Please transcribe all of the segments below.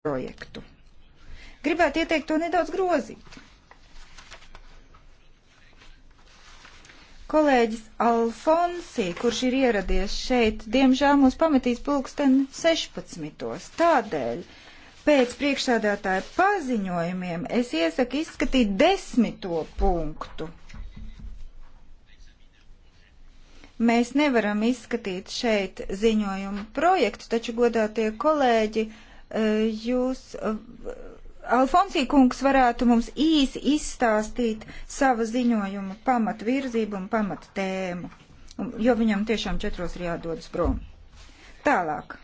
projektu. Gribētu ieteikt to nedaudz grozīt. Kolēģis Alfonsī, kurš ir ieradies šeit, diemžēl mūs pametīs pulksten 16. Tādēļ pēc priekšsādātāja paziņojumiem es iesaku izskatīt desmito punktu. Mēs nevaram izskatīt šeit ziņojumu projektu, taču godātie kolēģi, uh, jūs, Alfonsī kungs, varētu mums īsi izstāstīt sava ziņojuma pamatu virzību un pamatu tēmu, jo viņam tiešām četros ir jādodas prom. Tālāk.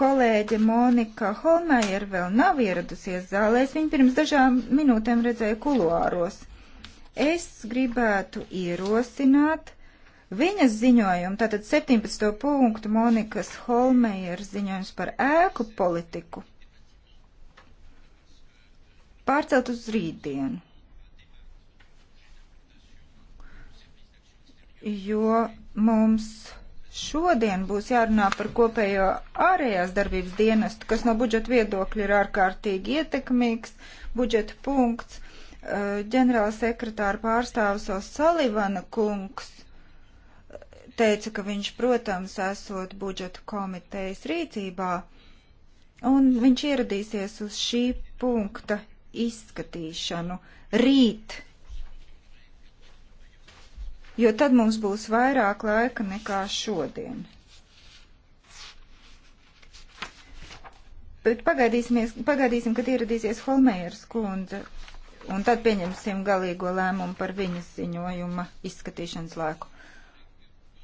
Kolēģe Monika Holmējer vēl nav ieradusies zālē. Es viņu pirms dažām minūtēm redzēju kuluāros. Es gribētu ierosināt, uh, Viņas ziņojumu, tātad 17. punktu Monikas Holmeier ziņojums par ēku politiku, pārcelt uz rītdienu. Jo mums šodien būs jārunā par kopējo ārējās darbības dienestu, kas no budžeta viedokļa ir ārkārtīgi ietekmīgs, budžeta punkts, ģenerāla sekretāra pārstāvs Salivana kungs teica, ka viņš, protams, esot budžeta komitejas rīcībā, un viņš ieradīsies uz šī punkta izskatīšanu rīt, jo tad mums būs vairāk laika nekā šodien. Bet pagaidīsim, kad ieradīsies Holmējers kundze, un tad pieņemsim galīgo lēmumu par viņas ziņojuma izskatīšanas laiku.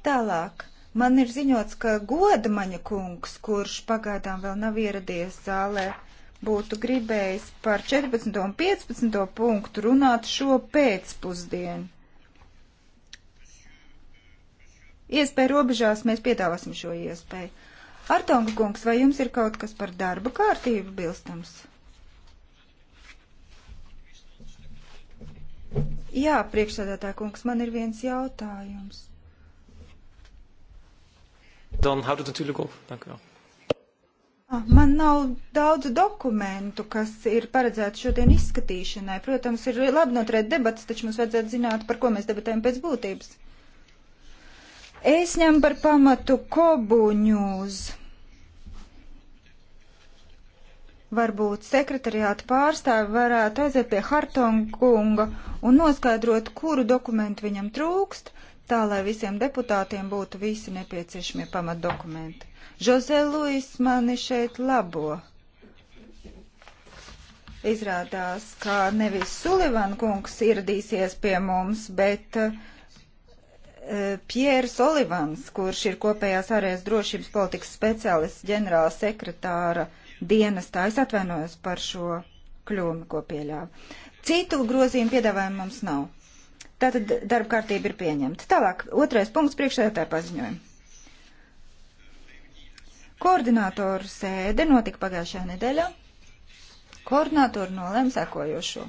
Tālāk. Man ir ziņots, ka godmaņa kungs, kurš pagaidām vēl nav ieradies zālē, būtu gribējis par 14. un 15. punktu runāt šo pēcpusdienu. Iespēja robežās mēs piedāvāsim šo iespēju. Artonga kungs, vai jums ir kaut kas par darba kārtību bilstams? Jā, priekšsēdētā kungs, man ir viens jautājums. Dan houdt het natuurlijk op. Dank u wel. Ah, man nav daudz dokumentu, kas ir paredzēti šodien izskatīšanai. Protams, ir labi noturēt debatas, taču mums vajadzētu zināt, par ko mēs debatējam pēc būtības. Es ņemu par pamatu kobu ņūz. Varbūt sekretariāta pārstāvi varētu aiziet pie Hartonga un noskaidrot, kuru dokumentu viņam trūkst, uh, tā, lai visiem deputātiem būtu visi nepieciešamie pamatdokumenti. Žozē Luis mani šeit labo. Izrādās, ka nevis Sulivan kungs ieradīsies pie mums, bet uh, Piers Olivans, kurš ir kopējās ārējās drošības politikas speciālists ģenerāla sekretāra dienestā. Es atvainojos par šo kļūmi, ko pieļāvu. Citu grozījumu piedāvājumu mums nav. Tātad darba kārtība ir pieņemta. Tālāk, otrais punkts priekšsēdētāja paziņojuma. Koordinātoru sēde notika pagājušajā nedēļā. Koordinātori nolēma sekojošo.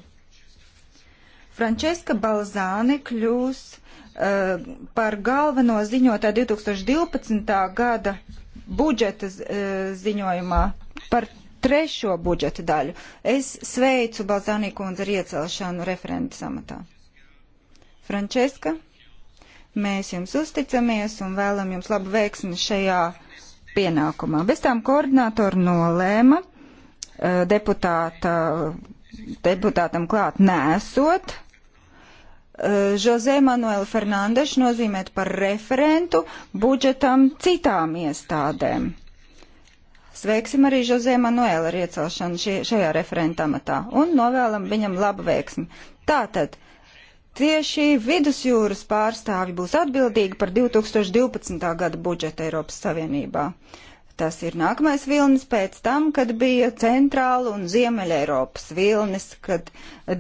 Frančeska Balzāni kļūs uh, par galveno ziņotāju 2012. gada budžeta uh, ziņojumā par trešo budžeta daļu. Es sveicu Balzāni kundzi ar iecelšanu referenta samatā. Frančeska, mēs jums uzticamies un vēlam jums labu veiksmi šajā pienākumā. Bez tām koordinātori nolēma eh, deputāta, deputātam klāt nesot Žozē eh, Manuelu Fernandešu nozīmēt par referentu budžetam citām iestādēm. Sveiksim arī Žozē Manuelu ar iecelšanu šie, šajā referenta amatā un novēlam viņam labu veiksmi. Tātad Tieši vidusjūras pārstāvi būs atbildīgi par 2012. gada budžetu Eiropas Savienībā. Tas ir nākamais vilnis pēc tam, kad bija centrāla un ziemeļa Eiropas vilnis, kad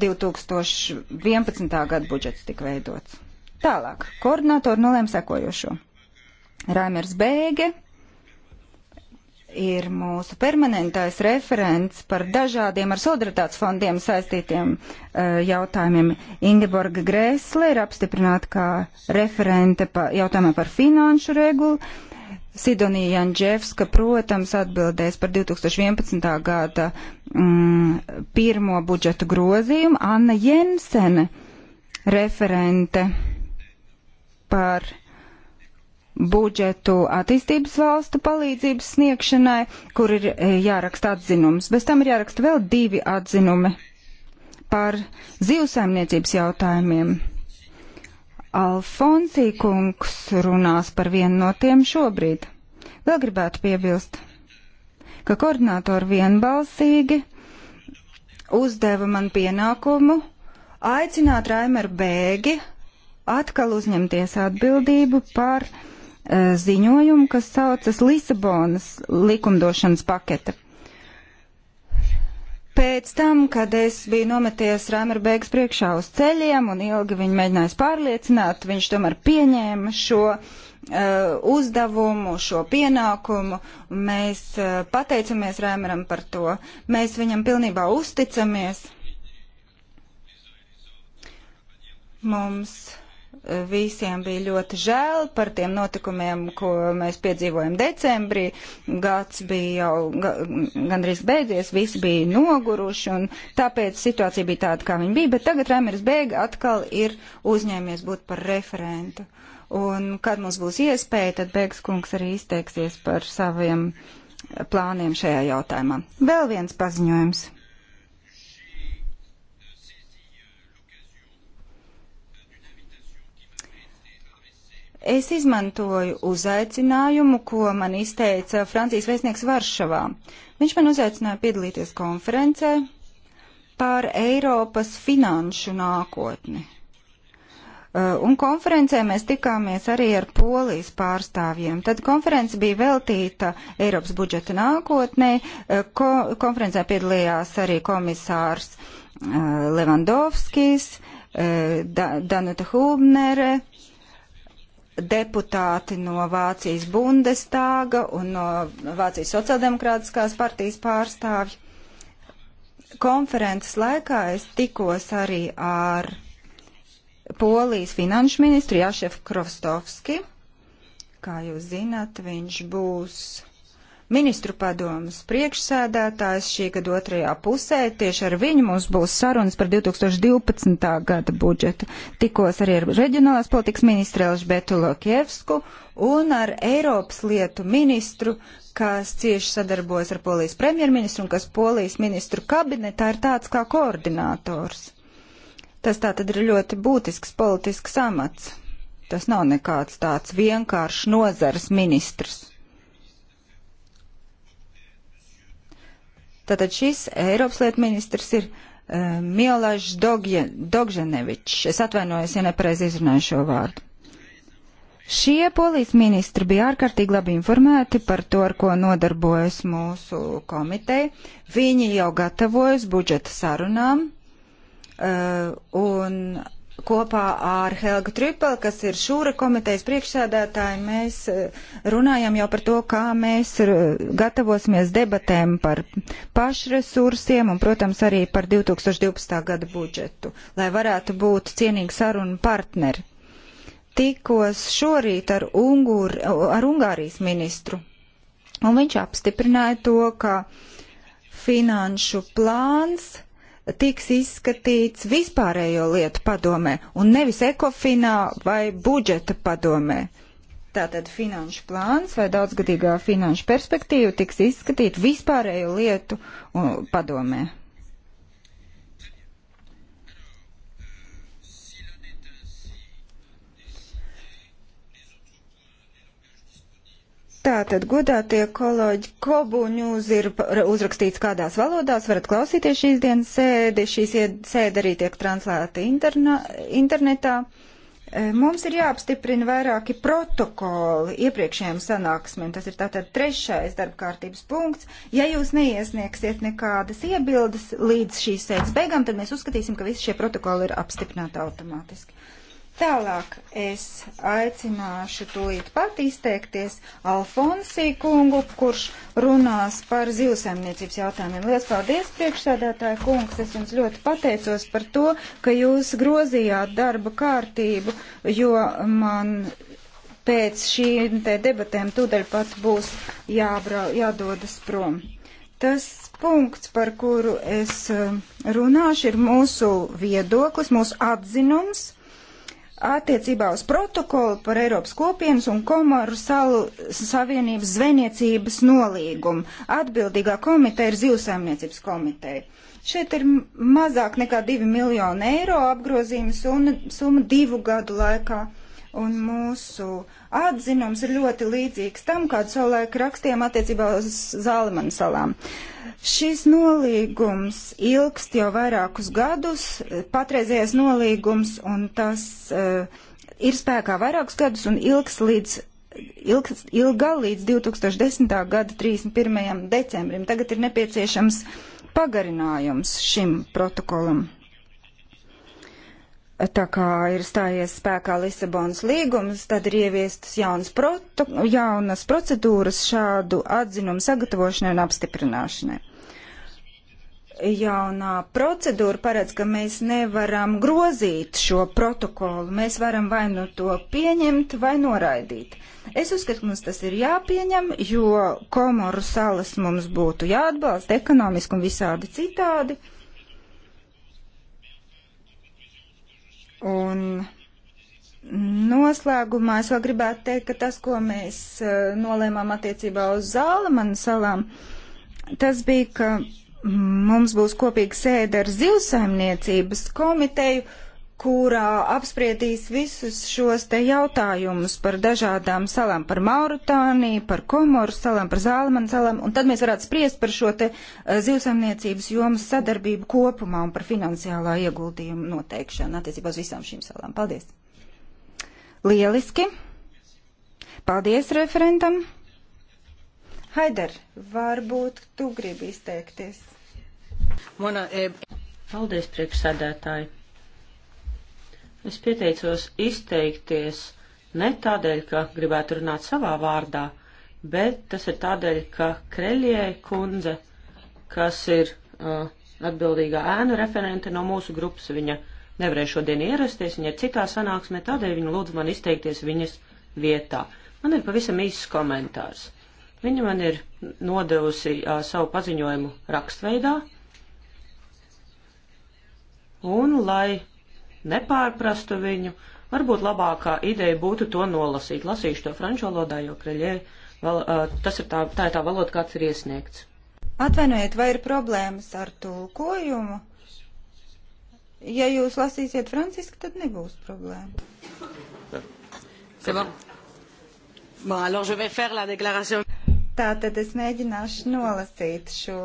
2011. gada budžets tika veidots. Tālāk, koordinātori nolēma sekojošo. Raimers Bēge ir mūsu permanentais referents par dažādiem ar solidaritātes fondiem saistītiem uh, jautājumiem. Ingeborga Grēsle ir apstiprināta kā referente pa, jautājumā par finanšu regulu. Sidonija Janģevska, protams, atbildēs par 2011. gada mm, pirmo budžetu grozījumu. Anna Jensene, referente par budžetu attīstības valstu palīdzības sniegšanai, kur ir e, jāraksta atzinums. Bez tam ir jāraksta vēl divi atzinumi par zivsaimniecības jautājumiem. Alfonsī kungs runās par vienu no tiem šobrīd. Vēl gribētu piebilst, ka koordinātori vienbalsīgi uzdeva man pienākumu aicināt Raimeru Bēgi atkal uzņemties atbildību par uh, Eh, ziņojumu, kas saucas Lisabonas likumdošanas paketa. Pēc tam, kad es biju nometies Rāmerbēgas priekšā uz ceļiem un ilgi viņu mēģinājis pārliecināt, viņš tomēr pieņēma šo uh, uzdevumu, šo pienākumu. Mēs uh, pateicamies Rāmeram par to. Mēs viņam pilnībā uzticamies. Mums visiem bija ļoti žēl par tiem notikumiem, ko mēs piedzīvojam decembrī. Gads bija jau gandrīz beidzies, visi bija noguruši, un tāpēc situācija bija tāda, kā viņa bija. Bet tagad Rēmers Bēga atkal ir uzņēmies būt par referentu. Un kad mums būs iespēja, tad Bēgs kungs arī izteiksies par saviem plāniem šajā jautājumā. Vēl viens paziņojums. Es izmantoju uzaicinājumu, ko man izteica Francijas vēstnieks Varšavā. Viņš man uzaicināja piedalīties konferencē par Eiropas finanšu nākotni. Uh, un konferencē mēs tikāmies arī ar polijas pārstāvjiem. Tad konference bija veltīta Eiropas budžeta nākotnē. Uh, ko, konferencē piedalījās arī komisārs uh, Levandovskis, da, Danuta Hubnere deputāti no Vācijas Bundestāga un no Vācijas sociāldemokrātiskās partijas pārstāvji. Konferences laikā es tikos arī ar Polijas finanšu ministru Jašefu Krostovski. Kā jūs zināt, viņš būs Ministru padomas priekšsēdētājs šī gada otrajā pusē, tieši ar viņu mums būs sarunas par 2012. gada budžetu. Tikos arī ar reģionālās politikas ministru Elžbetu Lokievsku un ar Eiropas lietu ministru, kas cieši sadarbojas ar Polijas premjerministru un kas Polijas ministru kabinetā ir tāds kā koordinators. Tas tā tad ir ļoti būtisks politisks amats. Tas nav nekāds tāds vienkāršs nozares ministrs. Tātad šis Eiropas lietu ministrs ir uh, eh, Mielažs Dogženevičs. Es atvainojos, ja nepareizi izrunāju šo vārdu. Šie polijas ministri bija ārkārtīgi labi informēti par to, ar ko nodarbojas mūsu komiteja. Viņi jau gatavojas budžeta sarunām uh, un kopā ar Helgu Trüpel, kas ir šūra komitejas priekšsēdētāji, mēs eh, runājam jau par to, kā mēs eh, gatavosimies debatēm par pašresursiem un, protams, arī par 2012. gada budžetu, lai varētu būt cienīgi sarunu partneri. Tikos šorīt ar, Ungur, ar Ungārijas ministru, un viņš apstiprināja to, ka finanšu plāns tiks izskatīts vispārējo lietu padomē un nevis ekofinā vai budžeta padomē. Tātad finanšu plāns vai daudzgadīgā finanšu perspektīva tiks izskatīta vispārējo lietu uh, padomē. Tātad, godātie kolēģi, kobuņūz ir uzrakstīts kādās valodās, varat klausīties šīs dienas sēdi, šīs sēde arī tiek translēta interna, internetā. E, mums ir jāapstiprina vairāki protokoli iepriekšējiem sanāksmēm, tas ir tātad trešais darba kārtības punkts. Ja jūs neiesniegsiet nekādas iebildes līdz šīs sēdes beigām, tad mēs uzskatīsim, ka visi šie protokoli ir apstiprināti automātiski. Tālāk es aicināšu tūlīt pat izteikties Alfonsī kungu, kurš runās par zivsaimniecības jautājumiem. Lielas paldies, priekšsēdētāja kungs, es jums ļoti pateicos par to, ka jūs grozījāt darba kārtību, jo man pēc šīm te debatēm tūdaļ pat būs jābrau, jādodas prom. Tas punkts, par kuru es eh, runāšu, ir mūsu viedoklis, mūsu atzinums attiecībā uz protokolu par Eiropas kopienas un Komoru salu savienības zvejniecības nolīgumu. Atbildīgā komiteja ir zivsaimniecības komiteja. Šeit ir mazāk nekā 2 miljoni eiro apgrozījums un summa divu gadu laikā un mūsu atzinums ir ļoti līdzīgs tam, kādu savulaik rakstījām attiecībā uz Zālimanu salām. Šis nolīgums ilgst jau vairākus gadus, patreizējais nolīgums, un tas uh, ir spēkā vairākus gadus un ilgs līdz ilg, ilgā līdz 2010. gada 31. decembrim. Tagad ir nepieciešams pagarinājums šim protokolam tā kā ir stājies spēkā Lisabonas līgums, tad ir ieviestas jaunas, proto, jaunas procedūras šādu atzinumu sagatavošanai un apstiprināšanai. Jaunā procedūra paredz, ka mēs nevaram grozīt šo protokolu. Mēs varam vai nu to pieņemt, vai noraidīt. Es uzskatu, mums tas ir jāpieņem, jo Komoru salas mums būtu jāatbalsta ekonomiski un visādi citādi. Uh, Un noslēgumā es vēl gribētu teikt, ka tas, ko mēs e, nolēmām attiecībā uz zāli manu salām, tas bija, ka mums būs kopīga sēde ar zivsaimniecības komiteju kurā apspriedīs visus šos te jautājumus par dažādām salām, par Mauritāniju, par Komoru salām, par Zālamanu salām, un tad mēs varētu spriest par šo te eh, zivsaimniecības jomas sadarbību kopumā un par finansiālā ieguldījuma noteikšanu attiecībā uz visām šīm salām. Paldies! Lieliski! Paldies referentam! Haider, varbūt tu gribi izteikties. Mona, e... Paldies, priekšsēdētāji! Es pieteicos izteikties ne tādēļ, ka gribētu runāt savā vārdā, bet tas ir tādēļ, ka Kreļie kundze, kas ir uh, atbildīgā ēnu referente no mūsu grupas, viņa nevarēja šodien ierasties, viņa ir citā sanāksmē, tādēļ viņa lūdz man izteikties viņas vietā. Man ir pavisam īsts komentārs. Viņa man ir nodevusi uh, savu paziņojumu rakstveidā, un lai nepārprastu viņu. Varbūt labākā ideja būtu to nolasīt. Lasīšu to franču valodā, jo kreļē, val, uh, tas ir tā, tā ir tā valoda, kāds ir iesniegts. Atvainojiet, vai ir problēmas ar tulkojumu? Ja jūs lasīsiet franciski, tad nebūs problēma. C'est bon. Bon, alors je vais faire la déclaration. Tātad es mēģināšu nolasīt šo,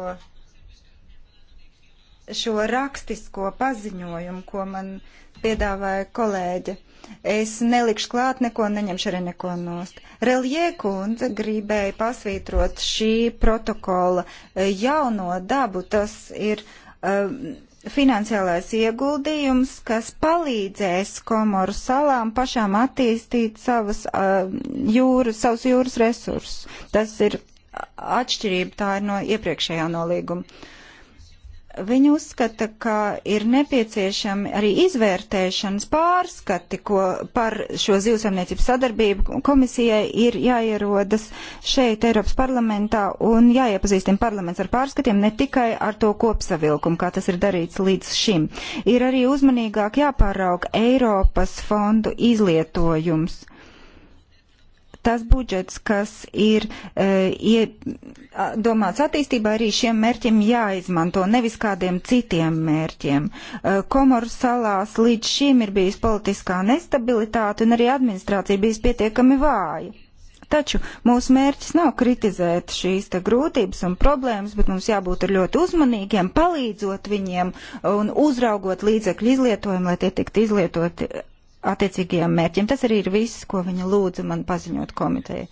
šo rakstisko paziņojumu, ko man piedāvāja kolēģe. Es nelikšu klāt neko, neņemšu arī neko nost. Reljē kundze gribēja pasvītrot šī protokola e, jauno dabu. Tas ir um, finansiālais ieguldījums, kas palīdzēs Komoru salām pašām attīstīt savas, uh, e, jūras, savus jūras resursus. Tas ir atšķirība, tā ir no iepriekšējā nolīguma. Viņi uzskata, ka ir nepieciešami arī izvērtēšanas pārskati, ko par šo zivsaimniecības sadarbību komisijai ir jāierodas šeit Eiropas parlamentā un jāiepazīstina parlaments ar pārskatiem, ne tikai ar to kopsavilkumu, kā tas ir darīts līdz šim. Ir arī uzmanīgāk jāpārauga Eiropas fondu izlietojums Tas budžets, kas ir e, domāts attīstībai, arī šiem mērķiem jāizmanto, nevis kādiem citiem mērķiem. E, Komoru salās līdz šim ir bijis politiskā nestabilitāte un arī administrācija bijis pietiekami vāja. Taču mūsu mērķis nav kritizēt šīs te grūtības un problēmas, bet mums jābūt ļoti uzmanīgiem, palīdzot viņiem un uzraugot līdzekļu izlietojumu, lai tie tiktu izlietoti attiecīgajiem mērķiem. Tas arī ir viss, ko viņa lūdza man paziņot komiteja.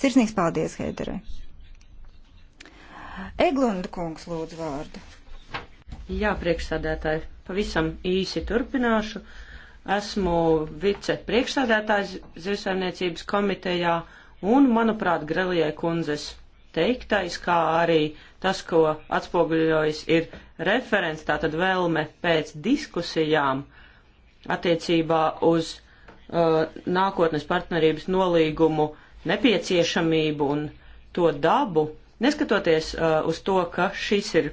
Sirsnīgs paldies, Heiderai. Eglunda kungs lūdzu vārdu. Jā, priekšsādētāji, pavisam īsi turpināšu. Esmu vice priekšsādētājs zivsaimniecības komitejā un, manuprāt, Grelijai kundzes teiktais, kā arī tas, ko atspoguļojas, ir referents, tātad vēlme pēc diskusijām uh, attiecībā uz uh, nākotnes partnerības nolīgumu nepieciešamību un to dabu, neskatoties uh, uz to, ka šis ir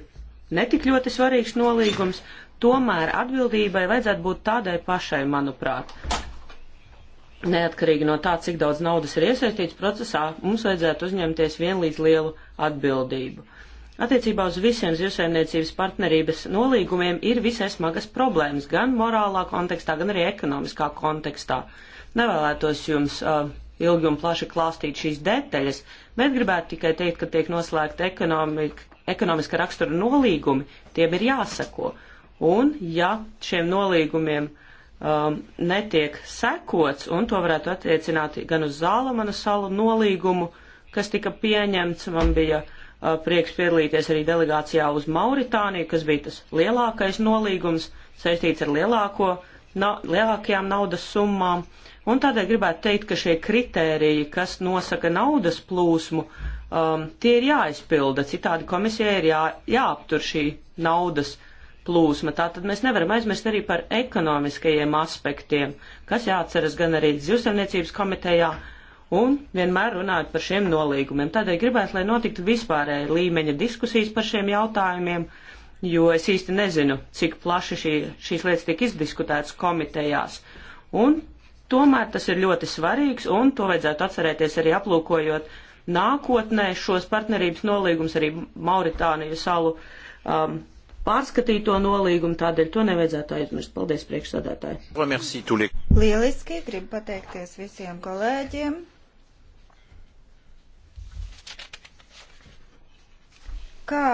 netik ļoti svarīgs nolīgums, tomēr atbildībai vajadzētu būt tādai pašai, manuprāt. Neatkarīgi no tā, cik daudz naudas ir iesaistīts procesā, mums vajadzētu uzņemties vienlīdz lielu atbildību. Uh, Attiecībā uz visiem zivsaimniecības partnerības nolīgumiem ir visai smagas problēmas, gan morālā kontekstā, gan arī ekonomiskā kontekstā. Nevēlētos jums uh, ilgi un plaši klāstīt šīs detaļas, bet gribētu tikai teikt, ka tiek noslēgta ekonomiska rakstura nolīgumi, tiem ir jāseko. Un ja šiem nolīgumiem um, netiek sekots, un to varētu attiecināt gan uz Zālamanu salu nolīgumu, kas tika pieņemts, man bija uh, Uh, prieks piedalīties arī delegācijā uz Mauritāniju, kas bija tas lielākais nolīgums saistīts ar lielāko, na, lielākajām naudas summām. Un tādēļ gribētu teikt, ka šie kritēriji, kas nosaka naudas plūsmu, um, tie ir jāizpilda. Citādi komisijai ir jā, jāaptur šī naudas plūsma. Tātad mēs nevaram aizmirst arī par ekonomiskajiem aspektiem, kas jāatceras gan arī zivsaimniecības komitejā, un vienmēr runājot par šiem nolīgumiem. Tādēļ gribētu, lai notiktu vispārēja līmeņa diskusijas par šiem jautājumiem, jo es īsti nezinu, cik plaši šī, šīs lietas tiek izdiskutētas komitejās. Un tomēr tas ir ļoti svarīgs, un to vajadzētu atcerēties arī aplūkojot nākotnē šos partnerības nolīgums arī Mauritāniju salu um, pārskatīto nolīgumu, tādēļ to nevajadzētu aizmirst. Paldies priekšsādātāji. Lieliski, gribu pateikties visiem kolēģiem. Kā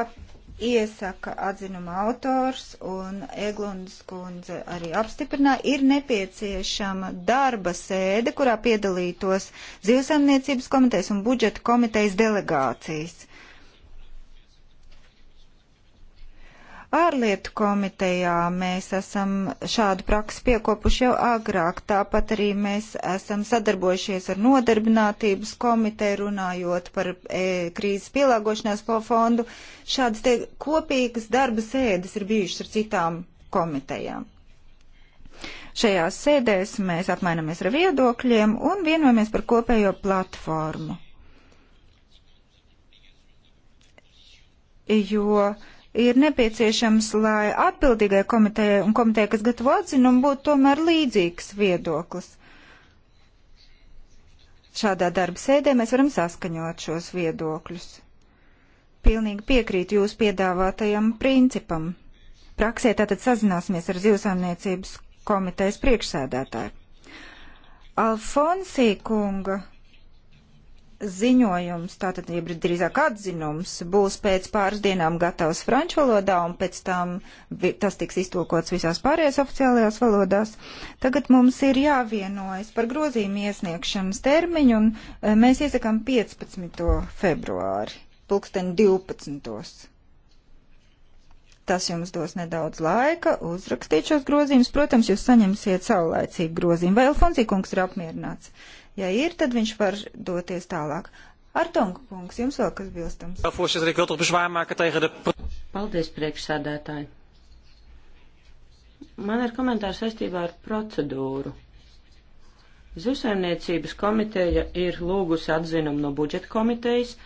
iesaka atzinuma autors un Eglundas kundze arī apstiprinā, ir nepieciešama darba sēde, kurā piedalītos zivsaimniecības komitejas un budžeta komitejas delegācijas. Ārlietu komitejā mēs esam šādu praksi piekopuši jau agrāk, tāpat arī mēs esam sadarbojušies ar nodarbinātības komiteju runājot par e, krīzes pielāgošanās po fondu. Šādas te kopīgas darba sēdes ir bijušas ar citām komitejām. Šajās sēdēs mēs apmainamies ar viedokļiem un vienojamies par kopējo platformu. Jo ir nepieciešams, lai atbildīgai komitejai un komitejai, kas gatavo atzinumu, būtu tomēr līdzīgs viedoklis. Šādā darba sēdē mēs varam saskaņot šos viedokļus. Pilnīgi piekrītu jūs piedāvātajam principam. Praksē tātad sazināsimies ar zivsaimniecības komitejas priekšsēdētāju. Alfonsī kunga ziņojums, tātad ja drīzāk atzinums, būs pēc pāris dienām gatavs franču valodā un pēc tam tas tiks iztulkots visās pārējās oficiālajās valodās. Tagad mums ir jāvienojas par grozījumu iesniegšanas termiņu un e, mēs iesakām 15. februāri, pulksten 12. Tas jums dos nedaudz laika uzrakstīt šos grozījumus. Protams, jūs saņemsiet saulēcīgu grozījumu. Vai Alfonsī kungs ir apmierināts? Uh, Ja ir, tad viņš var doties tālāk. Artonga kungs, jums vēl kas bilstams? Paldies, priekšsādētāji. Man ir komentārs saistībā ar procedūru. Zivsaimniecības komiteja ir lūgusi atzinumu no budžeta komitejas,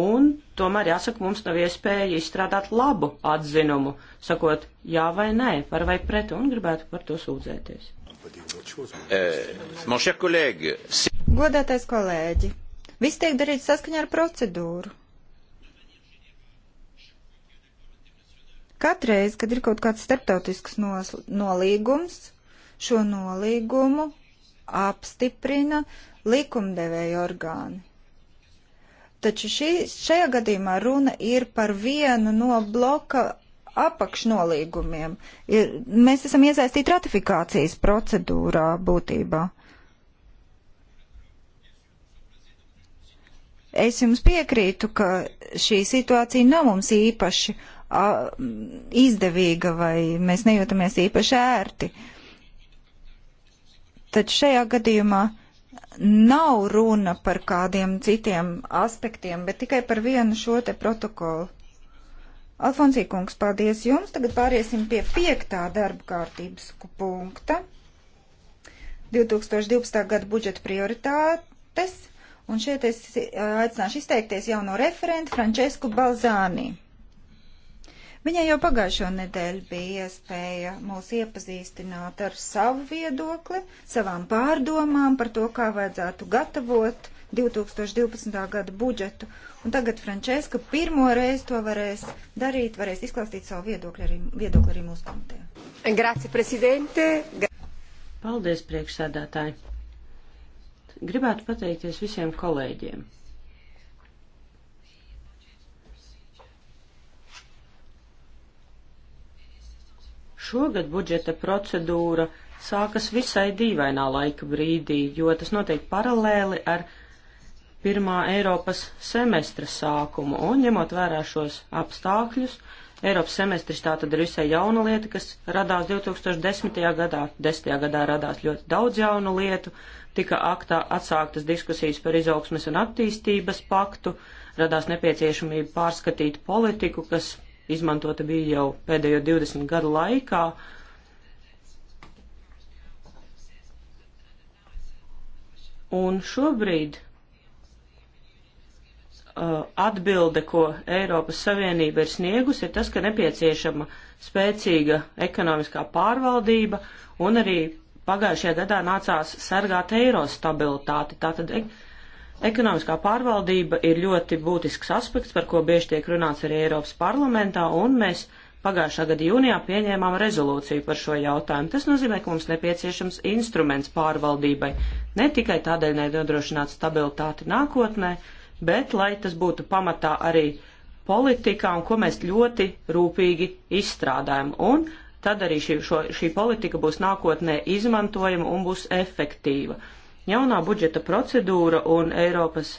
un tomēr jāsaka, mums nav iespēja izstrādāt labu atzinumu, sakot jā vai nē, par vai pret, un gribētu par to sūdzēties. Eh, Godātais kolēģi, viss tiek darīts saskaņā ar procedūru. Katreiz, kad ir kaut kāds starptautisks nos, nolīgums, šo nolīgumu apstiprina likumdevēja orgāni. Taču šī, šajā gadījumā runa ir par vienu no bloka apakšnolīgumiem. Ir, mēs esam iesaistīti ratifikācijas procedūrā būtībā. Es jums piekrītu, ka šī situācija nav mums īpaši a, izdevīga vai mēs nejūtamies īpaši ērti. Taču šajā gadījumā nav runa par kādiem citiem aspektiem, bet tikai par vienu šo te protokolu. Alfonsī kungs, paldies jums. Tagad pāriesim pie piektā darba kārtības punkta. 2012. gada budžeta prioritātes. Un šeit es eh, aicināšu izteikties jauno referentu Francesku Balzāni. Viņai jau pagājušo nedēļu bija iespēja mūs iepazīstināt ar savu viedokli, savām pārdomām par to, kā vajadzētu gatavot 2012. gada budžetu. Un tagad Frančeska pirmo reizi to varēs darīt, varēs izklāstīt savu viedokli arī, viedokli arī mūsu komitē. Grazie, prezidente! Paldies, priekšsēdētāji! Gribētu pateikties visiem kolēģiem. Šogad budžeta procedūra sākas visai dīvainā laika brīdī, jo tas notiek paralēli ar pirmā Eiropas semestra sākumu, un ņemot vērā šos apstākļus, Eiropas semestris tā tad ir visai jauna lieta, kas radās 2010. gadā. 10. gadā radās ļoti daudz jaunu lietu, tika aktā atsāktas diskusijas par izaugsmes un attīstības paktu, radās nepieciešamība pārskatīt politiku, kas izmantota bija jau pēdējo 20 gadu laikā. Un šobrīd Uh, atbilde, ko Eiropas Savienība ir sniegusi, ir tas, ka nepieciešama spēcīga ekonomiskā pārvaldība un arī pagājušajā gadā nācās sargāt eiro stabilitāti. Tātad ekonomiskā pārvaldība ir ļoti būtisks aspekts, par ko bieži tiek runāts arī Eiropas parlamentā, un mēs pagājušā gada jūnijā pieņēmām rezolūciju par šo jautājumu. Tas nozīmē, ka mums nepieciešams instruments pārvaldībai ne tikai tādēļ, lai nodrošinātu stabilitāti nākotnē, bet lai tas būtu pamatā arī politikā un ko mēs ļoti rūpīgi izstrādājam. Un tad arī šī, šo, šī politika būs nākotnē izmantojama un būs efektīva. Jaunā budžeta procedūra un Eiropas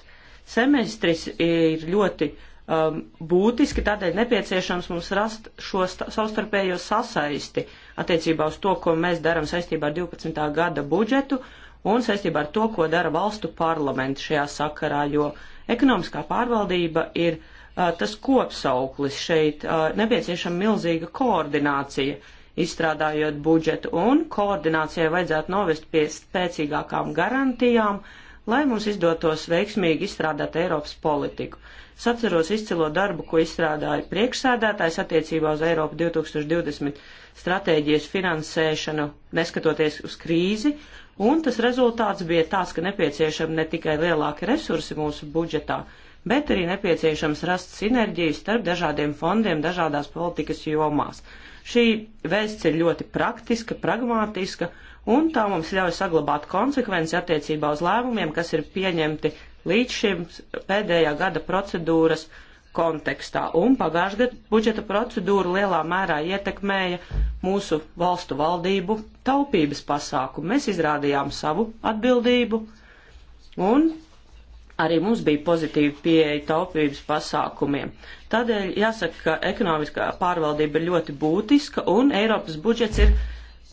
semestris ir ļoti um, būtiski, tādēļ nepieciešams mums rast šo savstarpējo sasaisti attiecībā uz to, ko mēs darām saistībā ar 12. gada budžetu un saistībā ar to, ko dara valstu parlamenti šajā sakarā, jo uh, Ekonomiskā pārvaldība ir uh, tas kopsauklis šeit, uh, nepieciešama milzīga koordinācija, izstrādājot budžetu, un koordinācijai vajadzētu novest pie spēcīgākām garantijām, lai mums izdotos veiksmīgi izstrādāt Eiropas politiku. Es atceros izcilo darbu, ko izstrādāja priekšsēdētājs attiecībā uz Eiropu 2020 stratēģijas finansēšanu, neskatoties uz krīzi, un tas rezultāts bija tāds, ka nepieciešami ne tikai lielāki resursi mūsu budžetā, bet arī nepieciešams rast sinerģiju starp dažādiem fondiem dažādās politikas jomās. Šī vēsts ir ļoti praktiska, pragmātiska, un tā mums ļauj saglabāt konsekvenci attiecībā uz lēmumiem, kas ir pieņemti līdz šim pēdējā gada procedūras uh, kontekstā, un pagājušajā gadā budžeta procedūra lielā mērā ietekmēja mūsu valstu valdību taupības pasākumu. Mēs izrādījām savu atbildību, un arī mums bija pozitīva pieeja taupības pasākumiem. Tādēļ jāsaka, ka ekonomiskā pārvaldība ir ļoti būtiska, un Eiropas budžets ir.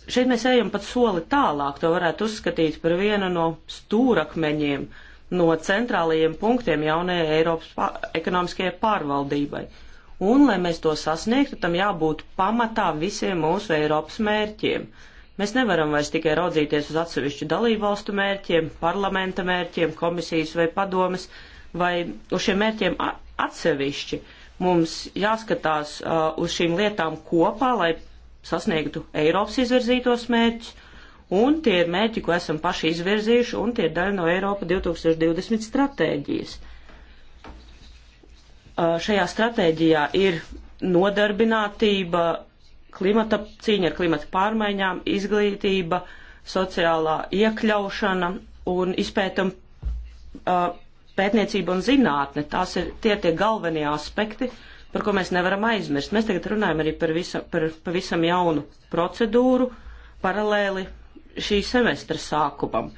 Šeit mēs ejam pat soli tālāk, to varētu uzskatīt par vienu no stūrakmeņiem uh, no centrālajiem punktiem jaunajai Eiropas pā ekonomiskajai pārvaldībai. Un, lai mēs to sasniegtu, tam jābūt pamatā visiem mūsu Eiropas mērķiem. Mēs nevaram vairs tikai raudzīties uz atsevišķu dalībvalstu mērķiem, parlamenta mērķiem, komisijas vai padomes, vai uz šiem mērķiem atsevišķi. Mums jāskatās uh, uz šīm lietām kopā, lai sasniegtu Eiropas izvirzītos mērķus Un tie ir mērķi, ko esam paši izvirzījuši, un tie ir daļa no Eiropa 2020 stratēģijas. Šajā stratēģijā ir nodarbinātība, klimata cīņa ar klimata pārmaiņām, izglītība, sociālā iekļaušana un izpētam pētniecība un zinātne. Tās ir tie tie galvenie aspekti, par ko mēs nevaram aizmirst. Mēs tagad runājam arī par, visa, par pavisam jaunu procedūru paralēli šī semestra sākumam.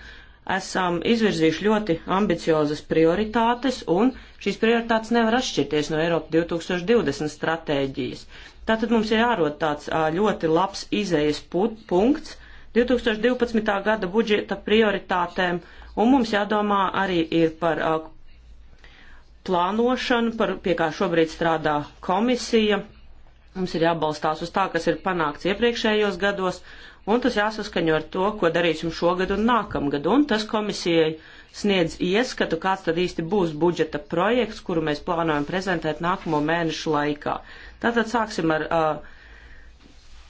Esam izvirzījuši ļoti ambiciozas prioritātes, un šīs prioritātes nevar atšķirties no Eiropa 2020 stratēģijas. Tātad mums ir jārod tāds ļoti labs izējas punkts 2012. gada budžeta prioritātēm, un mums jādomā arī ir par plānošanu, par, pie kā šobrīd strādā komisija. Mums ir jābalstās uz tā, kas ir panākts iepriekšējos gados, un tas jāsaskaņo ar to, ko darīsim šogad un nākamgad, un tas komisijai sniedz ieskatu, kāds tad īsti būs budžeta projekts, kuru mēs plānojam prezentēt nākamo mēnešu laikā. Tātad sāksim ar uh,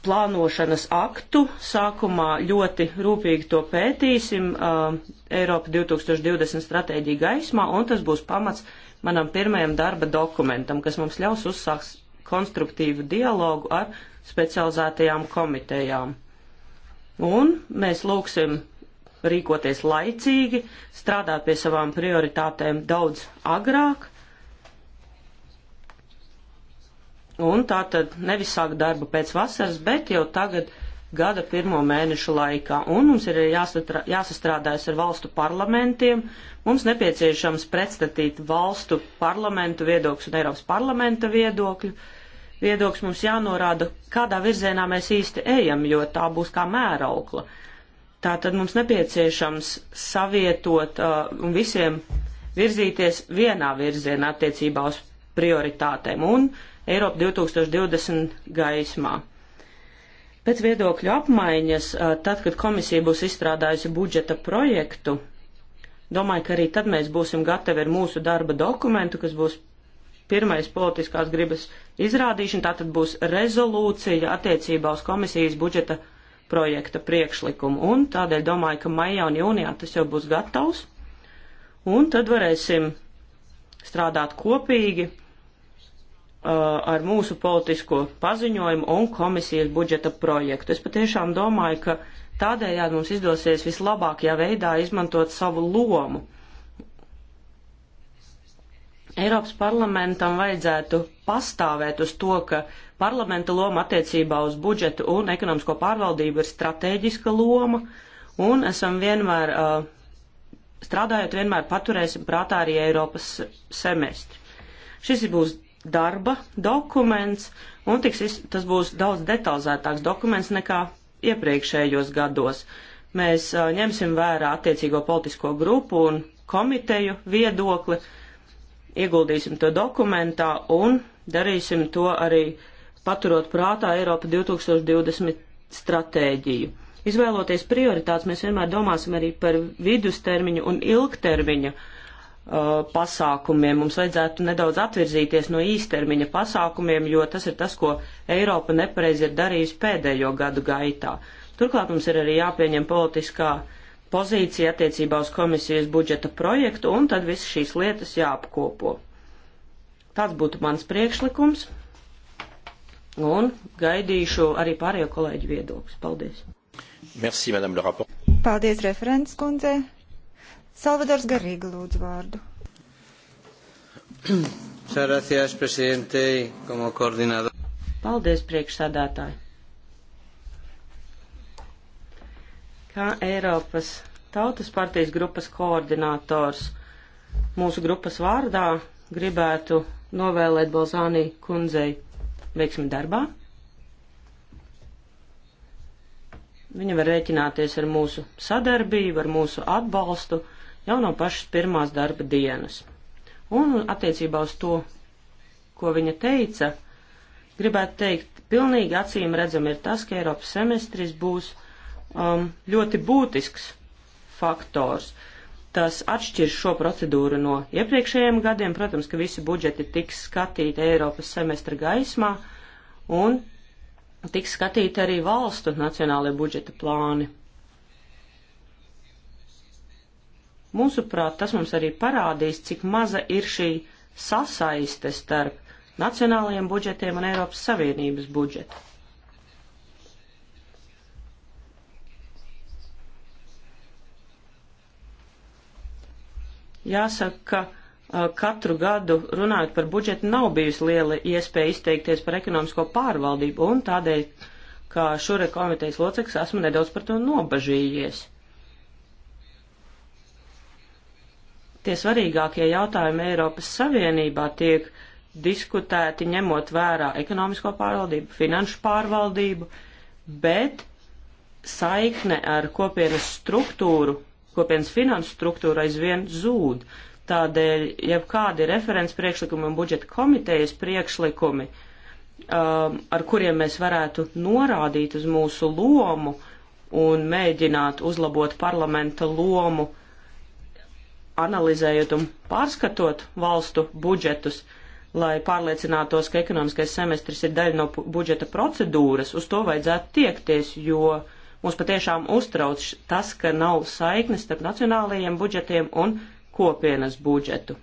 plānošanas aktu. Sākumā ļoti rūpīgi to pētīsim uh, Eiropa 2020 stratēģija gaismā, un tas būs pamats manam pirmajam darba dokumentam, kas mums ļaus uzsākt konstruktīvu dialogu ar specializētajām komitejām. Un mēs lūksim rīkoties laicīgi, strādāt pie savām prioritātēm daudz agrāk. Un tā tad nevis sākt darbu pēc vasaras, bet jau tagad gada pirmo mēnešu laikā. Un mums ir jāsastrādājas ar valstu parlamentiem. Mums nepieciešams pretstatīt valstu parlamentu viedokļus un Eiropas parlamenta viedokļu. Uh, viedoklis mums jānorāda, kādā virzienā mēs īsti ejam, jo tā būs kā mēraukla. Tātad mums nepieciešams savietot uh, un visiem virzīties vienā virzienā attiecībā uz prioritātēm un Eiropa 2020 gaismā. Pēc viedokļu apmaiņas, uh, tad, kad komisija būs izstrādājusi budžeta projektu, domāju, ka arī tad mēs būsim gatavi ar mūsu darba dokumentu, kas būs Pirmais politiskās gribas izrādīšana tātad būs rezolūcija attiecībā uz komisijas budžeta projekta priekšlikumu. Un tādēļ domāju, ka maijā un jūnijā tas jau būs gatavs. Un tad varēsim strādāt kopīgi uh, ar mūsu politisko paziņojumu un komisijas budžeta projektu. Es patiešām domāju, ka tādējādi mums izdosies vislabākajā veidā izmantot savu lomu Eiropas parlamentam vajadzētu pastāvēt uz to, ka parlamenta loma attiecībā uz budžetu un ekonomisko pārvaldību ir strateģiska loma, un esam vienmēr, uh, strādājot, vienmēr paturēsim prātā arī Eiropas semestri. Šis būs darba dokuments, un tiks, tas būs daudz detalizētāks dokuments nekā iepriekšējos gados. Mēs uh, ņemsim vērā attiecīgo politisko grupu un komiteju viedokli, uh, ieguldīsim to dokumentā un darīsim to arī paturot prātā Eiropa 2020 stratēģiju. Izvēloties prioritātes, mēs vienmēr domāsim arī par vidustermiņu un ilgtermiņu uh, pasākumiem. Mums vajadzētu nedaudz atvirzīties no īstermiņa pasākumiem, jo tas ir tas, ko Eiropa nepareizi ir darījusi pēdējo gadu gaitā. Turklāt mums ir arī jāpieņem politiskā uh, pozīcija attiecībā uz komisijas budžeta projektu, un tad visas šīs lietas jāapkopo. Tāds būtu mans priekšlikums, un gaidīšu arī pārējo kolēģu viedokļus. Paldies! Merci, madame le rapport. Paldies, referents kundze. Salvadors Garīga lūdzu vārdu. Paldies, priekšsādātāji. kā Eiropas Tautas partijas grupas koordinators mūsu grupas vārdā gribētu novēlēt Balzānī kundzei veiksmi darbā. Viņa var rēķināties ar mūsu sadarbību, ar mūsu atbalstu jau no pašas pirmās darba dienas. Un attiecībā uz to, ko viņa teica, gribētu teikt, pilnīgi acīm redzam ir tas, ka Eiropas semestris būs um, ļoti būtisks faktors. Tas atšķirs šo procedūru no iepriekšējiem gadiem. Protams, ka visi budžeti tiks skatīti Eiropas semestra gaismā un tiks skatīti arī valstu nacionālajie budžeta plāni. Mūsuprāt, tas mums arī parādīs, cik maza ir šī sasaiste starp nacionālajiem budžetiem un Eiropas Savienības budžetu. Jāsaka, ka katru gadu runājot par budžetu nav bijusi liela iespēja izteikties par ekonomisko pārvaldību, un tādēļ, kā šure komitejas loceklis, esmu nedaudz par to nobažījies. Tie svarīgākie jautājumi Eiropas Savienībā tiek diskutēti ņemot vērā ekonomisko pārvaldību, finanšu pārvaldību, bet saikne ar kopienas struktūru kopienas finansu struktūra aizvien zūd. Tādēļ, ja kādi referents priekšlikumi un budžeta komitejas priekšlikumi, um, ar kuriem mēs varētu norādīt uz mūsu lomu un mēģināt uzlabot parlamenta lomu, analizējot un pārskatot valstu budžetus, lai pārliecinātos, ka ekonomiskais semestris ir daļa no budžeta procedūras, uz to vajadzētu tiekties, jo uh, Mums patiešām uztrauc tas, ka nav saiknes starp nacionālajiem budžetiem un kopienas budžetu.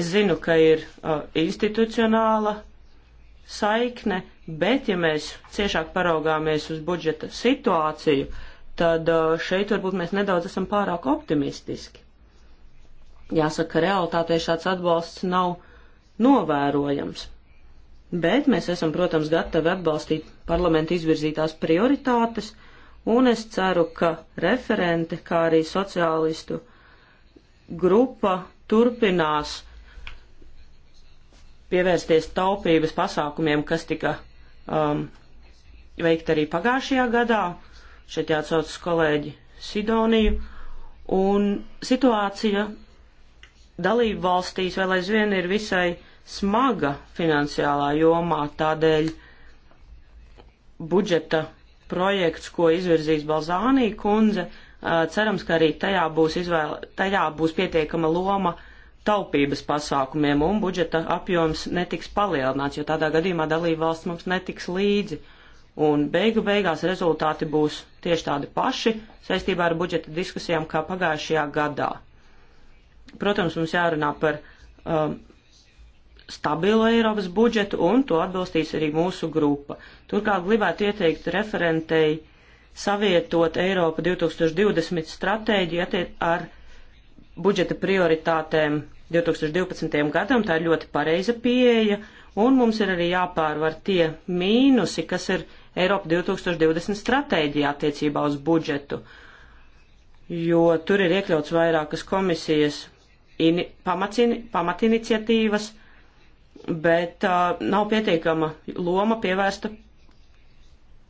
Es zinu, ka ir uh, institucionāla saikne, bet ja mēs ciešāk paraugāmies uz budžeta situāciju, tad uh, šeit varbūt mēs nedaudz esam pārāk optimistiski. Jāsaka, ka realitātē šāds atbalsts nav novērojams. Bet mēs esam, protams, gatavi atbalstīt parlamentu izvirzītās prioritātes, uh, un es ceru, ka referente, kā arī sociālistu grupa turpinās pievērsties taupības pasākumiem, kas tika um, veikt arī pagājušajā gadā. Šeit jāatsaucas kolēģi Sidoniju. Un situācija dalību valstīs vēl aizvien ir visai smaga finansiālā jomā, tādēļ budžeta projekts, ko izvirzīs Balzānī kundze. Cerams, ka arī tajā būs, izvēle, tajā būs pietiekama loma taupības pasākumiem un budžeta apjoms netiks palielināts, jo tādā gadījumā dalība valsts mums netiks līdzi. Un beigu beigās rezultāti būs tieši tādi paši saistībā ar budžeta diskusijām kā pagājušajā gadā. Protams, mums jārunā par um, stabilu Eiropas budžetu, un to atbalstīs arī mūsu grupa. Turklāt gribētu ieteikt referentei savietot Eiropa 2020 stratēģiju ar budžeta prioritātēm 2012. gadam. Tā ir ļoti pareiza pieeja, un mums ir arī jāpārvar tie mīnusi, kas ir Eiropa 2020 stratēģija attiecībā uz budžetu, jo tur ir iekļauts vairākas komisijas in, pamatin, pamatiniciatīvas, pamatiniciatīvas bet uh, nav pietiekama loma pievērsta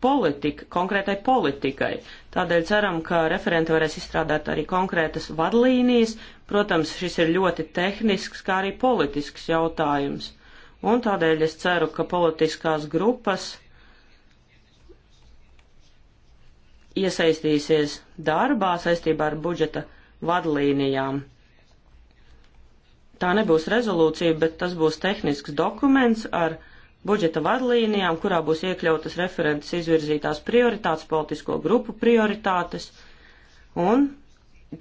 politika, konkrētai politikai. Tādēļ ceram, ka referenti varēs izstrādāt arī konkrētas vadlīnijas. Protams, šis ir ļoti tehnisks, kā arī politisks jautājums. Un tādēļ es ceru, ka politiskās grupas iesaistīsies darbā saistībā ar budžeta vadlīnijām tā nebūs rezolūcija, bet tas būs tehnisks dokuments ar budžeta vadlīnijām, kurā būs iekļautas referentes izvirzītās prioritātes, politisko grupu prioritātes, un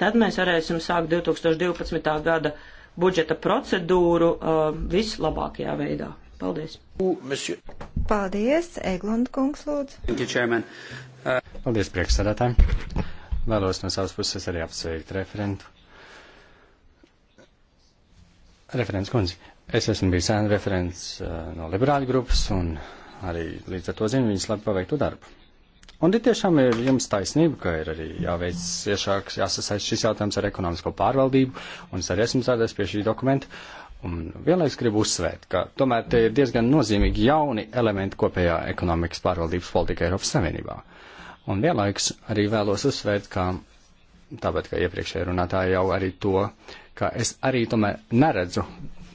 tad mēs varēsim sākt 2012. gada budžeta procedūru uh, vislabākajā veidā. Paldies! Paldies, Eglund kungs, lūdzu. Paldies, priekšsēdētāji. Vēlos no savas puses arī apsveikt referentu Referents kundze, es esmu bijis sēna referents eh, no liberāļu grupas un arī līdz ar to zinu viņas labi paveiktu darbu. Un ir tiešām ir jums taisnība, ka ir arī jāveic ciešāks, jāsasaist šis jautājums ar ekonomisko pārvaldību, un es arī esmu sēdējis pie šī dokumenta. Un vienlaiks gribu uzsvērt, ka tomēr te ir diezgan nozīmīgi jauni elementi kopējā ekonomikas pārvaldības politika Eiropas Savienībā. Un vienlaiks arī vēlos uzsvērt, ka tāpat kā iepriekšējā runātāja jau arī to ka es arī tomēr neredzu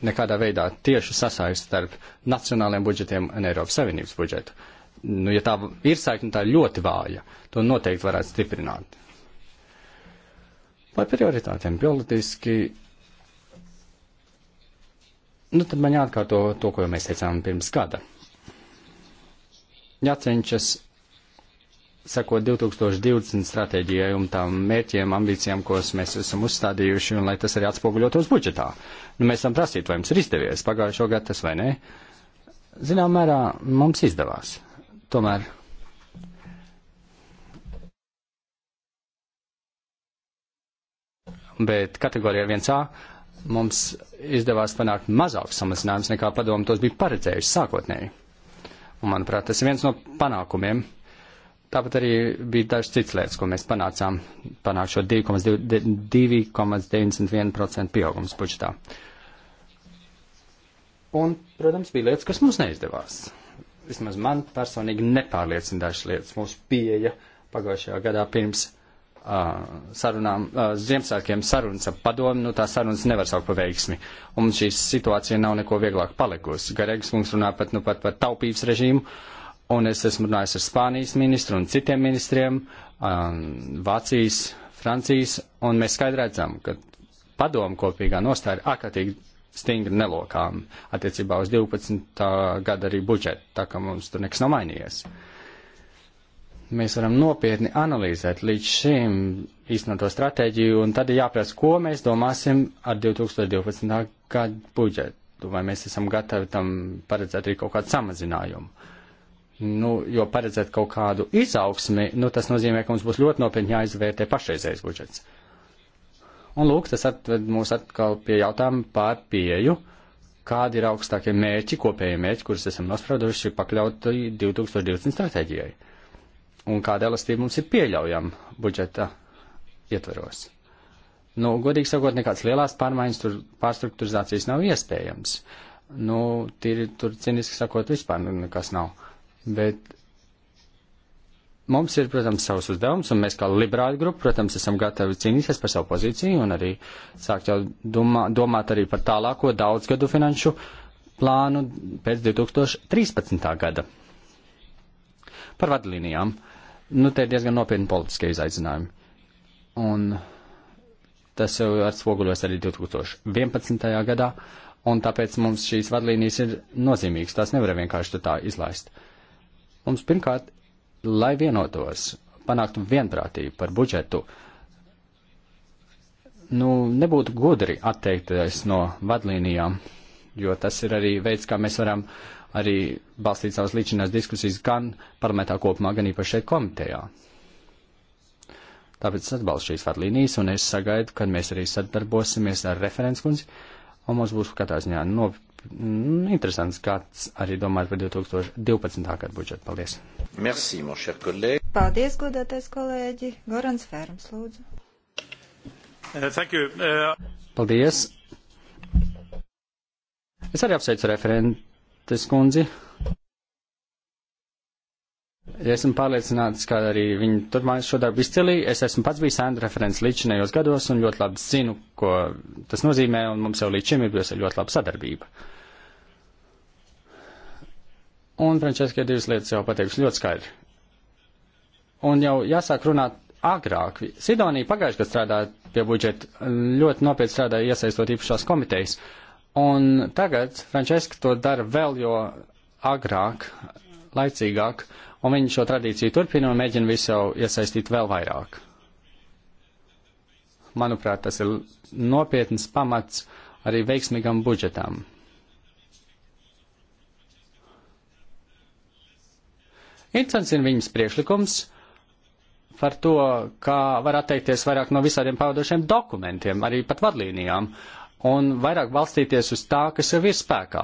nekādā veidā tiešu sasaisti starp nacionālajiem budžetiem un Eiropas Savienības budžetu. Nu, ja tā ir saikne, tā ir ļoti vāja. To noteikti varētu stiprināt. Par prioritātiem politiski. Nu, tad man jāatkārto to, ko mēs teicām pirms gada. Jācenšas sakot 2020 stratēģijai un tām mērķiem, ambīcijām, ko mēs esam uzstādījuši, un lai tas arī atspoguļotos budžetā. Nu, mēs tam prasīt, vai mums ir izdevies pagājušo gadu tas vai nē. Zinām mērā mums izdevās. Tomēr. Bet kategorijā 1A mums izdevās panākt mazāks samazinājums nekā padomu tos bija paredzējuši sākotnēji. Un, manuprāt, tas ir viens no panākumiem Tāpat arī bija dažas citas lietas, ko mēs panācām, panākšot 2,91% pieaugums budžetā. Un, protams, bija lietas, kas mums neizdevās. Vismaz man personīgi nepārliecina dažas lietas. Mūsu pieeja pagājušajā gadā pirms uh, sarunām, uh, Ziemassvētkiem sarunas ar padomu, nu tā sarunas nevar saukt par veiksmi. Un šī situācija nav neko vieglāk palikusi. Garīgs mums runā pat, nu, pat par taupības režīmu. Uh, Un es esmu runājis ar Spānijas ministru un citiem ministriem, um, Vācijas, Francijas, un mēs skaidri redzam, ka padomu kopīgā nostāja ir ārkārtīgi stingri nelokām attiecībā uz 12. gada arī budžetu, tā ka mums tur nekas nav mainījies. Mēs varam nopietni analizēt līdz šim īstenoto stratēģiju, un tad ir jāprasa, ko mēs domāsim ar 2012. gadu budžetu, vai mēs esam gatavi tam paredzēt arī kaut kādu samazinājumu. Nu, jo paredzēt kaut kādu izaugsmi, nu, tas nozīmē, ka mums būs ļoti nopietni jāizvērtē pašreizējais budžets. Un lūk, tas atved mūs atkal pie jautājuma par pieju, kādi ir augstākie mērķi, kopējie mērķi, kurus esam nospraudojuši pakļaut 2020 stratēģijai. Un kāda elastība mums ir pieļaujama budžeta ietveros. Nu, godīgi sakot, nekāds lielās pārmaiņas, tur pārstrukturizācijas nav iespējams. Nu, tīri tur ciniski sakot, vispār nu, nekas nav. Bet mums ir, protams, savs uzdevums, un mēs kā liberāļu grupa, protams, esam gatavi cīnīties par savu pozīciju un arī sākt jau domā, domāt arī par tālāko daudzgadu finanšu plānu pēc 2013. gada. Par vadlīnijām. Nu, te ir diezgan nopietni politiskie izaicinājumi. Un tas jau atspoguļos arī 2011. gadā, un tāpēc mums šīs vadlīnijas ir nozīmīgas. Tās nevar vienkārši tā izlaist. Uh, Mums pirmkārt, lai vienotos, panāktu vienprātību par budžetu, nu, nebūtu gudri atteikties no vadlīnijām, jo tas ir arī veids, kā mēs varam arī balstīt savas līdzinās diskusijas gan parlamentā kopumā, gan īpaši šeit komitejā. Tāpēc es atbalstu šīs vadlīnijas, un es sagaidu, kad mēs arī sadarbosimies ar referents kundzi, un mums būs katrā ziņā no Mm, interesants skats arī domājot par 2012. gadu budžetu. Paldies! Merci, mon cher kolēģi! Paldies, godātais kolēģi! Gorans Fērums, lūdzu! Uh, thank you! Uh... Paldies! Es arī apsveicu referentes kundzi. Esmu pārliecināts, ka arī viņi turpmāk šo darbu izcilīja. Es esmu pats bijis Andra referents līdzinējos gados un ļoti labi zinu, ko tas nozīmē, un mums jau līdz šim ir bijusi ļoti laba sadarbība. Un Frančeska divas lietas jau pateikusi ļoti skaidri. Un jau jāsāk runāt agrāk. Sidonija pagājuši, kad strādāja pie budžeta, ļoti nopietni strādāja iesaistot īpašās komitejas. Un tagad Frančeska to dara vēl jo agrāk, laicīgāk. Uh, un viņi šo tradīciju turpina un mēģina visu jau iesaistīt vēl vairāk. Manuprāt, tas ir nopietns pamats arī veiksmīgam budžetam. Interesants ir viņas priekšlikums par to, kā var atteikties vairāk no visādiem pavadošiem dokumentiem, arī pat vadlīnijām, un vairāk balstīties uz tā, kas jau ir spēkā.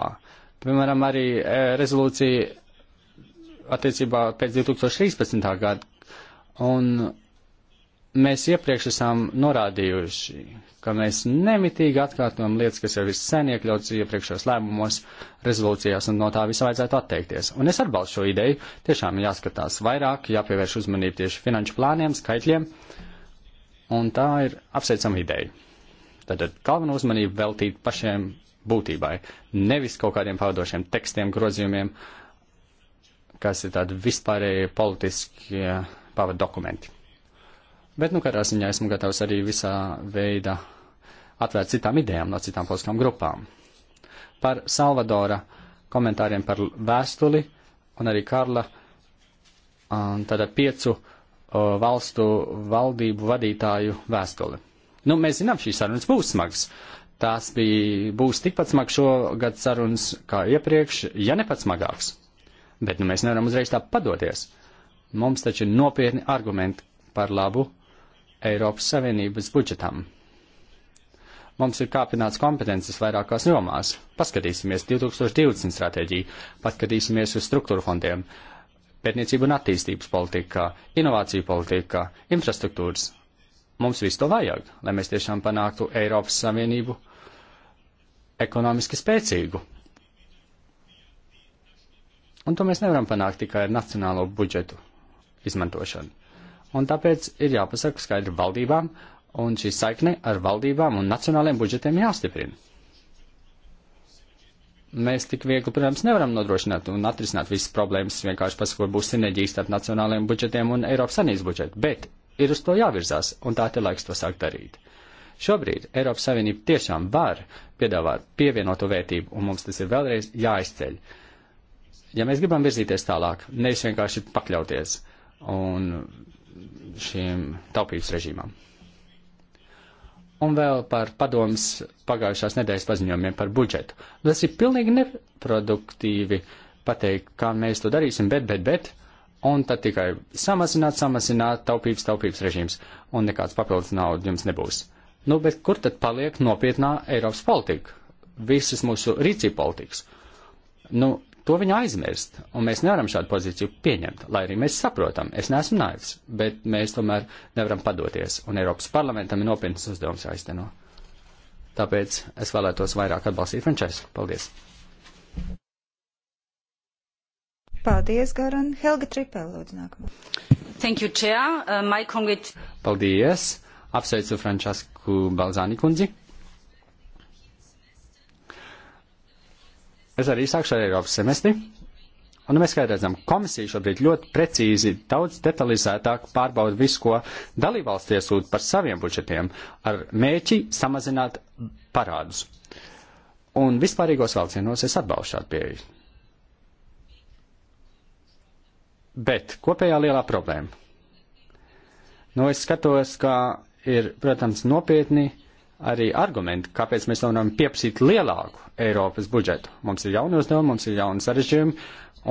Piemēram, arī eh, rezolūcija attiecībā pēc 2013. gada. Un mēs iepriekš esam norādījuši, ka mēs nemitīgi atkārtojam lietas, kas ir sen iekļautas iepriekšējos lēmumos, rezolūcijās, un no tā visa vajadzētu atteikties. Un es atbalstu šo ideju. Tiešām jāskatās vairāk, jāpievērš uzmanība tieši finanšu plāniem, skaitļiem, un tā ir apsveicama ideja. Tātad galvenu uzmanību veltīt pašiem būtībai, nevis kaut kādiem pavadošiem tekstiem, grozījumiem, uh, kas ir tādi vispārēji politiski pavad dokumenti. Bet, nu, katrā ziņā esmu gatavs arī visā veidā atvērt citām idejām no citām politiskām grupām. Par Salvadora komentāriem par vēstuli un arī Karla un tāda piecu uh, valstu valdību vadītāju vēstuli. Nu, mēs zinām, šīs sarunas būs smagas. Tās bija, būs tikpat smagas šogad sarunas kā iepriekš, ja ne pats smagāks. Bet nu, mēs nevaram uzreiz tā padoties. Mums taču ir nopietni argumenti par labu Eiropas Savienības budžetam. Mums ir kāpināts kompetences vairākās jomās. Paskatīsimies 2020 stratēģiju, paskatīsimies uz struktūru fondiem, pētniecību un attīstības politikā, inovāciju politikā, infrastruktūras. Mums visu to vajag, lai mēs tiešām panāktu Eiropas Savienību ekonomiski spēcīgu Un to mēs nevaram panākt tikai ar nacionālo budžetu izmantošanu. Un tāpēc ir jāpasaka skaidri valdībām, un šī saikne ar valdībām un nacionāliem budžetiem jāstiprina. Mēs tik viegli, protams, nevaram nodrošināt un atrisināt visas problēmas, vienkārši pasakot, būs sinerģijas starp nacionālajiem budžetiem un Eiropas Sanības budžetu, bet ir uz to jāvirzās, un tā te laiks to sākt darīt. Šobrīd Eiropas Savienība tiešām var piedāvāt pievienoto vērtību, un mums tas ir vēlreiz jāizceļ. Uh, ja mēs gribam virzīties tālāk, nevis vienkārši pakļauties un šiem taupības režīmām. Un vēl par padomus pagājušās nedēļas paziņojumiem par budžetu. Tas ir pilnīgi neproduktīvi pateikt, kā mēs to darīsim, bet, bet, bet, un tad tikai samazināt, samazināt taupības, taupības režīms, un nekāds papildus naudas jums nebūs. Nu, bet kur tad paliek nopietnā Eiropas politika? Visas mūsu rīcība politikas. Nu, To viņi aizmirst, un mēs nevaram šādu pozīciju pieņemt, lai arī mēs saprotam, es neesmu naivs, bet mēs tomēr nevaram padoties, un Eiropas parlamentam ir nopietnas uzdevums jāizteno. Tāpēc es vēlētos vairāk atbalstīt Frančesku. Paldies! Paldies, Garan. Helga Tripel, lūdzu, nākamā. Thank you, Chair. Uh, my congrat... Paldies. Apsveicu Frančesku Balzāni kundzi. Es arī sākšu ar Eiropas semestri. Un mēs kā redzam, komisija šobrīd ļoti precīzi, daudz detalizētāk pārbauda visu, ko dalībvalsts iesūta par saviem budžetiem, ar mēķi samazināt parādus. Un vispārīgos valcienos es atbalstu šādu pieeju. Bet kopējā lielā problēma. Nu, es skatos, ka ir, protams, nopietni uh, arī argumenti, kāpēc mēs nevaram pieprasīt lielāku Eiropas budžetu. Mums ir jauni uzdevumi, mums ir jauni sarežģījumi,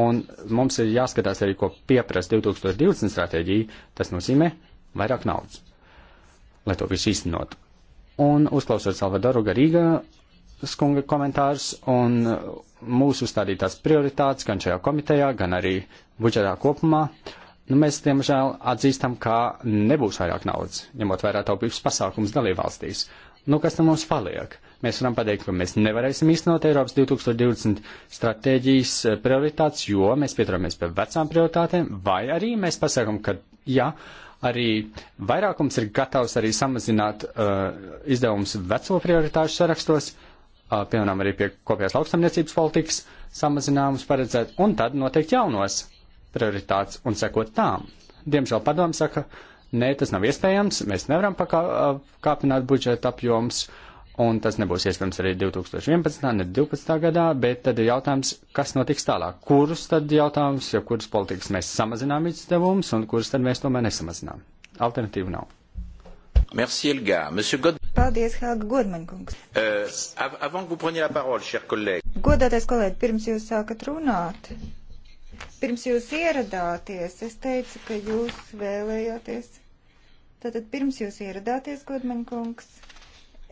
un mums ir jāskatās arī, ko pieprasa 2020 stratēģija. Tas nozīmē vairāk naudas, lai to visu īstenotu. Un uzklausot Salvadoru Garīga skunga komentārus un mūsu stādītās prioritātes gan šajā komitejā, gan arī budžetā kopumā, nu mēs, diemžēl, atzīstam, ka nebūs vairāk naudas, ņemot vērā taupības pasākums dalībvalstīs. valstīs nu kas tam mums paliek? Mēs varam pateikt, ka mēs nevarēsim īstenot Eiropas 2020 stratēģijas eh, prioritātes, jo mēs pieturamies pie vecām prioritātēm, vai arī mēs pasakam, ka jā, arī vairākums ir gatavs arī samazināt uh, izdevumus veco prioritāšu sarakstos, uh, piemēram, arī pie kopējās lauksamniecības politikas samazinājumus paredzēt, un tad noteikti jaunos prioritātes un sekot tām. Diemžēl padomu saka, uh, Nē, tas nav iespējams, mēs nevaram pakāpināt budžeta apjoms, un tas nebūs iespējams arī 2011. ne 2012. gadā, bet tad ir jautājums, kas notiks tālāk, kurus tad jautājums, ja kuras politikas mēs samazinām izdevumus, un kuras tad mēs tomēr nesamazinām. Alternatīvu nav. Merci, Elga. Monsieur God... Paldies, Helga Godmaņkungs. Uh, avant que vous preniez la parole, cher collègue. Godātais kolēģi, pirms jūs sākat runāt, Pirms jūs ieradāties, es teicu, ka jūs vēlējāties. Tātad pirms jūs ieradāties, godmaņa kungs,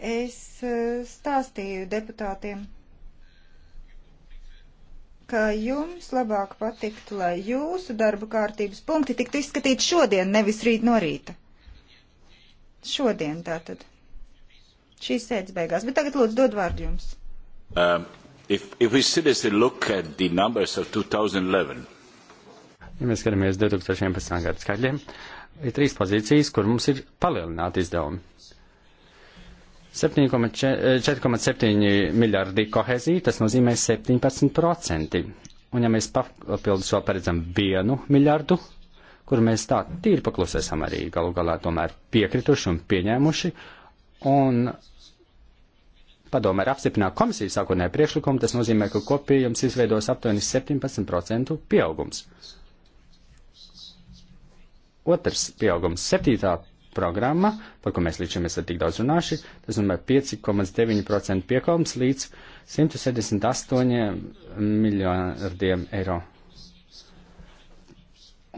es eh, stāstīju deputātiem, ka jums labāk patiktu, lai jūsu darba kārtības punkti tiktu izskatīti šodien, nevis rīt no rīta. Šodien tātad. Šīs sēdes beigās. Bet tagad lūdzu dod vārdu jums. Um, if, if we seriously look at the numbers of 2011, Ja mēs skatāmies 2011. gada skaļiem, ir trīs pozīcijas, kur mums ir palielināti izdevumi. 4,7 miljardi kohezija, tas nozīmē 17%. Un ja mēs papildus vēl paredzam vienu miljardu, kur mēs tā tīri paklusēsim arī galu galā tomēr piekrituši un pieņēmuši, un padomē ir apstiprināta komisija sākotnēja priekšlikuma, tas nozīmē, ka kopijums izveidos aptuveni 17% pieaugums. Otrs pieaugums - septītā programma, par ko mēs līdz šim esam tik daudz runājuši, tas numēr 5,9% pieaugums līdz 178 miljardiem eiro.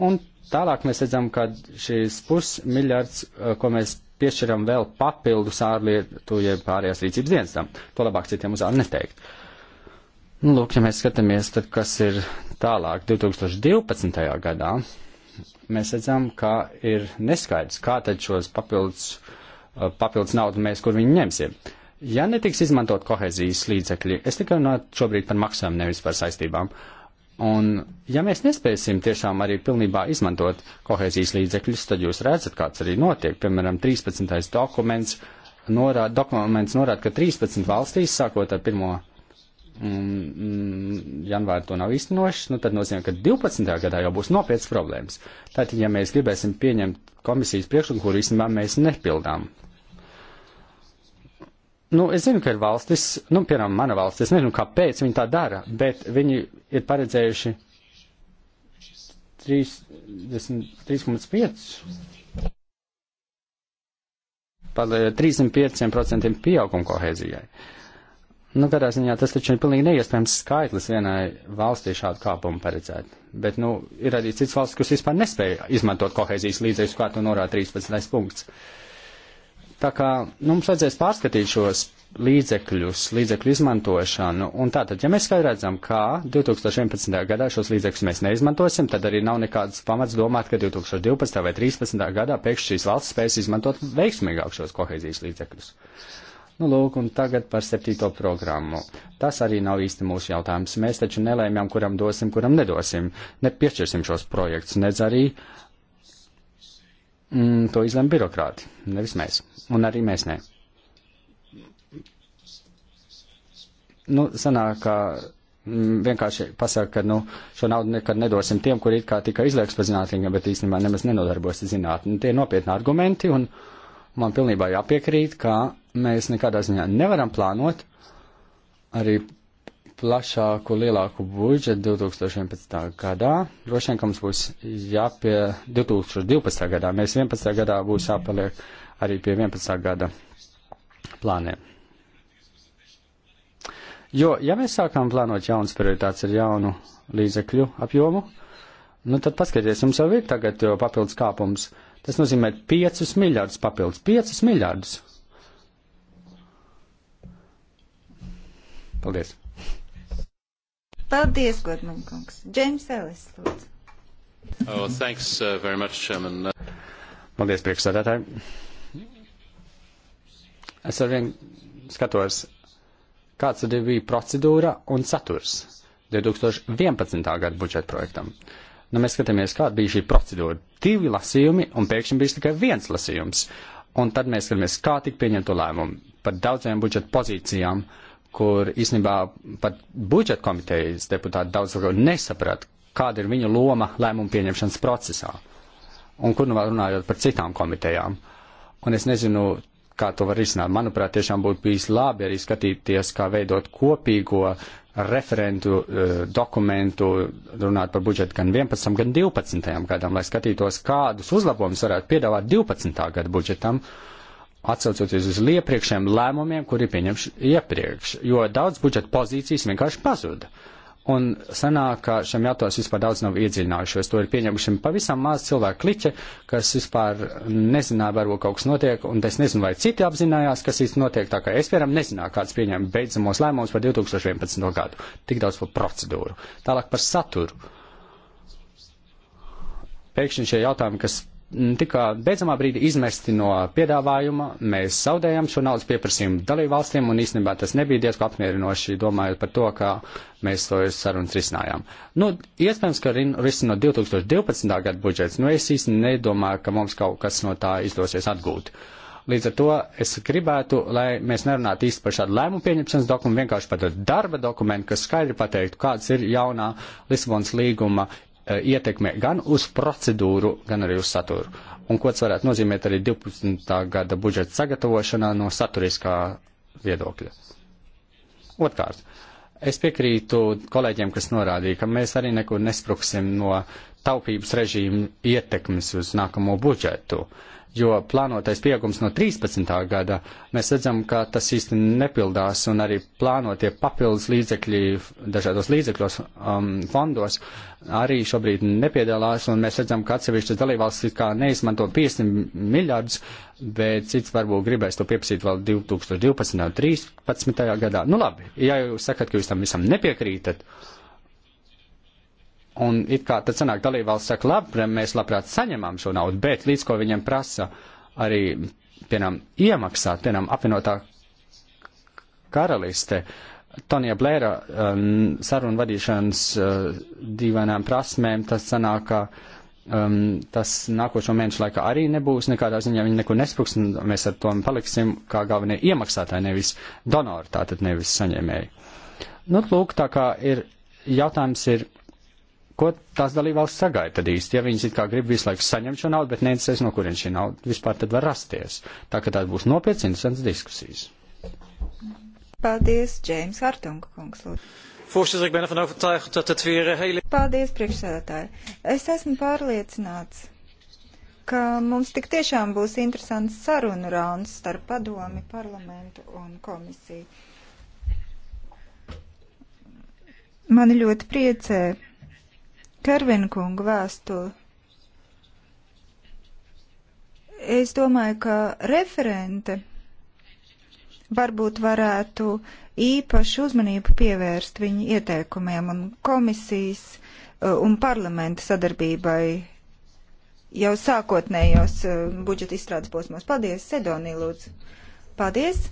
Un tālāk mēs redzam, ka šis pusmiljards, eh, ko mēs piešķiram vēl papildus ārlietu, ja pārējās rīcības dienestam, to labāk citiem uz ārnu neteikt. Nu, lūk, ja mēs skatāmies, tad kas ir tālāk 2012. gadā, mēs redzam, ka ir neskaidrs, kā tad šos papildus, uh, papildus naudu mēs kur viņi ņemsim. Ja netiks izmantot kohezijas līdzekļi, es tikai runāju šobrīd par maksājumu, nevis par saistībām. Un ja mēs nespēsim tiešām arī pilnībā izmantot kohezijas līdzekļus, tad jūs redzat, kāds arī notiek. Piemēram, 13. dokuments norāda, dokuments norāda ka 13 valstīs, sākot ar 1 mm, mm janvāri to nav īstenojuši, nu tad nozīmē, ka 12. gadā jau būs nopietnas problēmas. Tātad, ja mēs gribēsim pieņemt komisijas priekšlikumu, kuru īstenībā mēs nepildām. Nu, es zinu, ka ir valstis, nu, piemēram, mana valsts, es nezinu, kāpēc viņi tā dara, bet viņi ir paredzējuši 3,5. Par 305% pieaugumu kohēzijai. Uh, Nu, kādā ziņā tas taču ir pilnīgi neiespējams skaitlis vienai valstī šādu kāpumu paredzēt. Bet, nu, ir arī cits valsts, kas vispār nespēja izmantot kohēzijas līdzekļus, kā to norāda 13. punkts. Tā kā nu, mums vajadzēs pārskatīt šos līdzekļus, līdzekļu izmantošanu. Un tātad, ja mēs skaidri redzam, ka 2011. gadā šos līdzekļus mēs neizmantosim, tad arī nav nekāds pamats domāt, ka 2012. vai 2013. gadā pēkšņi šīs valsts spēs izmantot veiksmīgāk šos kohēzijas līdzekļus. Uh, Nu, lūk, un tagad par septīto programmu. Tas arī nav īsti mūsu jautājums. Mēs taču nelēmjām, kuram dosim, kuram nedosim. Nepiešķirsim šos projektus, nedz arī mm, to izlem birokrāti, nevis mēs. Un arī mēs ne. Nu, sanāk, ka mm, vienkārši pasaka, ka nu, šo naudu nekad nedosim tiem, kuri it kā tikai izlieks par zinātniem, bet īstenībā nemaz nenodarbojas ar zinātni. Nu, tie ir nopietni argumenti, un man pilnībā jāpiekrīt, ka mēs nekādā ziņā nevaram plānot arī plašāku, lielāku budžetu 2011. gadā. Droši vien, ka mums būs jāpie 2012. gadā. Mēs 11. gadā būs jāpaliek arī pie 11. gada plāniem. Jo, ja mēs sākām plānot jaunas prioritātes ar jaunu līdzekļu apjomu, nu tad paskatieties, jums jau ir tagad papildus kāpums. Uh, Tas nozīmē 5 miljardus papildus. 5 miljardus. Paldies. Paldies, Godman kungs. Džeims Ellis, lūdzu. Oh, thanks uh, very much, Chairman. Paldies, priekšsādātāji. Es arvien skatos, kāds tad bija procedūra un saturs 2011. gada budžeta projektam. Uh, Nu, mēs skatāmies, kāda bija šī procedūra. Divi lasījumi, un pēkšņi bija tikai viens lasījums. Un tad mēs skatāmies, kā tika pieņemta lēmuma par daudziem budžeta pozīcijām, kur īstenībā pat budžeta komitejas deputāti daudz nesaprata, kāda ir viņa loma lēmumu pieņemšanas procesā. Un kur nu vēl runājot par citām komitejām. Un es nezinu, kā to var risināt. Manuprāt, tiešām būtu bijis labi arī skatīties, kā veidot kopīgo referentu e, dokumentu, runāt par budžetu gan 11, gan 12. gadam, lai skatītos, kādus uzlabojumus varētu piedāvāt 12. gada budžetam, atsaucoties uz liepriekšējiem lēmumiem, kuri pieņemši iepriekš, jo daudz budžeta pozīcijas vienkārši pazuda. Uh, Un sanāk, ka šiem jautājumiem vispār daudz nav iedziļinājušies. To ir pieņemuši pavisam maz cilvēku kliķi, kas vispār nezināja, varbūt kaut kas notiek, un es nezinu, vai citi apzinājās, kas īsti notiek. Tā kā es, piemēram, nezināju, kāds pieņēma beidzamos lēmumus par 2011. gadu. Tik daudz par procedūru. Tālāk par saturu. Pēkšņi šie jautājumi, kas tika beidzamā brīdī izmesti no piedāvājuma. Mēs zaudējām šo naudas pieprasījumu dalībvalstīm, un īstenībā tas nebija diezgan apmierinoši, domājot par to, kā mēs to sarunas risinājām. Nu, iespējams, ka risinot 2012. gada budžets, nu es īsti nedomāju, ka mums kaut kas no tā izdosies atgūt. Līdz ar to es gribētu, lai mēs nerunātu īsti par šādu lēmumu pieņemšanas dokumentu, vienkārši par darba dokumentu, kas skaidri pateiktu, kāds ir jaunā Lisabonas līguma Uh, ietekme gan uz procedūru, gan arī uz saturu. Un ko tas varētu nozīmēt arī 12. gada budžeta sagatavošanā no saturiskā viedokļa. Otkārt, es piekrītu kolēģiem, kas norādīja, ka mēs arī nekur nespruksim no taupības režīmu ietekmes uz nākamo budžetu. Uh, jo plānotais pieaugums no 13. gada mēs redzam, ka tas īsti nepildās un arī plānotie papildus līdzekļi dažādos līdzekļos um, fondos arī šobrīd nepiedalās un mēs redzam, ka atsevišķas dalībvalstis kā neizmanto 500 miljardus, bet cits varbūt gribēs to pieprasīt vēl 2012. un 2013. gadā. Nu labi, ja jūs sakat, ka jūs tam visam nepiekrītat. Uh, Un it kā tad sanāk dalībvalsts saka, labi, mēs labprāt saņemam šo naudu, bet līdz ko viņiem prasa arī, piemēram, iemaksāt, piemēram, apvienotā karaliste, Tonija Blēra um, sarunu vadīšanas uh, dīvainām prasmēm, tas sanāk, ka um, tas nākošo mēnešu laikā arī nebūs nekādā ziņā, viņi nekur nespruks, un mēs ar to paliksim kā galvenie iemaksātāji, nevis donori, tātad nevis saņēmēji. Nu, lūk, tā kā ir, jautājums ir ko tās dalībvalsts sagaida tad īsti, ja viņas it kā grib visu laiku saņemt šo naudu, bet neinteresēs, no kurien šī nauda vispār tad var rasties. Tā ka tās būs nopietnas, interesantas diskusijas. Paldies, Džeims Hartunga kungs. Lūdzu. Voorzitter, ik ben ervan overtuigd dat het weer hele. Paldies, priekšsēdētāji. Es esmu pārliecināts, ka mums tik tiešām būs interesants sarunu rauns starp padomi, parlamentu un komisiju. Mani ļoti priecē Kervina kunga vēstuli. Es domāju, ka referente varbūt varētu īpašu uzmanību pievērst viņa ieteikumiem un komisijas uh, un parlamenta sadarbībai jau sākotnējos uh, budžeta izstrādes posmos. Paldies, Sedonī, lūdzu. Paldies!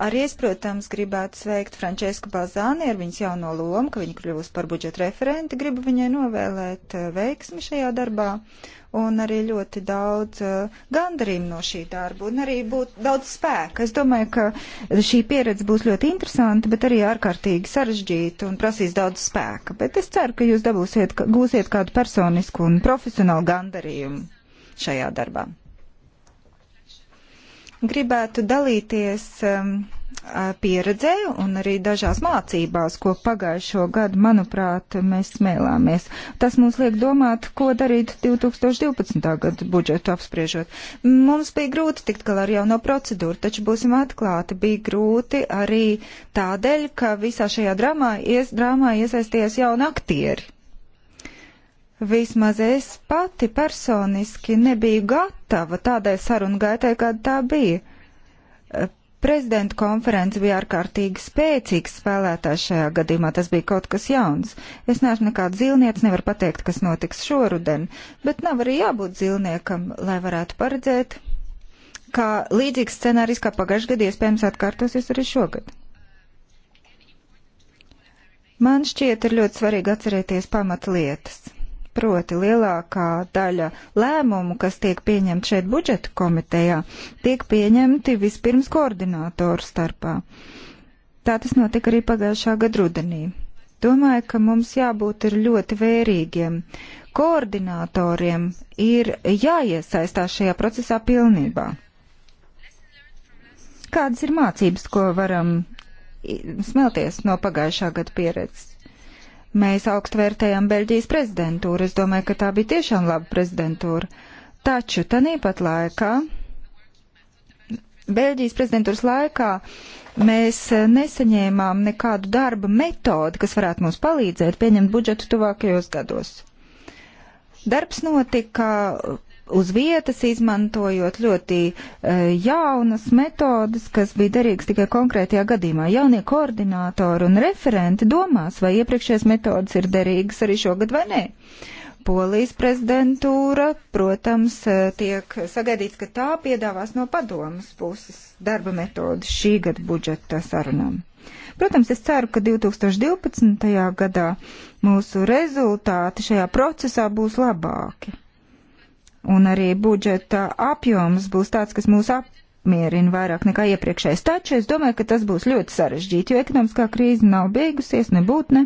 Arī es, protams, gribētu sveikt Frančesku Balzāni ar viņas jauno lomu, ka viņa kļūs par budžeta referenti. Gribu viņai novēlēt eh, veiksmi šajā darbā un arī ļoti daudz eh, gandarījumu no šī darba un arī būt daudz spēka. Es domāju, ka šī pieredze būs ļoti interesanta, bet arī ārkārtīgi sarežģīta un prasīs daudz spēka. Bet es ceru, ka jūs dabūsiet, gūsiet kādu personisku un profesionālu gandarījumu šajā darbā gribētu dalīties um, pieredzē un arī dažās mācībās, ko pagājušo gadu, manuprāt, mēs smēlāmies. Tas mums liek domāt, ko darīt 2012. gadu budžetu apspriežot. Mums bija grūti tikt galā ar jauno procedūru, taču būsim atklāti, bija grūti arī tādēļ, ka visā šajā dramā, ies, dramā iesaisties jauni aktieri Vismaz es pati personiski nebiju gatava tādai sarunu gaitai, kāda tā bija. Eh, prezidenta konference bija ārkārtīgi spēcīgs spēlētājs šajā gadījumā, tas bija kaut kas jauns. Es neesmu nekāds zilnieks, nevaru pateikt, kas notiks šoruden, bet nav arī jābūt zilniekam, lai varētu paredzēt, ka līdzīgs scenārijs kā pagājušajā gadā iespējams atkārtosies arī šogad. Man šķiet ir ļoti svarīgi atcerēties pamatlietas. lietas Proti lielākā daļa lēmumu, kas tiek pieņemti šeit budžeta komitejā, tiek pieņemti vispirms koordinātoru starpā. Tā tas notika arī pagājušā gada rudenī. Domāju, ka mums jābūt ir ļoti vērīgiem. Koordinātoriem ir jāiesaistās šajā procesā pilnībā. Kādas ir mācības, ko varam smelties no pagājušā gada pieredzes? Mēs augstu vērtējam Beļģijas prezidentūru. Es domāju, ka tā bija tiešām laba prezidentūra. Taču tanīpat laikā, Beļģijas prezidentūras laikā, mēs nesaņēmām nekādu darba metodi, kas varētu mums palīdzēt pieņemt budžetu tuvākajos gados. Darbs notika uz vietas izmantojot ļoti eh, jaunas metodas, kas bija derīgas tikai konkrētajā gadījumā. Jaunie koordinātori un referenti domās, vai iepriekšējās metodas ir derīgas arī šogad vai nē. Polijas prezidentūra, protams, eh, tiek sagaidīts, ka tā piedāvās no padomas puses darba metodi šī gada budžeta sarunām. Protams, es ceru, ka 2012. gadā mūsu rezultāti šajā procesā būs labāki un arī budžeta apjoms būs tāds, kas mūs apmierina vairāk nekā iepriekšējais. Taču es domāju, ka tas būs ļoti sarežģīti, jo ekonomiskā krīze nav beigusies, nebūt ne.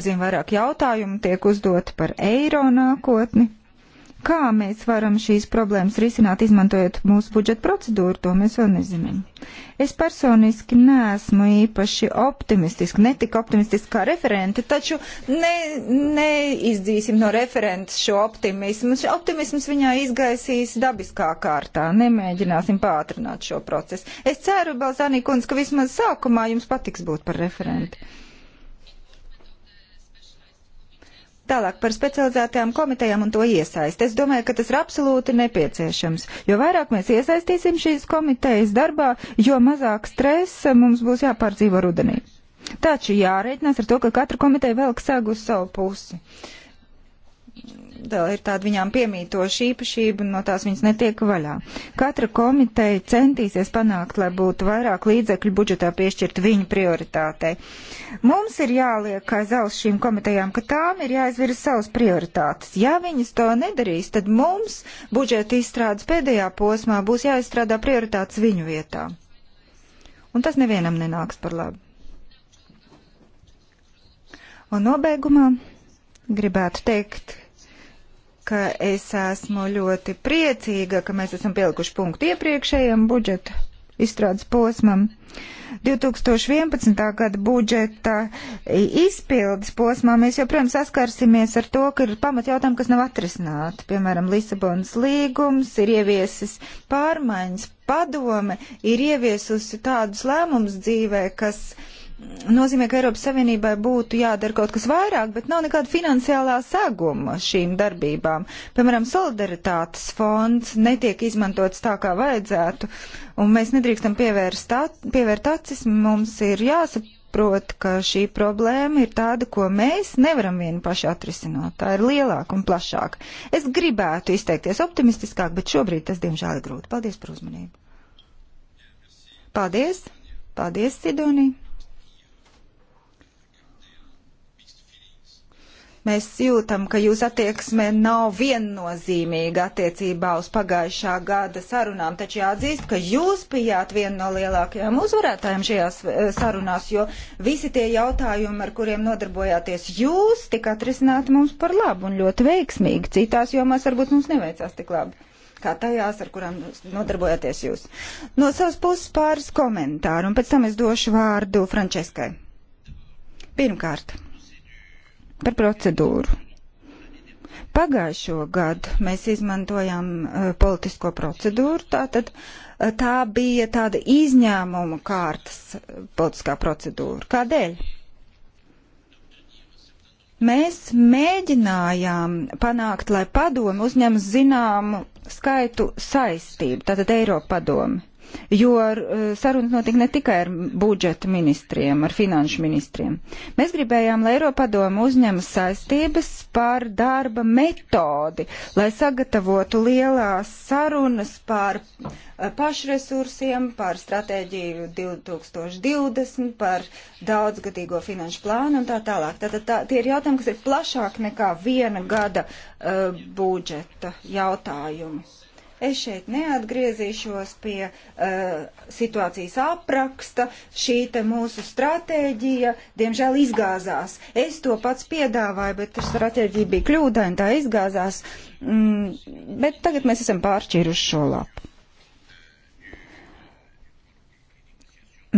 Azim vairāk jautājumu tiek uzdot par eiro nākotni. Kā mēs varam šīs problēmas risināt, izmantojot mūsu budžeta procedūru, to mēs vēl nezinām. Es personiski neesmu īpaši optimistiski, netik optimistiski kā referenti, taču ne, neizdzīsim no referenta šo optimismu. Šo optimisms viņā izgaisīs dabiskā kārtā, nemēģināsim pātrināt šo procesu. Es ceru, Balzānī kundze, ka vismaz sākumā jums patiks būt par referentu. Tālāk par specializētajām komitejām un to iesaist. Es domāju, ka tas ir absolūti nepieciešams. Jo vairāk mēs iesaistīsim šīs komitejas darbā, jo mazāk stresa mums būs jāpārdzīvo rudenī. Taču jārēķinās ar to, ka katra komiteja velk segu uz savu pusi ir tāda viņām piemītoša īpašība, no tās viņas netiek vaļā. Katra komiteja centīsies panākt, lai būtu vairāk līdzekļu budžetā piešķirt viņu prioritātei. Mums ir jāliek aiz auss šīm komitejām, ka tām ir jāizvirza savas prioritātes. Ja viņas to nedarīs, tad mums budžeta izstrādes pēdējā posmā būs jāizstrādā prioritātes viņu vietā. Un tas nevienam nenāks par labu. Un nobeigumā gribētu teikt, ka es esmu ļoti priecīga, ka mēs esam pielikuši punktu iepriekšējiem budžetu izstrādes posmam. 2011. gada budžeta izpildes posmā mēs joprojām saskarsimies ar to, ka ir pamatjautājumi, kas nav atrisināti. Piemēram, Lisabonas līgums ir ieviesis pārmaiņas, padome ir ieviesusi tādus lēmumus dzīvē, kas uh, nozīmē, ka Eiropas Savienībai būtu jādara kaut kas vairāk, bet nav nekāda finansiālā saguma šīm darbībām. Piemēram, solidaritātes fonds netiek izmantots tā, kā vajadzētu, un mēs nedrīkstam pievērst, at, pievērt acis, mums ir jāsaprot, ka šī problēma ir tāda, ko mēs nevaram vieni paši atrisināt. Tā ir lielāka un plašāka. Es gribētu izteikties optimistiskāk, bet šobrīd tas, diemžēl, ir grūti. Paldies par uzmanību. Paldies! Paldies, Sidonija! Mēs jūtam, ka jūsu attieksme nav viennozīmīga attiecībā uz pagājušā gada sarunām, taču jāatzīst, ka jūs bijāt viena no lielākajām uzvarētājiem šajās eh, sarunās, jo visi tie jautājumi, ar kuriem nodarbojāties jūs, tika atrisināti mums par labu un ļoti veiksmīgi. Citās jomās varbūt mums neveicās tik labi kā tajās, ar kurām nodarbojaties jūs. No savas puses pāris komentāru, un pēc tam es došu vārdu Frančeskai. Pirmkārt, Par procedūru. Pagājušo gadu mēs izmantojām uh, politisko procedūru, tātad uh, tā bija tāda izņēmuma kārtas e, politiskā procedūra. Kādēļ? Mēs mēģinājām panākt, lai padomu uzņem zināmu skaitu saistību, tātad Eiropa padomu jo eh, sarunas notika ne tikai ar budžeta ministriem, ar finanšu ministriem. Mēs gribējām, lai Eiropadoma uzņemas saistības par darba metodi, lai sagatavotu lielās sarunas par eh, pašresursiem, par stratēģiju 2020, par daudzgadīgo finanšu plānu un tā tālāk. Tātad tā, tie ir jautājumi, kas ir plašāk nekā viena gada uh, budžeta jautājumi. Es šeit neatgriezīšos pie uh, situācijas apraksta. Šī te mūsu stratēģija, diemžēl, izgāzās. Es to pats piedāvāju, bet stratēģija bija kļūdaina, tā izgāzās. Mm, bet tagad mēs esam pāršķīruši šo lapu.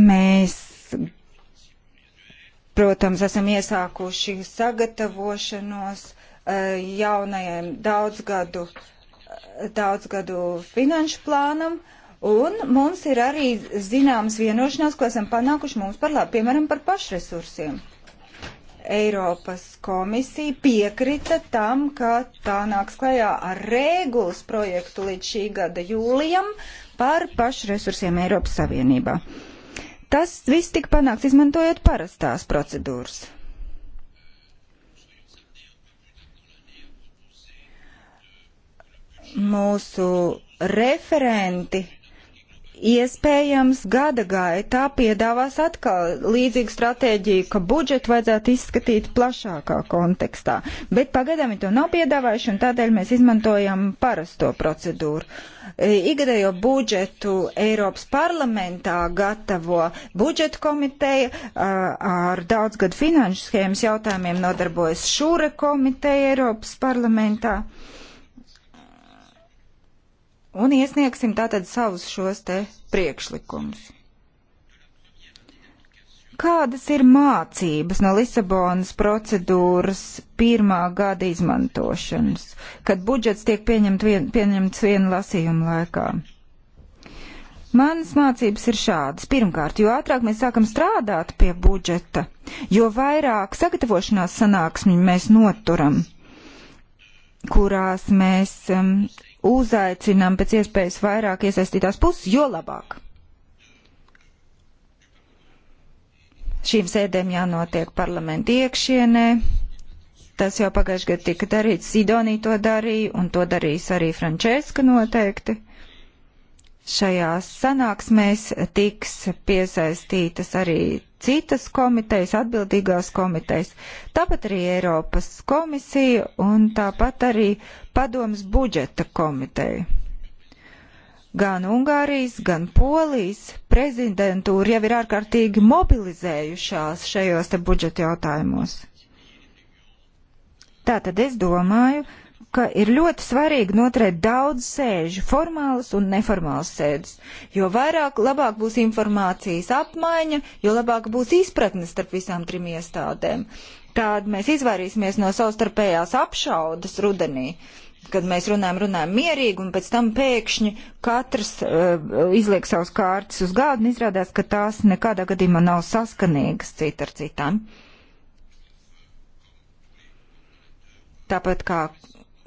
Mēs protams, esam iesākuši sagatavošanos eh, jaunajiem daudzgadu daudzgadu finanšu plānam. Un mums ir arī zināmas vienošanās, ko esam panākuši mums par labu, piemēram, par pašresursiem. Eiropas komisija piekrita tam, ka tā nāks klajā ar regulas projektu līdz šī gada jūlijam par pašresursiem Eiropas Savienībā. Tas viss tika panākts izmantojot parastās procedūras. mūsu referenti iespējams gada gaitā piedāvās atkal līdzīgu stratēģiju, ka budžetu vajadzētu izskatīt plašākā kontekstā. Bet pagadām viņi to nav piedāvājuši un tādēļ mēs izmantojam parasto procedūru. E, igadējo budžetu Eiropas parlamentā gatavo budžetu komiteja, ar daudzgad finanšu schēmas jautājumiem nodarbojas šūra komiteja Eiropas parlamentā. Uh, un iesniegsim tātad savus šos te priekšlikumus. Kādas ir mācības no Lisabonas procedūras pirmā gada izmantošanas, kad budžets tiek pieņemt vien, pieņemts vienu lasījumu laikā? Manas mācības ir šādas. Pirmkārt, jo ātrāk mēs sākam strādāt pie budžeta, jo vairāk sagatavošanās sanāksmi mēs noturam, kurās mēs um, uzaicinām pēc iespējas vairāk iesaistītās puses, jo labāk. Šīm sēdēm jānotiek parlamenta iekšienē. Tas jau pagājušajā gadā tika darīts, Sidonija to darīja, un to darīs arī Frančeska noteikti. Šajās sanāksmēs tiks piesaistītas arī citas komitejas, atbildīgās komitejas, tāpat arī Eiropas komisija un tāpat arī padomas budžeta komiteja. Gan Ungārijas, gan Polijas prezidentūra jau ir ārkārtīgi mobilizējušās šajos te budžeta jautājumos. Tātad es domāju, ka ir ļoti svarīgi noturēt daudz sēžu, formālas un neformālas sēdes. Jo vairāk, labāk būs informācijas apmaiņa, jo labāk būs izpratne starp visām trim iestādēm. Tād mēs izvairīsimies no savstarpējās apšaudas rudenī kad mēs runājam, runājam mierīgi, un pēc tam pēkšņi katrs uh, izliek savus kārtas uz gādu, un izrādās, ka tās nekādā gadījumā nav saskanīgas cita ar citām. Tāpat kā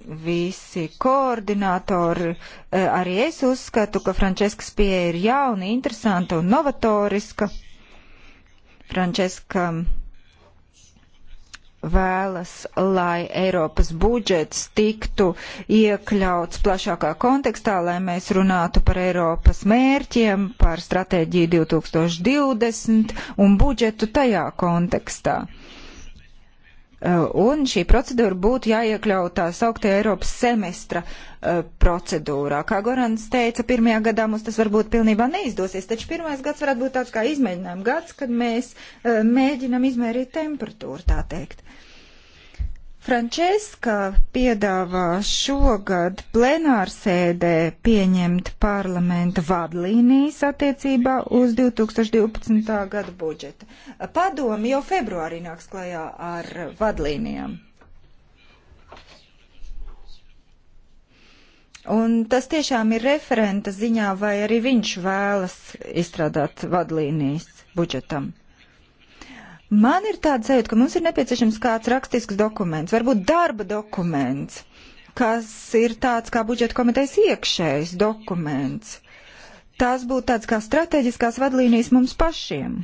visi koordinatori. E, arī es uzskatu, ka Franceskas pieeja ir jauna, interesanta un novatoriska. Frančeska vēlas, lai Eiropas budžets tiktu iekļauts plašākā kontekstā, lai mēs runātu par Eiropas mērķiem, par stratēģiju 2020 un budžetu tajā kontekstā. Uh, Eh, un šī procedūra būtu jāiekļaut tā sauktajā Eiropas semestra uh, procedūrā. Kā Gorans teica, pirmajā gadā mums tas varbūt pilnībā neizdosies, taču pirmais gads varētu būt tāds kā izmēģinājuma gads, kad mēs uh, mēģinam izmērīt temperatūru, tā teikt. Frančeska piedāvā šogad plenārsēdē pieņemt parlamenta vadlīnijas attiecībā uz 2012. gada budžetu. Padomi jau februārī nāks klajā ar vadlīnijām. Un tas tiešām ir referenta ziņā, vai arī viņš vēlas izstrādāt vadlīnijas budžetam. Man ir tāda sajūta, ka mums ir nepieciešams kāds rakstisks dokuments, varbūt darba dokuments, kas ir tāds kā budžeta komitejas iekšējs dokuments. Tās būtu tāds kā strateģiskās vadlīnijas mums pašiem.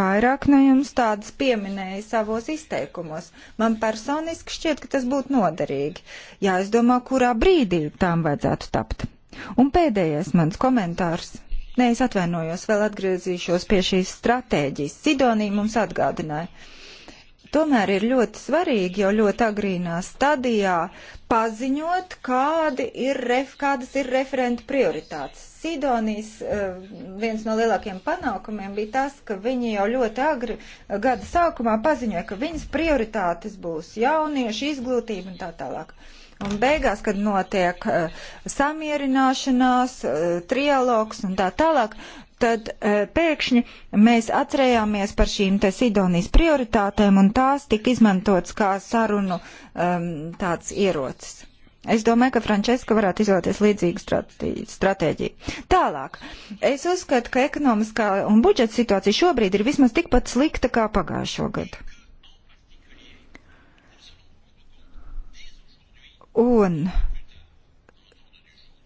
Vairāk no jums tādas pieminēja savos izteikumos. Man personiski šķiet, ka tas būtu noderīgi. Jāizdomā, kurā brīdī tām vajadzētu tapt. Un pēdējais mans komentārs Nē, es atvainojos, vēl atgriezīšos pie šīs stratēģijas. Sidonija mums atgādināja. Tomēr ir ļoti svarīgi jau ļoti agrīnā stadijā paziņot, kādi ir ref, kādas ir referentu prioritātes. Sidonijas eh, viens no lielākajiem panākumiem bija tas, ka viņi jau ļoti agri eh, gada sākumā paziņoja, ka viņas prioritātes būs jaunieši, izglītība un tā tālāk. Uh, Un beigās, kad notiek uh, samierināšanās, uh, trialogs un tā tālāk, tad uh, pēkšņi mēs atcerējāmies par šīm te Sidonijas prioritātēm un tās tika izmantotas kā sarunu um, tāds ierocis. Es domāju, ka Frančeska varētu izvēlēties līdzīgu stratēģiju. Tālāk, es uzskatu, ka ekonomiskā un budžeta situācija šobrīd ir vismaz tikpat slikta kā pagājušo gadu. Un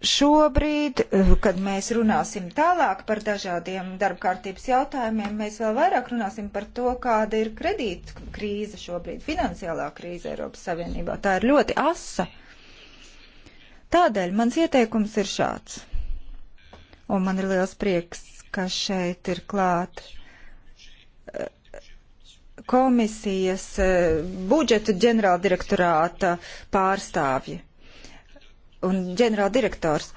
šobrīd, kad mēs runāsim tālāk par dažādiem darbkārtības jautājumiem, mēs vēl vairāk runāsim par to, kāda ir kredīt krīze šobrīd, finansiālā krīze Eiropas Savienībā. Tā ir ļoti asa. Tādēļ mans ieteikums ir šāds. Un man ir liels prieks, ka šeit ir klāt komisijas e, budžeta ģenerāldirektorāta pārstāvji un ģenerāldirektors.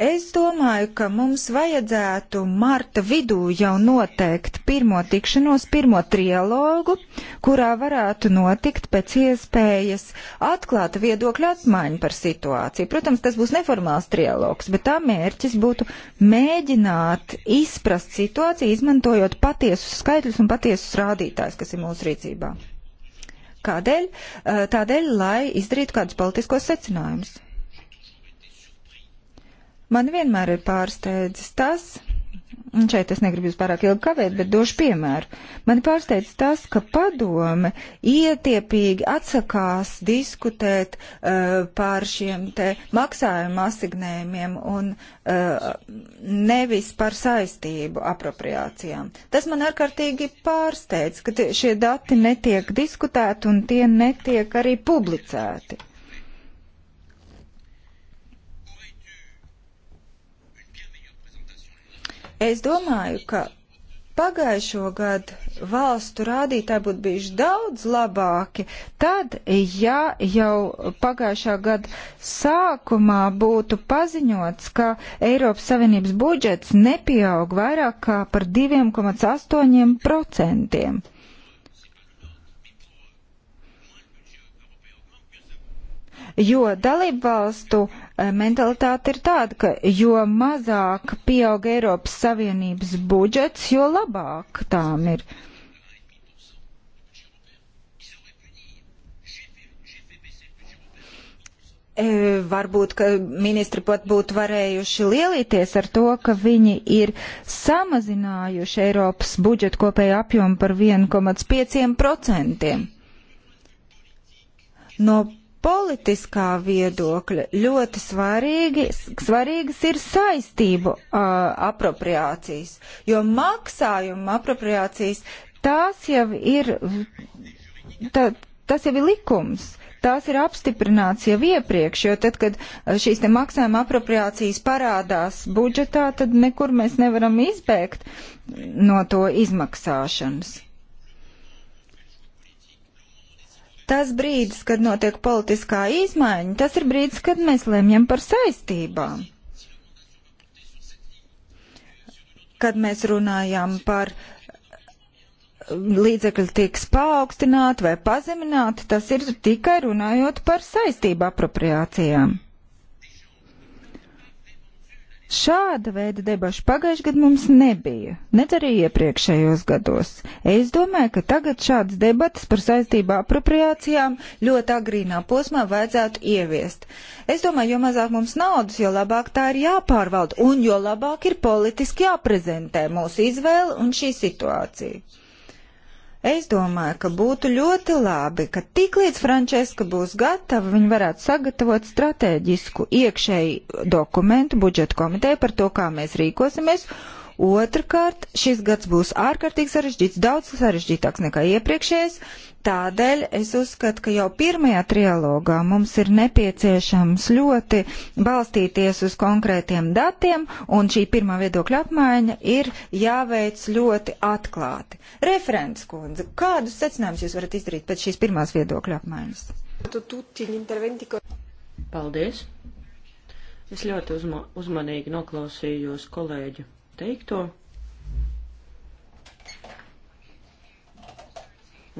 Es domāju, ka mums vajadzētu marta vidū jau noteikt pirmo tikšanos, pirmo trialogu, kurā varētu notikt pēc iespējas atklāta viedokļa atmaiņa par situāciju. Protams, tas būs neformāls trialogs, bet tā mērķis būtu mēģināt izprast situāciju, izmantojot patiesus skaitļus un patiesus rādītājus, kas ir mūsu rīcībā. Kādēļ? Tādēļ, lai izdarītu kādus politiskos secinājumus. Man vienmēr ir pārsteidzis tas, un šeit es negribu jūs pārāk ilgi kavēt, bet došu piemēru. Mani pārsteidz tas, ka padome ietiepīgi atsakās diskutēt uh, eh, pār šiem te maksājumu asignējumiem un uh, nevis par saistību apropriācijām. Tas man ārkārtīgi pārsteidz, ka šie dati netiek diskutēti un tie netiek arī publicēti. Es domāju, ka pagājušo gadu valstu rādītāji būtu bijuši daudz labāki, tad, ja jau pagājušā gada sākumā būtu paziņots, ka Eiropas Savienības budžets nepieaug vairāk kā par 2,8%. jo dalību valstu eh, mentalitāte ir tāda, ka jo mazāk pieaug Eiropas Savienības budžets, jo labāk tām ir. E, varbūt, ka ministri pat būtu varējuši lielīties ar to, ka viņi ir samazinājuši Eiropas budžetu kopēju apjomu par 1,5%. No politiskā viedokļa ļoti svarīgi, svarīgas ir saistību uh, apropriācijas, jo maksājuma apropriācijas tās jau ir, tā, tas jau ir likums. Tās ir apstiprināts jau iepriekš, jo tad, kad šīs te maksājuma apropriācijas parādās budžetā, tad nekur mēs nevaram izbēgt no to izmaksāšanas. tas brīdis, kad notiek politiskā izmaiņa, tas ir brīdis, kad mēs lemjam par saistībām. Kad mēs runājam par um, līdzekļu tiks paaugstināt vai pazemināt, tas ir tikai runājot par saistību apropriācijām. Mm. Šāda veida debašu pagājušajā gadā mums nebija, nedz arī iepriekšējos gados. Es domāju, ka tagad šādas debatas par saistību apropriācijām ļoti agrīnā posmā vajadzētu ieviest. Es domāju, jo mazāk mums naudas, jo labāk tā ir jāpārvalda un jo labāk ir politiski jāprezentē mūsu izvēle un šī situācija. Es domāju, ka būtu ļoti labi, ka tiklīdz Frančeska būs gatava, viņa varētu sagatavot strateģisku iekšēju dokumentu budžeta komiteju par to, kā mēs rīkosimies. Otrakārt, šis gads būs ārkārtīgi sarežģīts, daudz sarežģītāks nekā iepriekšējais. Tādēļ es uzskatu, ka jau pirmajā trialogā mums ir nepieciešams ļoti balstīties uz konkrētiem datiem, un šī pirmā viedokļa apmaiņa ir jāveic ļoti atklāti. Referents kundze, kādus secinājumus jūs varat izdarīt pēc šīs pirmās viedokļa apmaiņas? Paldies! Es ļoti uzma uzmanīgi noklausījos kolēģu teikto.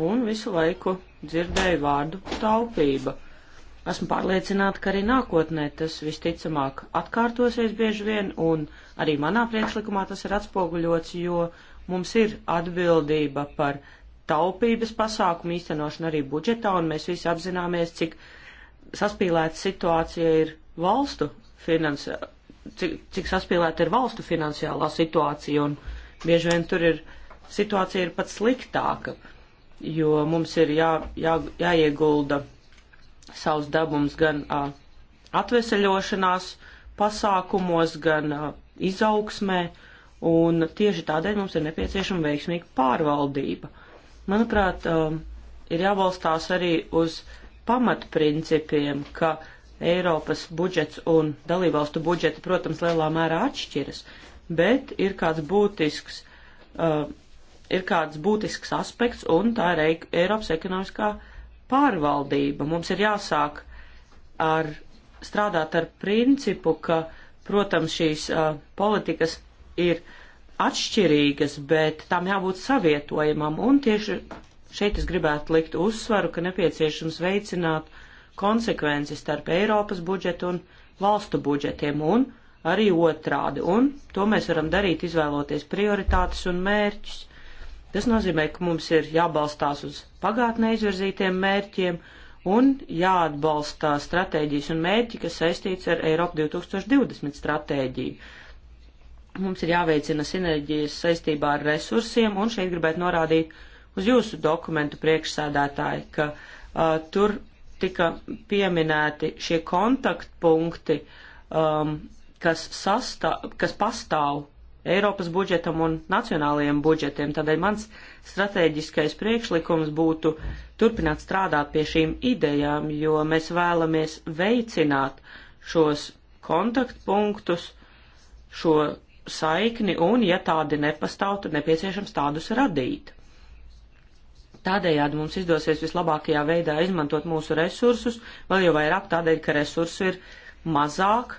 un visu laiku dzirdēju vārdu taupība. Esmu pārliecināta, ka arī nākotnē tas visticamāk atkārtosies bieži vien, un arī manā priekšlikumā tas ir atspoguļots, jo mums ir atbildība par taupības pasākumu īstenošanu arī budžetā, un mēs visi apzināmies, cik saspīlēta situācija ir valstu finansi, cik, cik saspīlēta ir valstu finansiālā situācija, un bieži vien tur ir situācija ir pat sliktāka. Uh, jo mums ir jā, jā, jāiegulda savs dabums gan uh, atveseļošanās pasākumos, gan uh, izaugsmē, un tieši tādēļ mums ir nepieciešama veiksmīga pārvaldība. Manuprāt, uh, ir jābalstās arī uz pamatprincipiem, ka Eiropas budžets un dalībvalstu budžeti, protams, lielā mērā atšķiras, bet ir kāds būtisks uh, ir kāds būtisks aspekts, un tā ir Eiropas ekonomiskā pārvaldība. Mums ir jāsāk ar strādāt ar principu, ka, protams, šīs uh, politikas ir atšķirīgas, bet tam jābūt savietojamam, un tieši šeit es gribētu likt uzsvaru, ka nepieciešams veicināt konsekvenci starp Eiropas budžetu un valstu budžetiem, un arī otrādi, un to mēs varam darīt izvēloties prioritātes un mērķus. Tas nozīmē, ka mums ir jābalstās uz pagātnē izvirzītiem mērķiem un jāatbalsta stratēģijas un mērķi, kas saistīts ar Eiropu 2020 stratēģiju. Mums ir jāveicina sinerģijas saistībā ar resursiem, un šeit gribētu norādīt uz jūsu dokumentu priekšsēdētāji, ka uh, tur tika pieminēti šie kontaktpunkti, um, kas, sastā, kas pastāv Eiropas budžetam un nacionālajiem budžetiem. Tādēļ mans strateģiskais priekšlikums būtu turpināt strādāt pie šīm idejām, jo mēs vēlamies veicināt šos kontaktpunktus, šo saikni un, ja tādi nepastāv, tad nepieciešams tādus radīt. Tādējādi mums izdosies vislabākajā veidā izmantot mūsu resursus, vēl jau vairāk tādēļ, ka resursu ir mazāk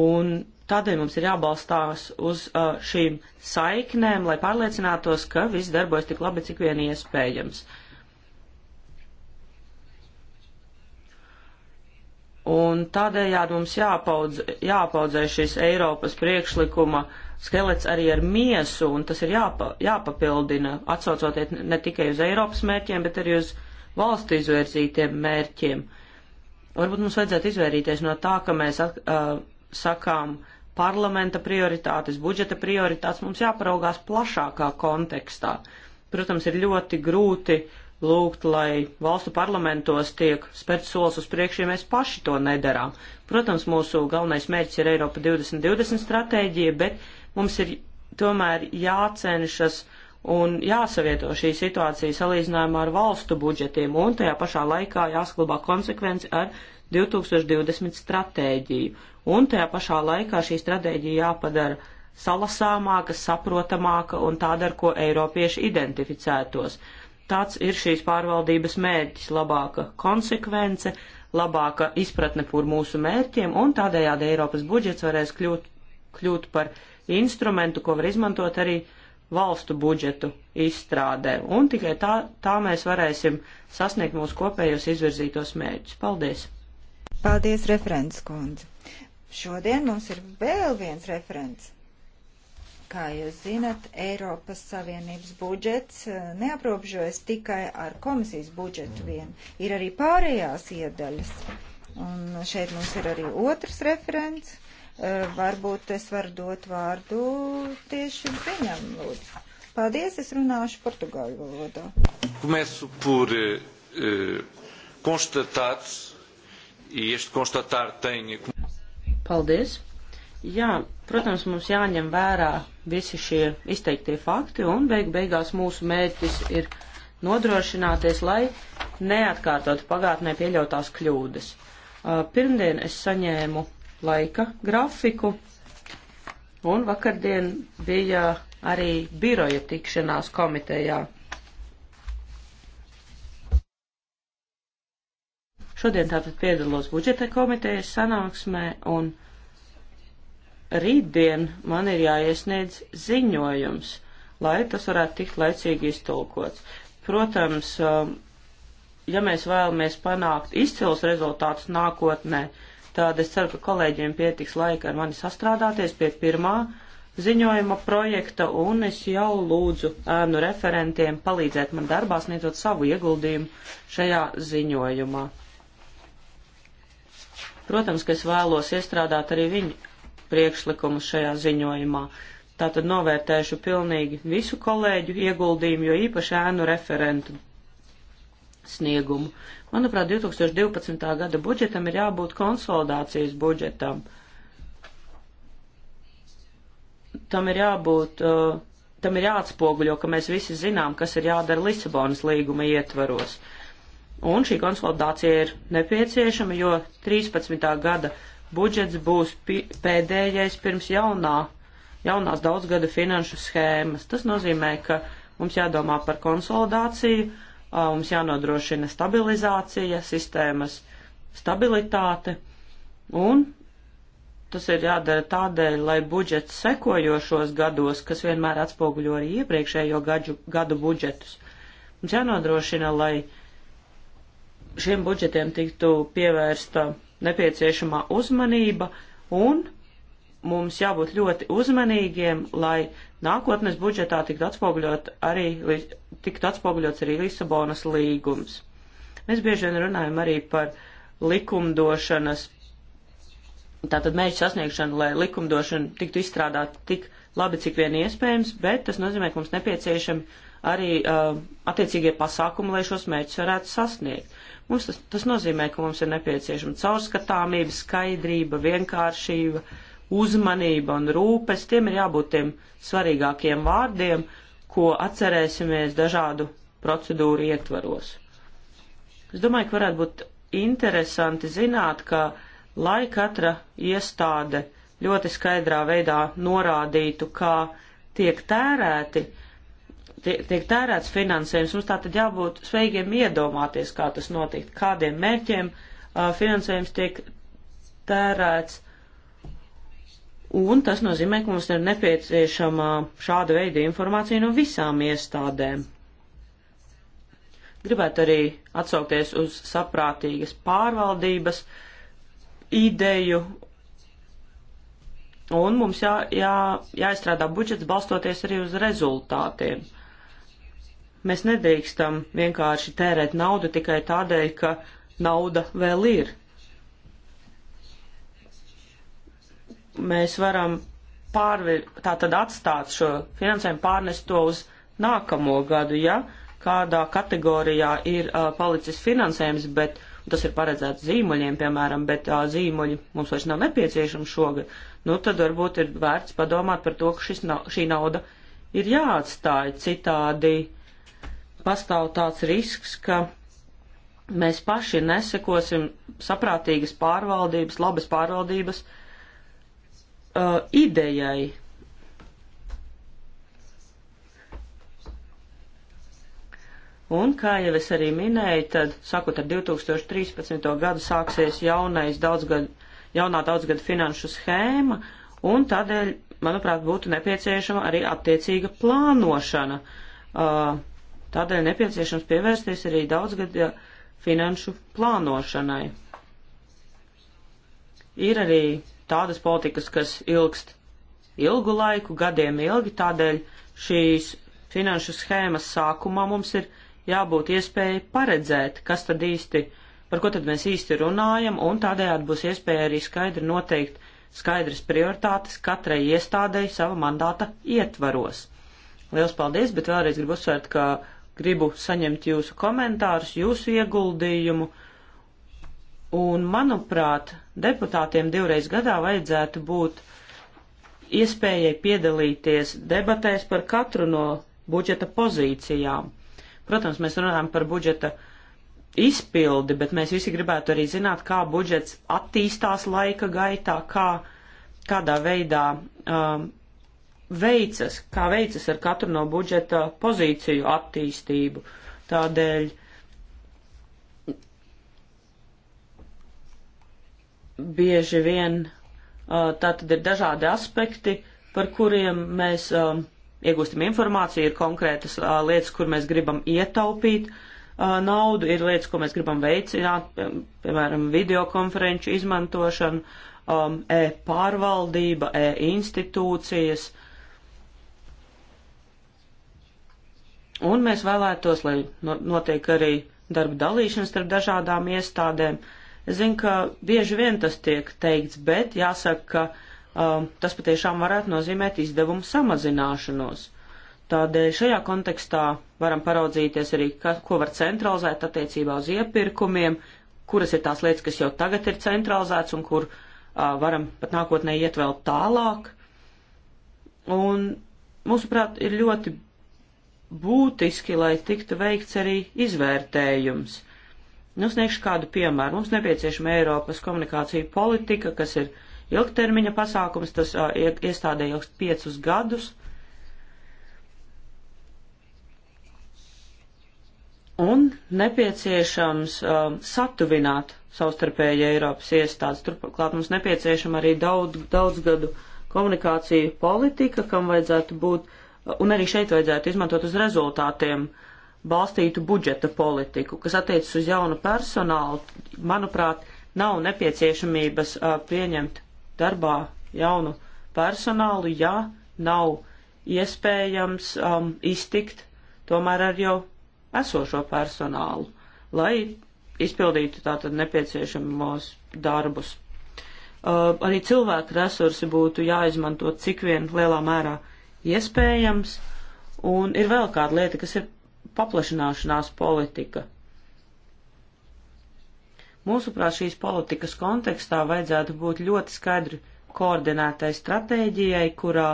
un Tādēļ mums ir jābalstās uz uh, šīm saiknēm, lai pārliecinātos, ka viss darbojas tik labi, cik vien iespējams. Un tādējādi mums jāpaudz, jāpaudzē šis Eiropas priekšlikuma skelets arī ar miesu, un tas ir jāpa, jāpapildina, atsaucoties ne tikai uz Eiropas mērķiem, bet arī uz valstu izvērzītiem mērķiem. Varbūt mums vajadzētu izvairīties no tā, ka mēs at, uh, sakām, uh, parlamenta prioritātes, budžeta prioritātes, mums jāparaugās plašākā kontekstā. Protams, ir ļoti grūti lūgt, lai valstu parlamentos tiek spērts solis uz priekšu, ja mēs paši to nedarām. Protams, mūsu galvenais mērķis ir Eiropa 2020 stratēģija, bet mums ir tomēr jācenšas un jāsavieto šī situācija salīdzinājumā ar valstu budžetiem un tajā pašā laikā jāsaglabā konsekvenci ar 2020 stratēģiju un tajā pašā laikā šī stratēģija jāpadara salasāmāka, saprotamāka un tāda, ar ko eiropieši identificētos. Tāds ir šīs pārvaldības mērķis - labāka konsekvence, labāka izpratne par mūsu mērķiem, un tādējādi Eiropas budžets varēs kļūt, kļūt par instrumentu, ko var izmantot arī valstu budžetu izstrādē, un tikai tā, tā mēs varēsim sasniegt mūsu kopējos izvirzītos mērķus. Paldies! Paldies, referents kundze! Šodien mums ir vēl viens referents. Kā jūs zinat, Eiropas Savienības budžets eh, neaprobežojas tikai ar komisijas budžetu vien. Ir arī pārējās iedaļas. Un šeit mums ir arī otrs referents. Eh, varbūt es varu dot vārdu tieši viņam, lūdzu. Paldies, es runāšu portugāļu valodā. Começo por eh, eh constatar, e este constatar tem Paldies! Jā, protams, mums jāņem vērā visi šie izteiktie fakti, un beig beigās mūsu mērķis ir nodrošināties, lai neatkārtotu pagātnē pieļautās kļūdas. Uh, pirmdien es saņēmu laika grafiku, un vakardien bija arī biroja tikšanās komitejā. Šodien tātad piedalos budžeta komitejas sanāksmē, un rītdien man ir jāiesniedz ziņojums, lai tas varētu tikt laicīgi iztulkots. Protams, um, ja mēs vēlamies panākt izcils rezultātus nākotnē, tad es ceru, ka kolēģiem pietiks laika ar mani sastrādāties pie pirmā ziņojuma projekta, un es jau lūdzu ēnu referentiem palīdzēt man darbā sniedzot savu ieguldījumu šajā ziņojumā. Protams, ka es vēlos iestrādāt arī viņu priekšlikumus šajā ziņojumā. Tātad novērtēšu pilnīgi visu kolēģu ieguldījumu, jo īpaši ēnu referentu sniegumu. Manuprāt, 2012. gada budžetam ir jābūt konsolidācijas budžetam. Tam ir jābūt, uh, tam ir jāatspoguļo, ka mēs visi zinām, kas ir jādara Lisabonas līguma ietvaros. Un šī konsolidācija ir nepieciešama, jo 13. gada budžets būs pēdējais pirms jaunā, jaunās daudzgada finanšu schēmas. Tas nozīmē, ka mums jādomā par konsolidāciju, mums jānodrošina stabilizācija, sistēmas stabilitāte, un tas ir jādara tādēļ, lai budžets sekojošos gados, kas vienmēr atspoguļo arī iepriekšējo gadu, gadu budžetus, mums jānodrošina, lai šiem budžetiem tiktu pievērsta nepieciešamā uzmanība un mums jābūt ļoti uzmanīgiem, lai nākotnes budžetā tiktu atspoguļot arī, tiktu atspoguļots arī Lisabonas līgums. Mēs bieži vien runājam arī par likumdošanas, tātad mērķu sasniegšanu, lai likumdošana tiktu izstrādāta tik labi, cik vien iespējams, bet tas nozīmē, ka mums nepieciešami arī uh, attiecīgie pasākumi, lai šos mērķus varētu sasniegt. Mums tas, tas nozīmē, ka mums ir nepieciešama caurskatāmība, skaidrība, vienkāršība, uzmanība un rūpes. Tiem ir jābūt tiem svarīgākiem vārdiem, ko atcerēsimies dažādu procedūru ietvaros. Es domāju, ka varētu būt interesanti zināt, ka lai katra iestāde ļoti skaidrā veidā norādītu, kā tiek tērēti, uh, tiek tērēts finansējums, mums tā tad jābūt spējīgiem iedomāties, kā tas notiek, kādiem mērķiem uh, finansējums tiek tērēts. Un tas nozīmē, ka mums ir nepieciešama šāda veida informācija no visām iestādēm. Gribētu arī atsaukties uz saprātīgas pārvaldības ideju, un mums jā, jā, jāizstrādā budžets balstoties arī uz rezultātiem. Uh, Mēs nedrīkstam vienkārši tērēt naudu tikai tādēļ, ka nauda vēl ir. Mēs varam pārvir, tā tad atstāt šo finansējumu, pārnest to uz nākamo gadu, ja kādā kategorijā ir uh, palicis finansējums, bet tas ir paredzēts zīmoļiem, piemēram, bet uh, zīmoļi mums vairs nav nepieciešami šogad, nu tad varbūt ir vērts padomāt par to, ka šis, na šī nauda ir jāatstāja citādi. Uh, pastāv tāds risks, ka mēs paši nesekosim saprātīgas pārvaldības, labas pārvaldības uh, idejai. Un, kā jau es arī minēju, tad, sakot, ar 2013. gadu sāksies jaunais daudzgad, jaunā daudzgada finanšu schēma, un tādēļ, manuprāt, būtu nepieciešama arī attiecīga plānošana. Uh, Tādēļ nepieciešams pievērsties arī daudzgada finanšu plānošanai. Ir arī tādas politikas, kas ilgst ilgu laiku, gadiem ilgi, tādēļ šīs finanšu schēmas sākumā mums ir jābūt iespēja paredzēt, kas tad īsti, par ko tad mēs īsti runājam, un tādējādi būs iespēja arī skaidri noteikt skaidras prioritātes katrai iestādei sava mandāta ietvaros. Liels paldies, bet vēlreiz gribu uzsvērt, ka gribu saņemt jūsu komentārus, jūsu ieguldījumu. Un, manuprāt, deputātiem divreiz gadā vajadzētu būt iespējai piedalīties debatēs par katru no budžeta pozīcijām. Protams, mēs runājam par budžeta izpildi, bet mēs visi gribētu arī zināt, kā budžets attīstās laika gaitā, kā, kādā veidā um, veicas, kā veicas ar katru no budžeta pozīciju attīstību. Tādēļ bieži vien tā tad ir dažādi aspekti, par kuriem mēs iegūstam informāciju, ir konkrētas lietas, kur mēs gribam ietaupīt naudu, ir lietas, ko mēs gribam veicināt, piemēram, videokonferenču izmantošanu, e-pārvaldība, e-institūcijas. Um, e Un mēs vēlētos, lai notiek arī darba dalīšana starp dažādām iestādēm. Es zinu, ka bieži vien tas tiek teikts, bet jāsaka, ka um, tas patiešām varētu nozīmēt izdevumu samazināšanos. Tādēļ šajā kontekstā varam paraudzīties arī, ka, ko var centralizēt attiecībā uz iepirkumiem, kuras ir tās lietas, kas jau tagad ir centralizēts un kur uh, varam pat nākotnē iet vēl tālāk. Un, mūsuprāt, ir ļoti būtiski, lai tiktu veikts arī izvērtējums. Nu, sniegšu kādu piemēru. Mums nepieciešama Eiropas komunikācija politika, kas ir ilgtermiņa pasākums, tas uh, iestādē ilgst piecus gadus. Un nepieciešams um, satuvināt savstarpēji Eiropas iestādes. Turklāt mums nepieciešama arī daudz, daudz gadu komunikācija politika, kam vajadzētu būt uh, un arī šeit vajadzētu izmantot uz rezultātiem balstītu budžeta politiku, kas attiecas uz jaunu personālu, manuprāt, nav nepieciešamības uh, pieņemt darbā jaunu personālu, ja nav iespējams um, iztikt tomēr ar jau esošo personālu, lai izpildītu tātad nepieciešamos darbus. Uh, arī cilvēku resursi būtu jāizmanto cik vien lielā mērā uh, iespējams, un ir vēl kāda lieta, kas ir paplašināšanās politika. Mūsuprāt, šīs politikas kontekstā vajadzētu būt ļoti skaidri koordinētai stratēģijai, kurā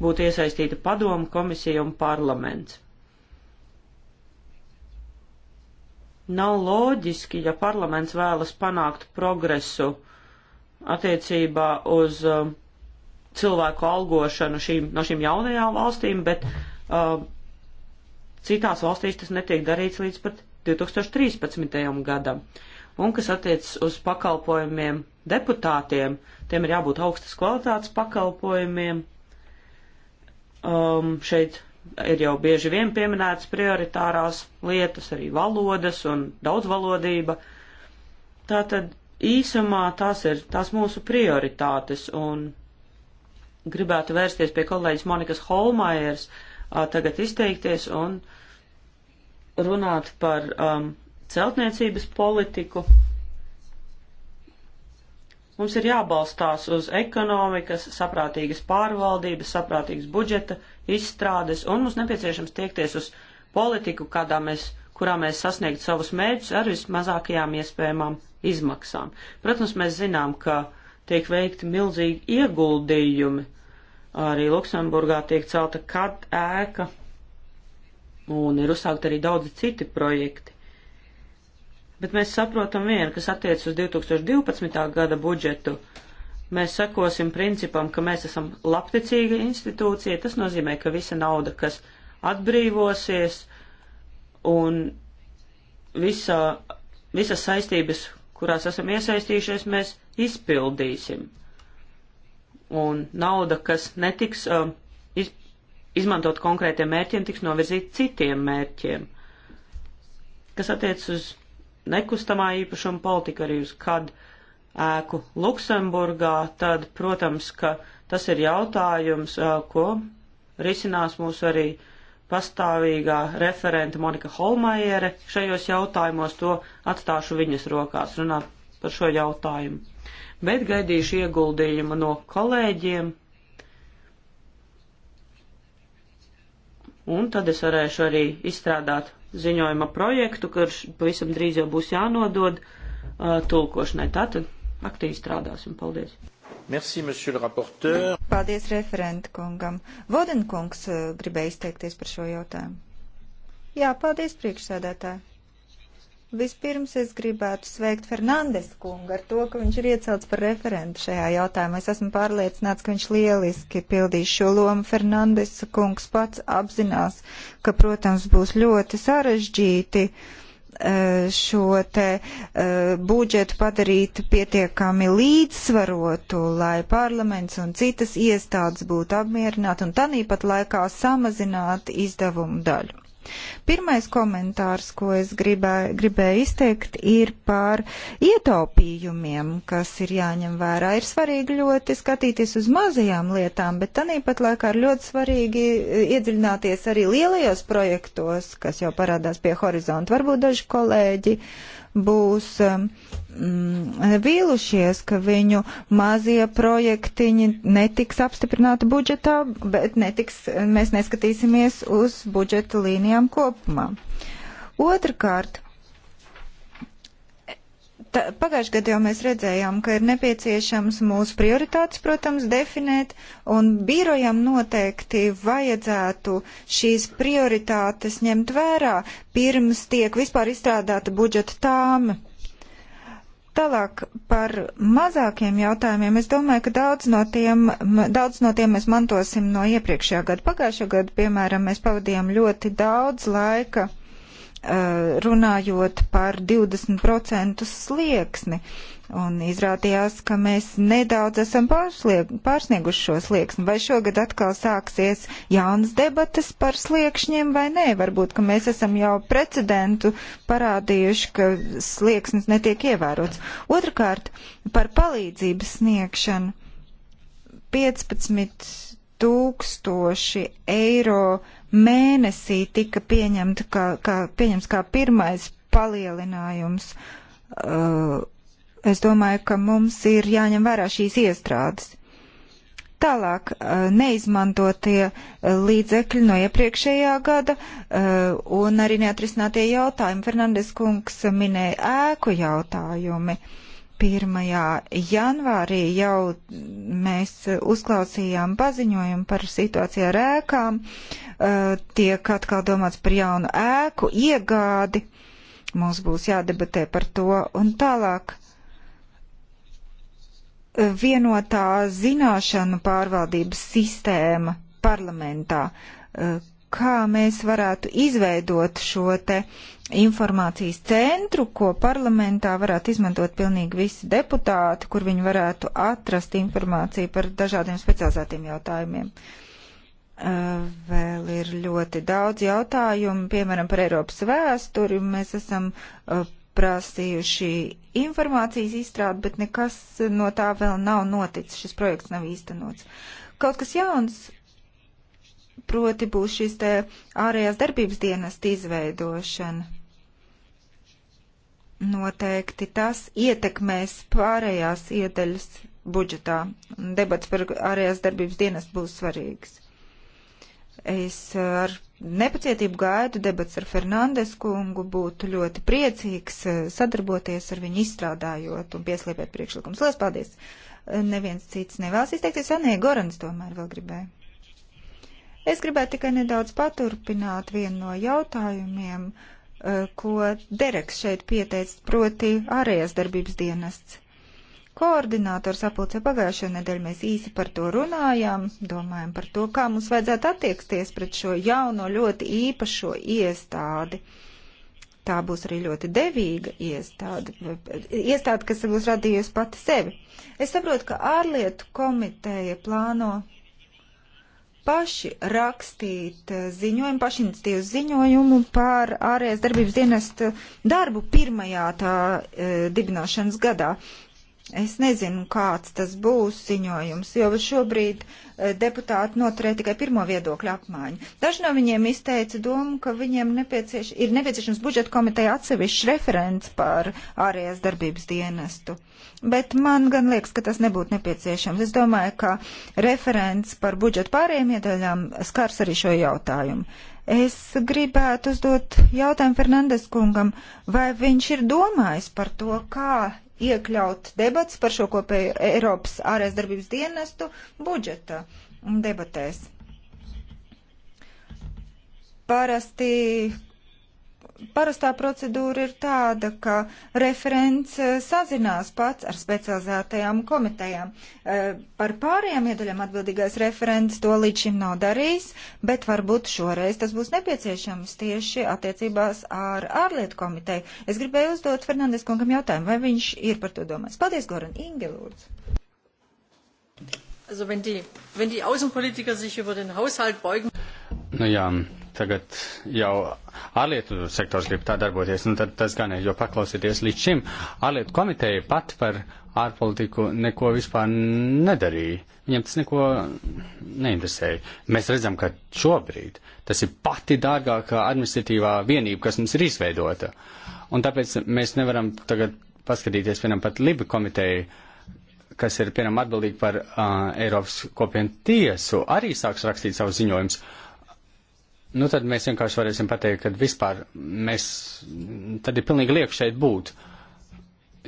būtu iesaistīta padoma, komisija un parlaments. Nav loģiski, ja parlaments vēlas panākt progresu attiecībā uz uh, cilvēku algošanu šīm, no šīm jaunajām valstīm, bet uh, citās valstīs tas netiek darīts līdz pat 2013. gadam. Un kas attiecas uz pakalpojumiem deputātiem, tiem ir jābūt augstas kvalitātes pakalpojumiem. Um, šeit ir jau bieži vien pieminētas prioritārās lietas, arī valodas un daudzvalodība. Tātad īsumā tās ir tās mūsu prioritātes, un gribētu vērsties pie kolēģis Monikas Holmajers tagad izteikties un runāt par um, celtniecības politiku. Mums ir jābalstās uz ekonomikas, saprātīgas pārvaldības, saprātīgas budžeta izstrādes, un mums nepieciešams tiekties uz politiku, kādā mēs, kurā mēs sasniegt savus mērķus ar vismazākajām iespējamām izmaksām. Protams, mēs zinām, ka uh, tiek veikti milzīgi ieguldījumi. Arī Luksemburgā tiek celta kad ēka, un ir uzsākt arī daudzi citi projekti. Bet mēs saprotam vienu, kas attiec uz 2012. gada budžetu. Mēs sekosim principam, ka mēs esam labticīga institūcija. Tas nozīmē, ka visa nauda, kas atbrīvosies un visa, visas saistības, kurās esam iesaistījušies, mēs izpildīsim. Un nauda, kas netiks uh, iz, izmantot konkrētiem mērķiem, tiks novirzīta citiem mērķiem. Kas attiec uz nekustamā īpašuma politiku, arī uz kad ēku Luksemburgā, tad, protams, ka tas ir jautājums, uh, ko risinās mūsu arī pastāvīgā referente Monika Holmaiere šajos jautājumos, to atstāšu viņas rokās runāt par šo jautājumu bet gaidīšu ieguldījumu no kolēģiem. Un tad es varēšu arī izstrādāt ziņojuma projektu, kurš pavisam drīz jau būs jānodod uh, tulkošanai. Tātad aktīvi strādāsim. Paldies! Merci, monsieur le rapporteur. Paldies referenta kungam. Vodenkungs uh, gribēja izteikties par šo jautājumu. Jā, paldies priekšsēdētāji. Vispirms es gribētu sveikt Fernandes kungu ar to, ka viņš ir iecelts par referentu šajā jautājumā. Es esmu pārliecināts, ka viņš lieliski pildīs šo lomu. Fernandes kungs pats apzinās, ka, protams, būs ļoti sarežģīti eh, šo te eh, budžetu padarīt pietiekami līdzsvarotu, lai parlaments un citas iestādes būtu apmierināti un tanīpat laikā samazināt izdevumu daļu Pirmais komentārs, ko es gribēju, gribēju izteikt, ir par ietaupījumiem, kas ir jāņem vērā. Ir svarīgi ļoti skatīties uz mazajām lietām, bet tanīpat laikā ir ļoti svarīgi eh, iedziļināties arī lielajos projektos, kas jau parādās pie horizonta. Varbūt daži kolēģi būs um, mm, vīlušies, ka viņu mazie projektiņi netiks apstiprināti budžetā, bet netiks, mēs neskatīsimies uz budžeta līnijām kopumā. Otrakārt, Pagājušajā gadā jau mēs redzējām, ka ir nepieciešams mūsu prioritātes, protams, definēt, un birojam noteikti vajadzētu šīs prioritātes ņemt vērā, pirms tiek vispār izstrādāta budžeta tāma. Tālāk par mazākiem jautājumiem. Es domāju, ka daudz no tiem, daudz no tiem mēs mantosim no iepriekšējā gada. Pagājušajā gadu, piemēram, mēs pavadījām ļoti daudz laika Eh, runājot par 20% slieksni. Un izrādījās, ka mēs nedaudz esam pārsnieguši šo slieksni. Vai šogad atkal sāksies jaunas debatas par sliekšņiem vai nē? Varbūt, ka mēs esam jau precedentu parādījuši, ka slieksnis netiek ievērots. Otrakārt, par palīdzības sniegšanu 15 tūkstoši eiro mēnesī tika pieņemta kā, kā, pieņems kā pirmais palielinājums. Uh, es domāju, ka mums ir jāņem vērā šīs iestrādes. Tālāk uh, neizmantotie uh, līdzekļi no iepriekšējā gada uh, un arī neatrisinātie jautājumi. Fernandes kungs minēja ēku jautājumi. Uh, 1. janvārī jau mēs uzklausījām paziņojumu par situāciju ar ēkām, tiek atkal domāts par jaunu ēku iegādi, mums būs jādebatē par to un tālāk. Vienotā zināšanu pārvaldības sistēma parlamentā kā mēs varētu izveidot šo te informācijas centru, ko parlamentā varētu izmantot pilnīgi visi deputāti, kur viņi varētu atrast informāciju par dažādiem specializētiem jautājumiem. Uh, vēl ir ļoti daudz jautājumu, piemēram, par Eiropas vēsturi. Mēs esam uh, prasījuši informācijas izstrādi, bet nekas no tā vēl nav noticis. Šis projekts nav īstenots. Kaut kas jauns proti būs šis te ārējās darbības dienesta izveidošana. Noteikti tas ietekmēs pārējās iedaļas budžetā. Debats par ārējās darbības dienestu būs svarīgs. Es ar nepacietību gaidu debats ar Fernandes kungu, būtu ļoti priecīgs eh, sadarboties ar viņu izstrādājot un pieslēpēt priekšlikums. Lielas paldies! Eh, neviens cits nevēlas izteikties, Anē Gorans tomēr vēl gribēja. Es gribētu tikai nedaudz paturpināt vienu no jautājumiem, eh, ko Dereks šeit pieteicis, proti ārējās darbības dienests. Koordinātoru sapulcē pagājušajā nedēļā mēs īsi par to runājām, domājam par to, kā mums vajadzētu attieksties pret šo jauno ļoti īpašo iestādi. Tā būs arī ļoti devīga iestāde, iestāde, kas būs radījusi pati sevi. Es saprotu, ka ārlietu komiteja plāno paši rakstīt eh, ziņojumu, pašinstīvu ziņojumu par ārējās darbības dienestu darbu pirmajā tā e, dibināšanas gadā. Es nezinu, kāds tas būs ziņojums, jo šobrīd eh, deputāti noturē tikai pirmo viedokļu apmaiņu. Daži no viņiem izteica domu, ka viņiem nepiecieš, ir nepieciešams budžeta komiteja atsevišķs referents par ārējās darbības dienestu. Bet man gan liekas, ka tas nebūtu nepieciešams. Es domāju, ka referents par budžeta pārējiem iedaļām skars arī šo jautājumu. Es gribētu uzdot jautājumu Fernandes kungam, vai viņš ir domājis par to, kā iekļaut debats par šo kopēju Eiropas ārēs darbības dienestu budžeta debatēs. Parasti parastā procedūra ir tāda, ka referents eh, sazinās pats ar specializētajām komitejām. Eh, par pārējām iedaļām atbildīgais referents to līdz šim nav darījis, bet varbūt šoreiz tas būs nepieciešams tieši attiecībās ar ārlietu komiteju. Es gribēju uzdot Fernandes kungam jautājumu, vai viņš ir par to domājis. Paldies, Goran Ingelūds. Also wenn die, wenn die Außenpolitiker sich über den Haushalt beugen. Naja, tagad jau ārlietu sektors grib tā darboties, nu tad tas gan ir, jo paklausieties līdz šim, ārlietu komiteja pat par ārpolitiku neko vispār nedarīja. Viņam tas neko neinteresēja. Mēs redzam, ka šobrīd tas ir pati dārgākā administratīvā vienība, kas mums ir izveidota. Un tāpēc mēs nevaram tagad paskatīties, piemēram, pat Liba komiteju, kas ir, piemēram, atbildīgi par uh, Eiropas kopienu tiesu, arī sāks rakstīt savus ziņojumus. Uh, nu tad mēs vienkārši varēsim pateikt, ka vispār mēs, tad ir pilnīgi liek šeit būt,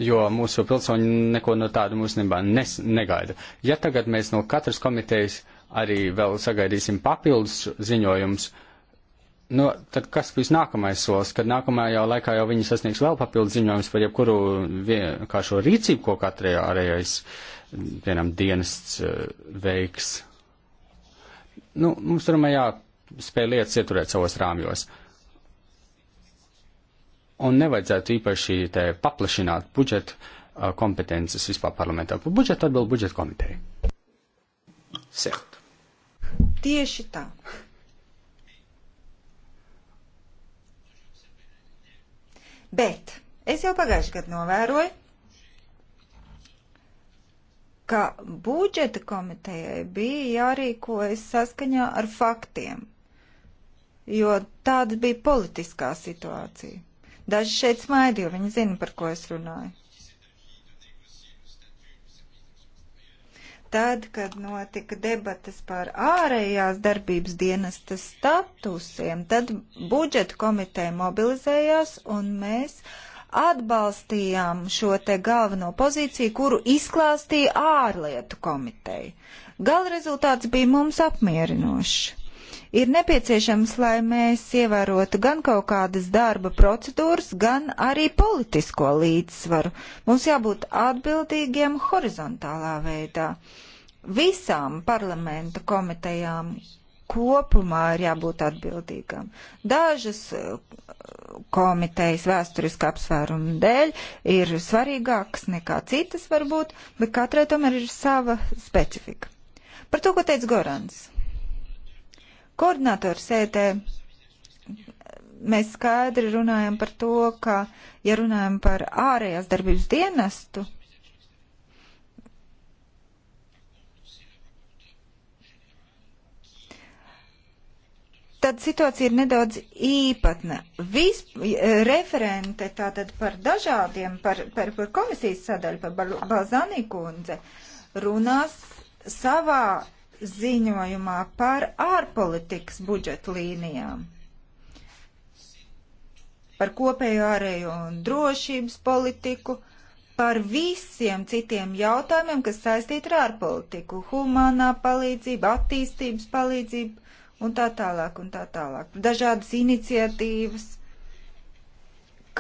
jo mūsu pilsoņi neko no tādu mūsu nebā nes, negaida. Ja tagad mēs no katras komitejas arī vēl sagaidīsim papildus ziņojums, nu, tad kas būs nākamais solis, kad nākamajā laikā jau viņi sasniegs vēl papildus ziņojums par jebkuru vienkāršo rīcību, ko katrajā arējais vienam dienests eh, veiks. Nu, mums tomēr jā spēja lietas ieturēt savos rāmjos. Un nevajadzētu īpaši te paplašināt budžetu uh, kompetences vispār parlamentā. Par budžetu atbild budžeta komiteja. Cert. Tieši tā. Bet es jau pagājušajā gadā novēroju, ka budžeta komitejai bija jārīkojas saskaņā ar faktiem jo tāda bija politiskā situācija. Daži šeit smaidīja, jo viņi zina, par ko es runāju. Tad, kad notika debatas par ārējās darbības dienesta statusiem, tad budžeta komiteja mobilizējās un mēs atbalstījām šo te galveno pozīciju, kuru izklāstīja ārlietu komiteja. Gala rezultāts bija mums apmierinošs. Ir nepieciešams, lai mēs ievērotu gan kaut kādas darba procedūras, gan arī politisko līdzsvaru. Mums jābūt atbildīgiem horizontālā veidā. Visām parlamenta komitejām kopumā ir jābūt atbildīgām. Dažas uh, komitejas vēsturiska apsvēruma dēļ ir svarīgākas nekā citas varbūt, bet katrai tomēr ir sava specifika. Par to, ko teica Gorans. Koordinatoru sēdē mēs skaidri runājam par to, ka, ja runājam par ārējās darbības dienestu, tad situācija ir nedaudz īpatna. Vis, referente tātad par dažādiem, par, par, par komisijas sadaļu, par Balzani kundze, runās savā ziņojumā par ārpolitikas budžeta līnijām, par kopējo ārējo un drošības politiku, par visiem citiem jautājumiem, kas saistīti ar ārpolitiku - humanā palīdzība, attīstības palīdzība un tā tālāk un tā tālāk. Dažādas iniciatīvas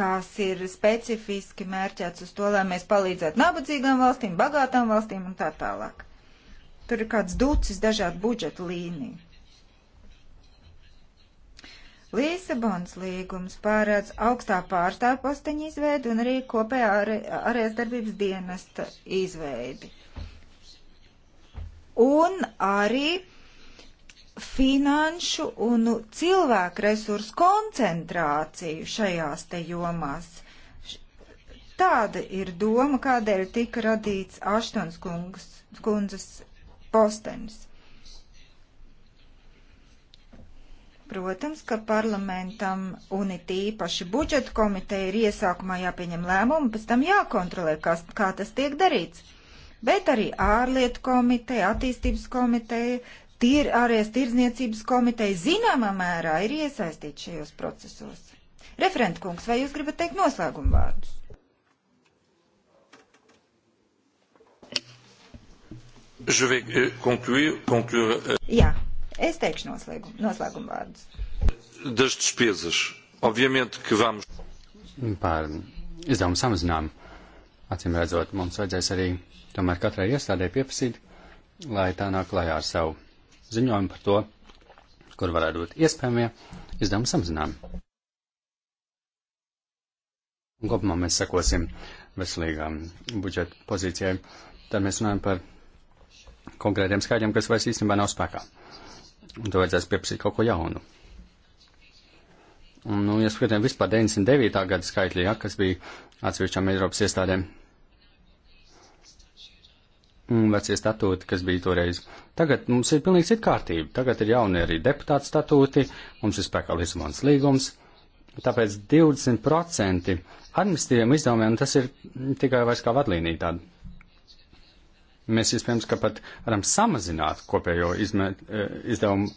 kas ir specifiski mērķēts uz to, lai mēs palīdzētu nabadzīgām valstīm, bagātām valstīm un tā tālāk. Tur ir kāds ducis dažādu budžetu līniju. Līsabons līgums pārēdz augstā pārstāvja posteņa izveidu un arī kopējā arēsdarbības dienesta izveidi. Un arī finanšu un cilvēku resursu koncentrāciju šajās te jomās. Tāda ir doma, kādēļ tika radīts Aštons kundzes postenis. Protams, ka parlamentam un it īpaši budžeta komiteja ir iesākumā jāpieņem lēmumu, pēc tam jākontrolē, kas, kā tas tiek darīts. Bet arī ārlietu komiteja, attīstības komiteja, tir, ārējās tirdzniecības komiteja zināmā mērā ir iesaistīti šajos procesos. Referentkungs, vai jūs gribat teikt noslēgumu vārdus? Je vais euh, conclure, conclure. Euh, Jā, es teikšu noslēgumu, noslēgumu vārdus. Das despesas. Obviamente que vamos. Par izdevumu samazinājumu. Acīm redzot, mums vajadzēs arī tomēr katrai iestādē pieprasīt, lai tā nāk klajā ar savu ziņojumu par to, kur varētu būt iespējamie izdevumu samazinājumi. Kopumā mēs sekosim veselīgām budžeta pozīcijai. Tad mēs runājam par konkrētiem skaidriem, kas vairs īstenībā nav spēkā. Un to vajadzēs pieprasīt kaut ko jaunu. Un, nu, ja skatām vispār 99. gada skaitļi, ja, kas bija atsevišķām Eiropas iestādēm, un vecie statūti, kas bija toreiz. Tagad mums ir pilnīgi cita kārtība. Tagad ir jauni arī deputāti statūti, mums ir spēkā Lisabonas līgums. Tāpēc 20% administratīviem izdevumiem tas ir tikai vairs kā vadlīnija tāda. Mēs iespējams, ka pat varam samazināt kopējo izme, e, izdevumu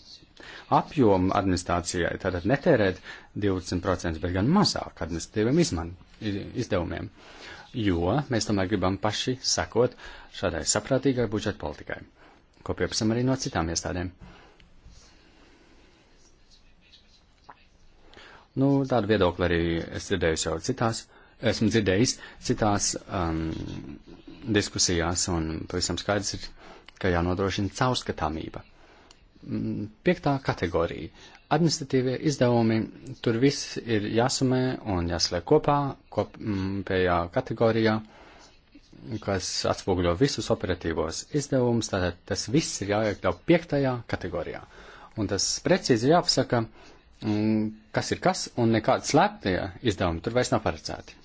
apjomu administrācijai, tātad netērēt 20%, bet gan mazāk administratīviem izman, izdevumiem, jo mēs tomēr gribam paši sekot šādai saprātīgai budžeta politikai, ko pieprasam arī no citām iestādēm. Nu, tādu viedokli arī es dzirdēju jau citās, esmu dzirdējis citās um, diskusijās, un pavisam skaidrs ir, ka jānodrošina caurskatāmība. Mm, piektā kategorija. Administratīvie izdevumi, tur viss ir jāsumē un jāsliek kopā, kopējā mm, kategorijā, kas atspoguļo visus operatīvos izdevumus, tātad tas viss ir jāiekļauj piektajā kategorijā. Un tas precīzi jāpasaka, mm, kas ir kas, un nekādi slēptie izdevumi tur vairs nav paredzēti.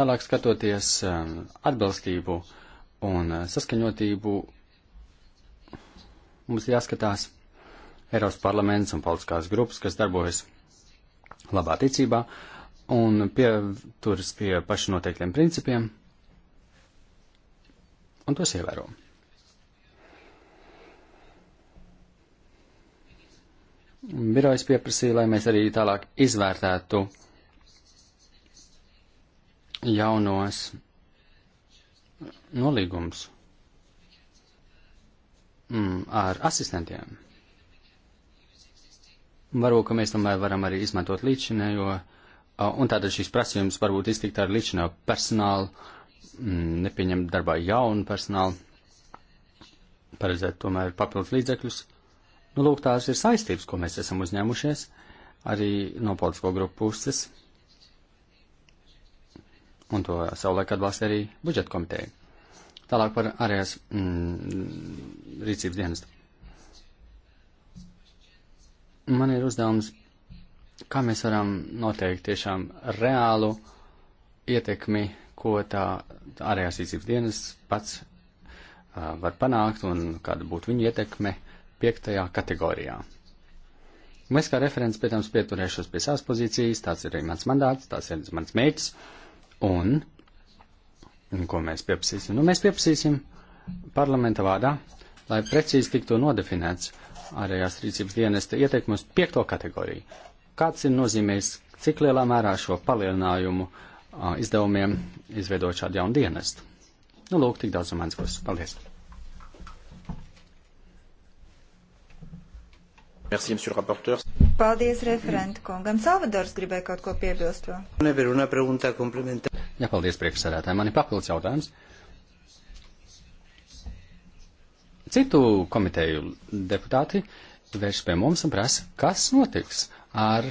Tālāk skatoties um, atbilstību un uh, saskaņotību, mums jāskatās Eiropas parlaments un politiskās grupas, kas darbojas labā ticībā un pieturas pie pašnoteiktiem principiem un tos ievēro. Birojas pieprasīja, lai mēs arī tālāk izvērtētu jaunos nolīgums mm, ar asistentiem. Varbūt, ka mēs tomēr varam arī izmantot līdzinējo, un tātad šīs prasījums varbūt iztikt ar līdzinējo personālu, mm, nepieņemt darbā jaunu personālu, paredzēt tomēr papildus līdzekļus. Nu, lūk, tās ir saistības, ko mēs esam uzņēmušies arī no politisko grupu puses un to savulaik atbalsta arī budžeta komiteja. Tālāk par ārējās mm, rīcības dienestu. Man ir uzdevums, kā mēs varam noteikt tiešām reālu ietekmi, ko tā, tā ārējās rīcības dienas pats uh, var panākt un kāda būtu viņa ietekme piektajā kategorijā. Mēs kā referents, protams, pieturēšos pie savas pozīcijas, tāds ir arī mans mandāts, tāds ir mans mēģis. Uh, Un, un ko mēs pieprasīsim? Nu, mēs pieprasīsim parlamenta vārdā, lai precīzi tiktu nodefinēts ārējās rīcības dienesta ieteikums piekto kategoriju. Kāds ir nozīmējis, cik lielā mērā šo palielinājumu a, izdevumiem izveidot šādu jaunu dienestu? Nu, lūk, tik daudz no manas puses. Paldies! Merci, monsieur le rapporteur. Paldies referenta kungam. Salvadors gribēja kaut ko piebilst vēl. Nevar una pregunta komplementā. Jā, paldies priekšsēdētāji. Man ir papildus jautājums. Citu komiteju deputāti vērš pie mums un prasa, kas notiks ar,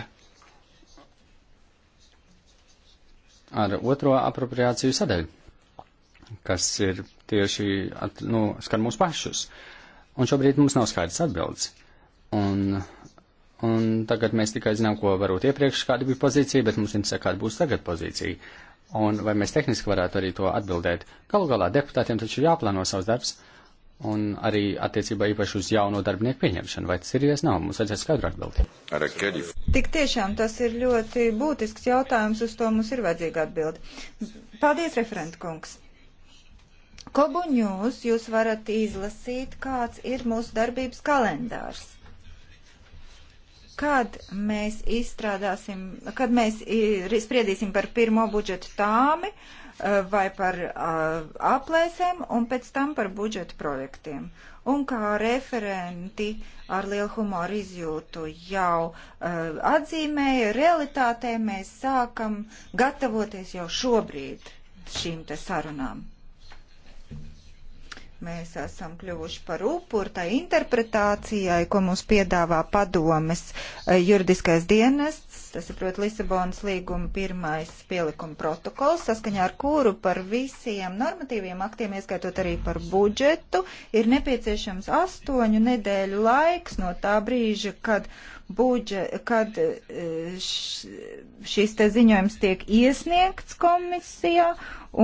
ar otro apropriāciju sadaļu, kas ir tieši, at, nu, skar mūs pašus. Un šobrīd mums nav skaidrs atbildes. Un, un tagad mēs tikai zinām, ko varbūt iepriekš kāda bija pozīcija, bet mums interesē, kāda būs tagad pozīcija. Un vai mēs tehniski varētu arī to atbildēt. Galu galā deputātiem taču jāplāno savs darbs, un arī attiecībā īpaši uz jauno darbinieku pieņemšanu. Vai tas ir, ja nav, mums vajadzētu skaidru atbildi. Tik tiešām tas ir ļoti būtisks jautājums, uz to mums ir vajadzīga atbildi. Paldies, referenta kungs! Kobu ņūs jūs varat izlasīt, kāds ir mūsu darbības kalendārs kad mēs izstrādāsim, kad mēs spriedīsim par pirmo budžetu tāmi e, vai par aplēsēm un pēc tam par budžetu projektiem. Un kā referenti ar lielu humoru izjūtu jau e, atzīmēja, realitātē mēs sākam gatavoties jau šobrīd šīm te sarunām. Mēs esam kļuvuši par upuru tai interpretācijai, ko mums piedāvā padomes eh, juridiskais dienests, tas ir, protams, Lisabonas līguma pirmais pielikuma protokols, saskaņā ar kuru par visiem normatīviem aktiem, ieskaitot arī par budžetu, ir nepieciešams astoņu nedēļu laiks no tā brīža, kad budžet, kad e, šis te ziņojums tiek iesniegts komisijā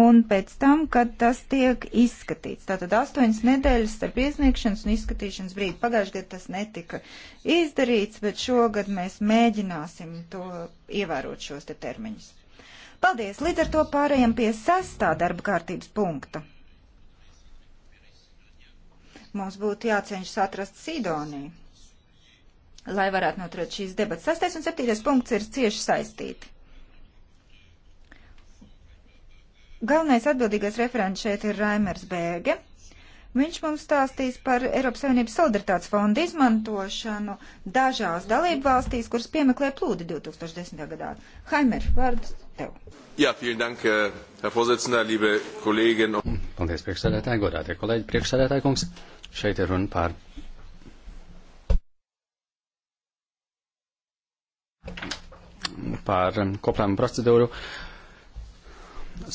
un pēc tam, kad tas tiek izskatīts. Tātad astoņas nedēļas starp iesniegšanas un izskatīšanas brīdi. Pagājušajā gadā tas netika izdarīts, bet šogad mēs mēģināsim to ievērot šos te termiņus. Paldies! Līdz ar to pārējām pie sestā darba kārtības punkta. Mums būtu jācenšas atrast Sidoniju lai varētu noturēt šīs debatas. Sastais un septītais punkts ir cieši saistīti. Galvenais atbildīgais referents šeit ir Raimers Bēge. Viņš mums stāstīs par Eiropas Savienības solidaritātes fonda izmantošanu dažās dalību valstīs, kuras piemeklē plūdi 2010. gadā. Haimer, vārds tev. Jā, vielen dank, eh, Herr Vorsitzender, liebe Kollegen. Paldies, priekšsēdētāji, godātie kolēģi, priekšsēdētāji kungs. Šeit ir runa par par um, koplēmu procedūru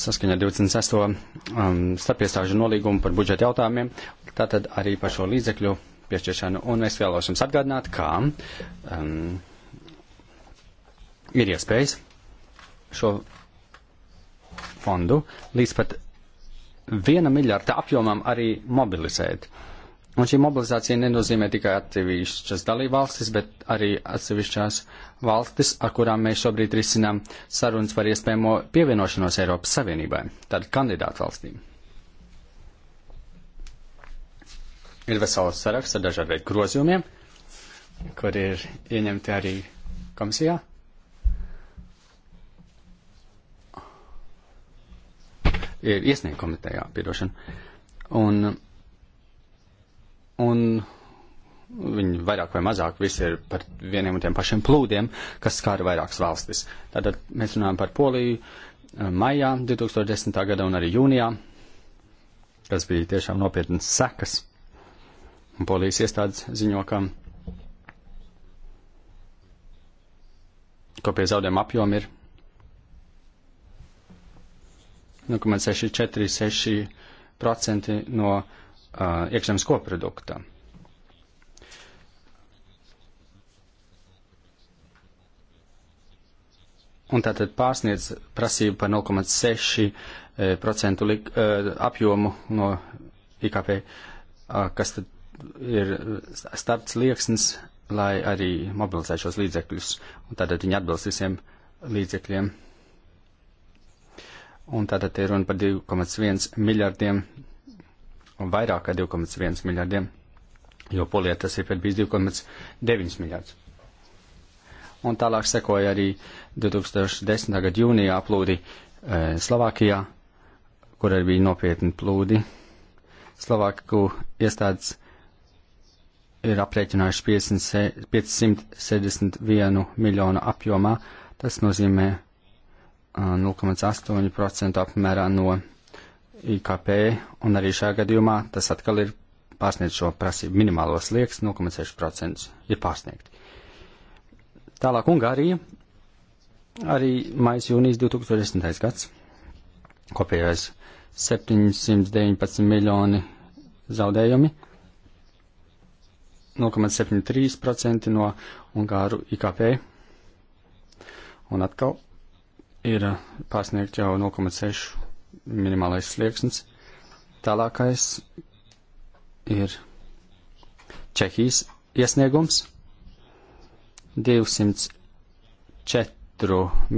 saskaņā 26. Um, starpiestāžu nolīgumu par budžeta jautājumiem, tātad arī par šo līdzekļu piešķiršanu. Un es vēlos jums atgādināt, kā um, ir iespējas šo fondu līdz pat viena miljārda apjomam arī mobilizēt. Uh, Un šī mobilizācija nenozīmē tikai atsevišķas dalībvalstis, bet arī atsevišķās valstis, ar kurām mēs šobrīd risinām sarunas par iespējamo pievienošanos Eiropas Savienībai, tātad kandidātu valstīm. Ir vesels saraksts ar dažādu veidu grozījumiem, kur ir ieņemti arī komisijā. Ir iesnieguma komitejā, piedošana. Un Un viņi vairāk vai mazāk visi ir par vieniem un tiem pašiem plūdiem, kas skāra vairākas valstis. Tātad mēs runājam par Poliju eh, maijā 2010. gada un arī jūnijā, kas bija tiešām nopietnas sekas. Un Polijas iestādes ziņo, ka kopie zaudējuma apjomi ir 0,646% no iekšzemes koprodukta. Un tātad pārsniedz prasību par 0,6% apjomu no IKP, kas tad ir starts lieksnis, lai arī mobilizētu šos līdzekļus. Un tātad viņi atbilst visiem līdzekļiem. Un tātad ir runa par 2,1 miljardiem un vairāk kā 2,1 miljardiem, jo polijā tas ir pat bijis 2,9 miljardus. Un tālāk sekoja arī 2010. gada jūnijā plūdi e, Slovākijā, kur arī bija nopietni plūdi. Slovāku iestādes ir aprēķinājuši 500, 561 miljonu apjomā. Tas nozīmē 0,8% eh, apmērā no IKP, un arī šajā gadījumā tas atkal ir pārsniedz šo prasību minimālo slieks, 0,6% ir pārsniegt. Tālāk Ungārija, arī maijas jūnijas 2010. gads, kopējais 719 miljoni zaudējumi, 0,73% no Ungāru IKP, un atkal ir pārsniegt jau 0,6 minimālais slieksnis. Tālākais ir Čehijas iesniegums 204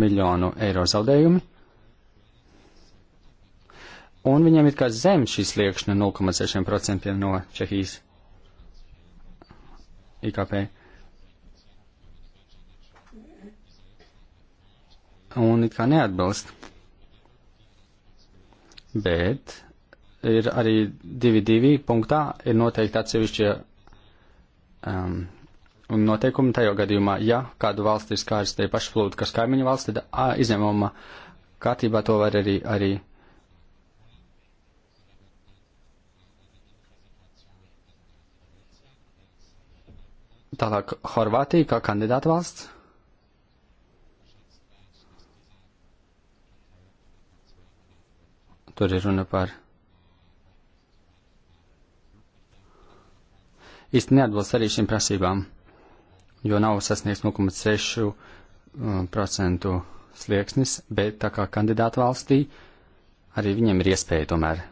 miljonu eiro zaudējumi. Un viņiem ir kā zem šī sliekšņa 0,6% no Čehijas IKP. Un it kā neatbilst bet ir arī 2.2. punktā ir noteikti atsevišķie um, noteikumi tajā gadījumā, ja kādu valsti ir skāris tie paši plūdi, kas kaimiņu valsts, tad a, izņēmuma kārtībā to var arī, arī tālāk Horvātija kā kandidāta valsts. Tur ir runa par. Īsti neatbilst arī šīm prasībām, jo nav sasniegts 0,6% um, slieksnis, bet tā kā kandidāta valstī arī viņiem ir iespēja tomēr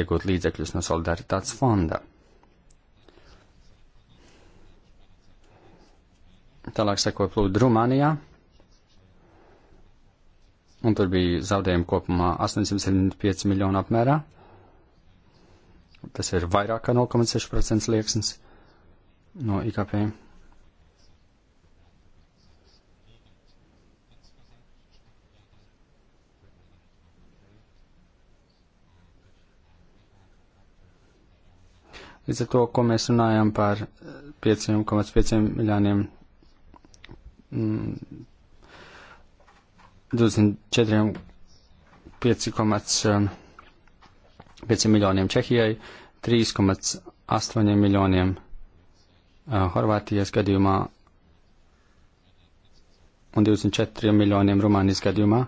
iegūt līdzekļus no solidaritātes fonda. Tālāk seko plūdu Rumānijā un tur bija zaudējumi kopumā 875 miljonu apmērā. Tas ir vairāk kā 0,6% liekas no IKP. Līdz ar to, ko mēs runājam par 5,5 miljoniem mm, 24,5 eh, miljoniem Čehijai, 3,8 miljoniem eh, Horvātijas gadījumā un 24 miljoniem Rumānijas gadījumā.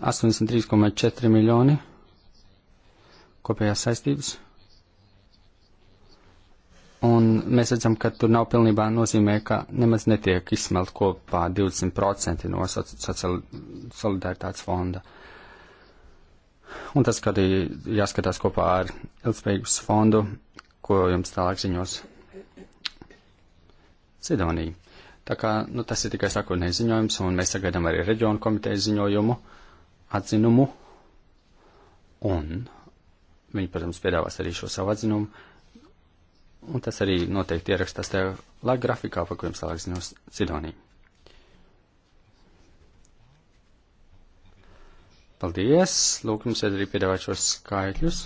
Astoņdesmit trīs komat četri miljoni kopējās saistības. Un mēs redzam, ka tur nav pilnībā nozīmē, ka nemaz netiek izsmelt kopā 20% no solidaritātes fonda. Un tas, kad jāskatās kopā ar ilgspējīgus fondu, ko jums tālāk ziņos Sidonija. Tā kā nu, tas ir tikai sākotnējais ziņojums, un mēs sagaidām arī reģionu komitejas ziņojumu, atzinumu, un viņi, protams, piedāvās arī šo savu atzinumu, Un tas arī noteikti ierakstās tev laika grafikā, pa kuriem tālāk ziņos Sidonija. Paldies! Lūk, jums ir arī piedāvāt šos skaitļus.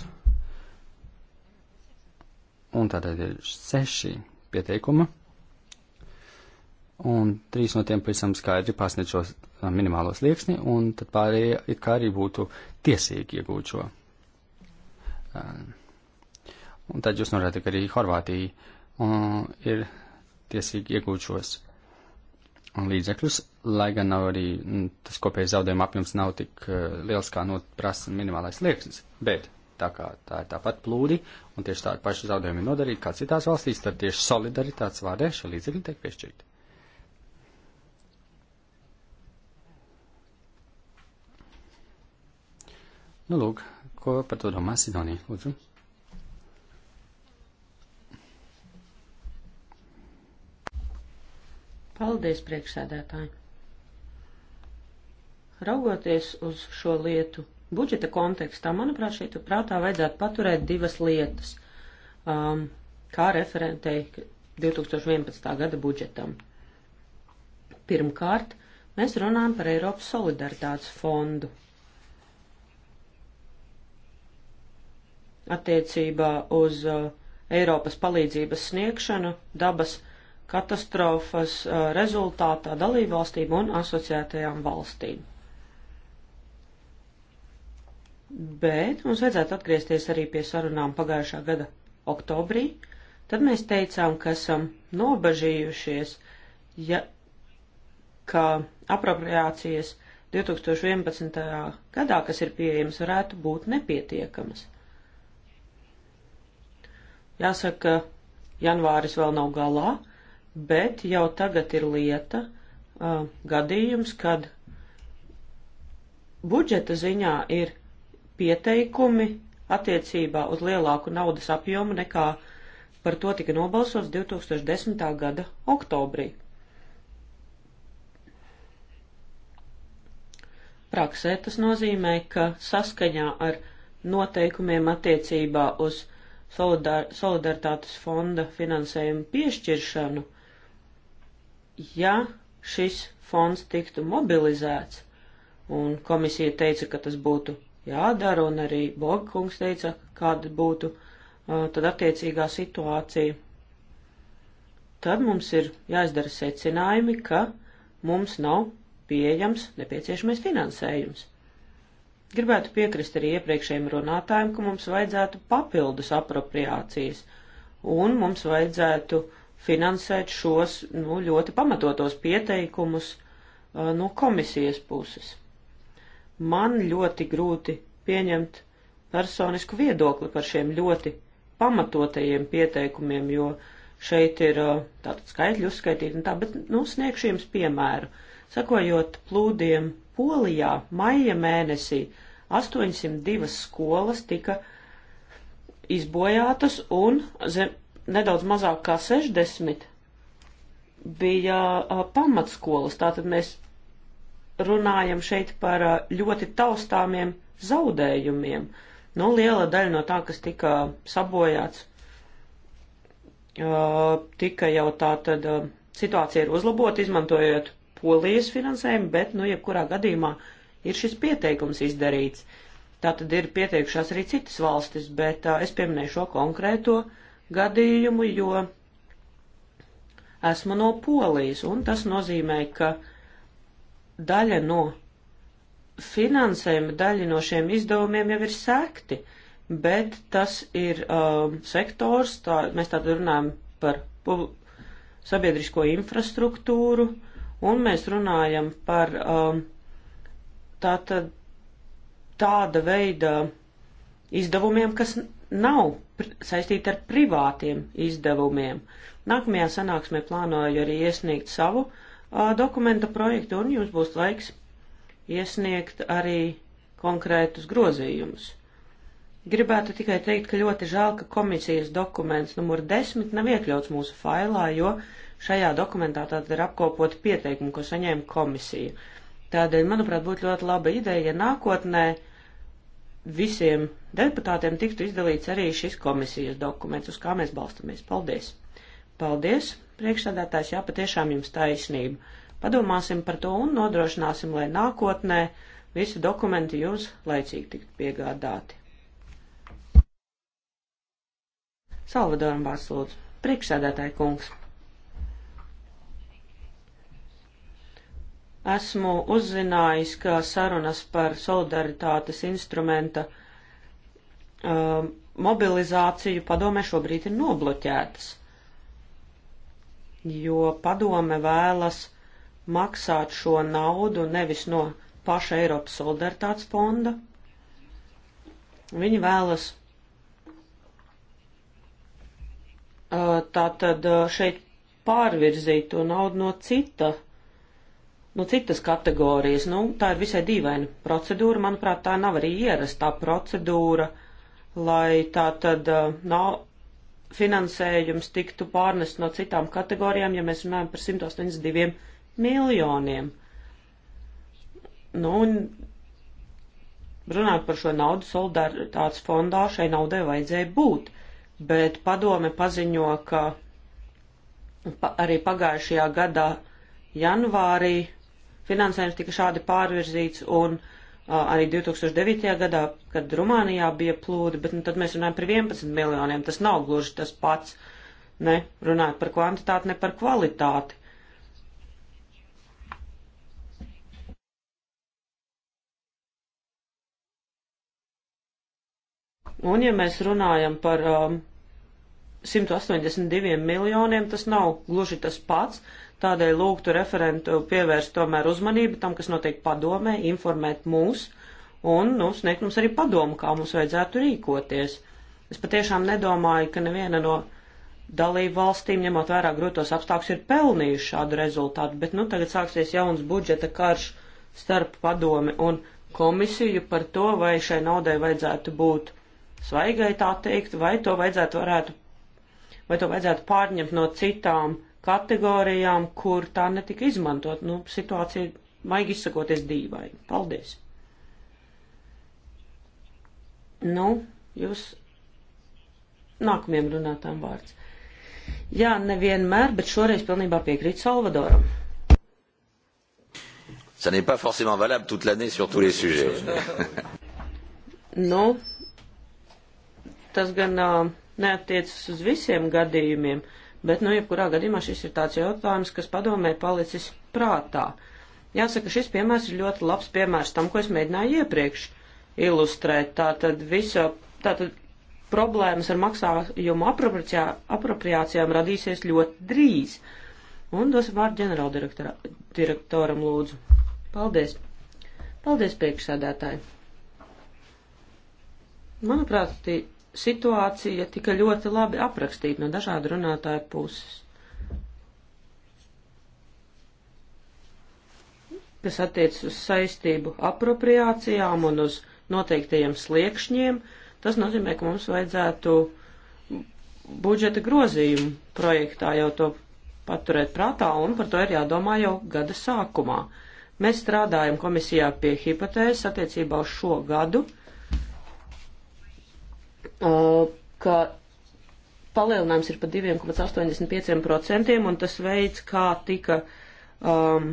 Un tātad ir seši pieteikumi. Un trīs no tiem pavisam skaidri pasniedz šos uh, minimālos lieksni, un tad pārējie it kā arī būtu tiesīgi iegūt šo. Um, Un tad jūs norādāt, ka arī Horvātija un, ir tiesīgi iegūt šos līdzekļus, lai gan nav arī tas kopējais zaudējuma apjoms nav tik uh, liels, kā noprasa minimālais liekas. Bet tā kā tā ir tāpat plūdi un tieši tādi paši zaudējumi ir nodarīti kā citās valstīs, tad tieši solidaritātes vārdē šie līdzekļi tiek piešķirti. Nu, lūk, ko par to domā Sidonija? Lūdzu. Paldies, priekšsēdētāji! Raugoties uz šo lietu budžeta kontekstā, manuprāt, šeit prātā vajadzētu paturēt divas lietas, um, kā referentei 2011. gada budžetam. Pirmkārt, mēs runājam par Eiropas solidaritātes fondu. Attiecībā uz uh, Eiropas palīdzības sniegšanu dabas katastrofas uh, rezultātā dalībvalstīm un asociētajām valstīm. Bet mums vajadzētu atgriezties arī pie sarunām pagājušā gada oktobrī. Tad mēs teicām, ka esam nobažījušies, ja, ka apropriācijas 2011. gadā, kas ir pieejamas, varētu būt nepietiekamas. Jāsaka, janvāris vēl nav galā, bet jau tagad ir lieta, uh, gadījums, kad budžeta ziņā ir pieteikumi attiecībā uz lielāku naudas apjomu nekā par to tika nobalsots 2010. gada oktobrī. Praksē tas nozīmē, ka saskaņā ar noteikumiem attiecībā uz solidar solidaritātes fonda finansējumu piešķiršanu uh, ja šis fonds tiktu mobilizēts, un komisija teica, ka tas būtu jādara, un arī Bogkungs teica, kāda būtu uh, tad attiecīgā situācija, tad mums ir jāizdara secinājumi, ka mums nav pieejams nepieciešamais finansējums. Gribētu piekrist arī iepriekšējiem runātājiem, ka mums vajadzētu papildus apropriācijas, un mums vajadzētu uh, finansēt šos nu, ļoti pamatotos pieteikumus uh, no komisijas puses. Man ļoti grūti pieņemt personisku viedokli par šiem ļoti pamatotajiem pieteikumiem, jo šeit ir uh, tātad skaitļi uzskaitīti un tā, bet nu, sniegšu jums piemēru. Sakojot plūdiem Polijā, maija mēnesī 802 skolas tika izbojātas un zem, nedaudz mazāk kā 60 bija uh, pamatskolas. Tātad mēs runājam šeit par uh, ļoti taustāmiem zaudējumiem. Nu, liela daļa no tā, kas tika sabojāts, uh, tika jau tā tad uh, situācija ir uzlabota, izmantojot polijas finansējumu, bet, nu, jebkurā gadījumā ir šis pieteikums izdarīts. Tā tad ir pieteikušās arī citas valstis, bet uh, es pieminēju šo konkrēto uh, gadījumu, jo esmu no Polijas, un tas nozīmē, ka daļa no finansējuma, daļa no šiem izdevumiem jau ir sekti, bet tas ir um, sektors, tā, mēs tātad runājam par sabiedrisko infrastruktūru, un mēs runājam par um, tātad tāda veida izdevumiem, kas nav saistīta ar privātiem izdevumiem. Nākamajā sanāksmē plānoju arī iesniegt savu a, dokumenta projektu, un jums būs laiks iesniegt arī konkrētus grozījumus. Gribētu tikai teikt, ka ļoti žēl, ka komisijas dokuments numur 10 nav iekļauts mūsu failā, jo šajā dokumentā tātad ir apkopot pieteikumu, ko saņēma komisija. Tādēļ, manuprāt, būtu ļoti laba ideja, ja nākotnē uh, visiem deputātiem tiktu izdalīts arī šis komisijas dokuments, uz kā mēs balstamies. Paldies! Paldies, priekšsādātājs, jā, patiešām jums taisnība. Padomāsim par to un nodrošināsim, lai nākotnē visi dokumenti jums laicīgi tiktu piegādāti. Salvadoram vārds lūdzu. Priekšsēdētāji kungs. Esmu uzzinājis, ka sarunas par solidaritātes instrumenta um, mobilizāciju padomē šobrīd ir nobloķētas, jo padome vēlas maksāt šo naudu nevis no paša Eiropas solidaritātes fonda. Viņi vēlas uh, tātad uh, šeit pārvirzīt to naudu no cita no nu, citas kategorijas. Nu, tā ir visai dīvaina procedūra. Manuprāt, tā nav arī ierastā procedūra, lai tā tad uh, nav finansējums tiktu pārnest no citām kategorijām, ja mēs runājam par 182 miljoniem. Nu, un runāt par šo naudu solidaritātes fondā, šai naudai vajadzēja būt, bet padome paziņo, ka pa, arī pagājušajā gadā janvārī finansējums tika šādi pārvirzīts un uh, arī 2009. gadā, kad Rumānijā bija plūdi, bet nu, tad mēs runājam par 11 miljoniem. Tas nav gluži tas pats. Ne, runājot par kvantitāti, ne par kvalitāti. Un, ja mēs runājam par um, 182 miljoniem, tas nav gluži tas pats, Tādēļ lūgtu referentu pievērst tomēr uzmanību tam, kas notiek padomē, informēt mūs un nu, sniegt mums arī padomu, kā mums vajadzētu rīkoties. Es patiešām nedomāju, ka neviena no dalību valstīm, ņemot vērā grūtos apstākļus, ir pelnījuši šādu rezultātu, bet nu, tagad sāksies jauns budžeta karš starp padomi un komisiju par to, vai šai naudai vajadzētu būt svaigai tā teikt, vai to vajadzētu, varētu, vai to vajadzētu pārņemt no citām kategorijām, kur tā netika izmantot. Nu, situācija, maigi izsakoties, dīvaina. Paldies! Nu, jūs nākamajam runātājam vārds. Jā, nevienmēr, bet šoreiz pilnībā piekrīt Salvadoram. Ça n'est pas forcément valable toute l'année sur tous les sujets. nu, tas gan uh, neatiecas uz visiem gadījumiem. Uh, bet, nu, jebkurā gadījumā šis ir tāds jautājums, kas padomē palicis prātā. Jāsaka, šis piemērs ir ļoti labs piemērs tam, ko es mēģināju iepriekš ilustrēt. Tātad visa, tātad problēmas ar maksājumu apropriācijām radīsies ļoti drīz. Un dosim vārdu ģenerāldirektoram lūdzu. Paldies. Paldies priekšsēdētāji. Manuprāt, situācija tika ļoti labi aprakstīta no dažādu runātāju puses. kas attiecas uz saistību apropriācijām un uz noteiktajiem sliekšņiem, tas nozīmē, ka mums vajadzētu budžeta grozījumu projektā jau to paturēt prātā, un par to ir jādomā jau gada sākumā. Mēs strādājam komisijā pie hipotēzes attiecībā uz šo gadu, ka palielinājums ir pa 2,85%, un tas veids, kā tika, um,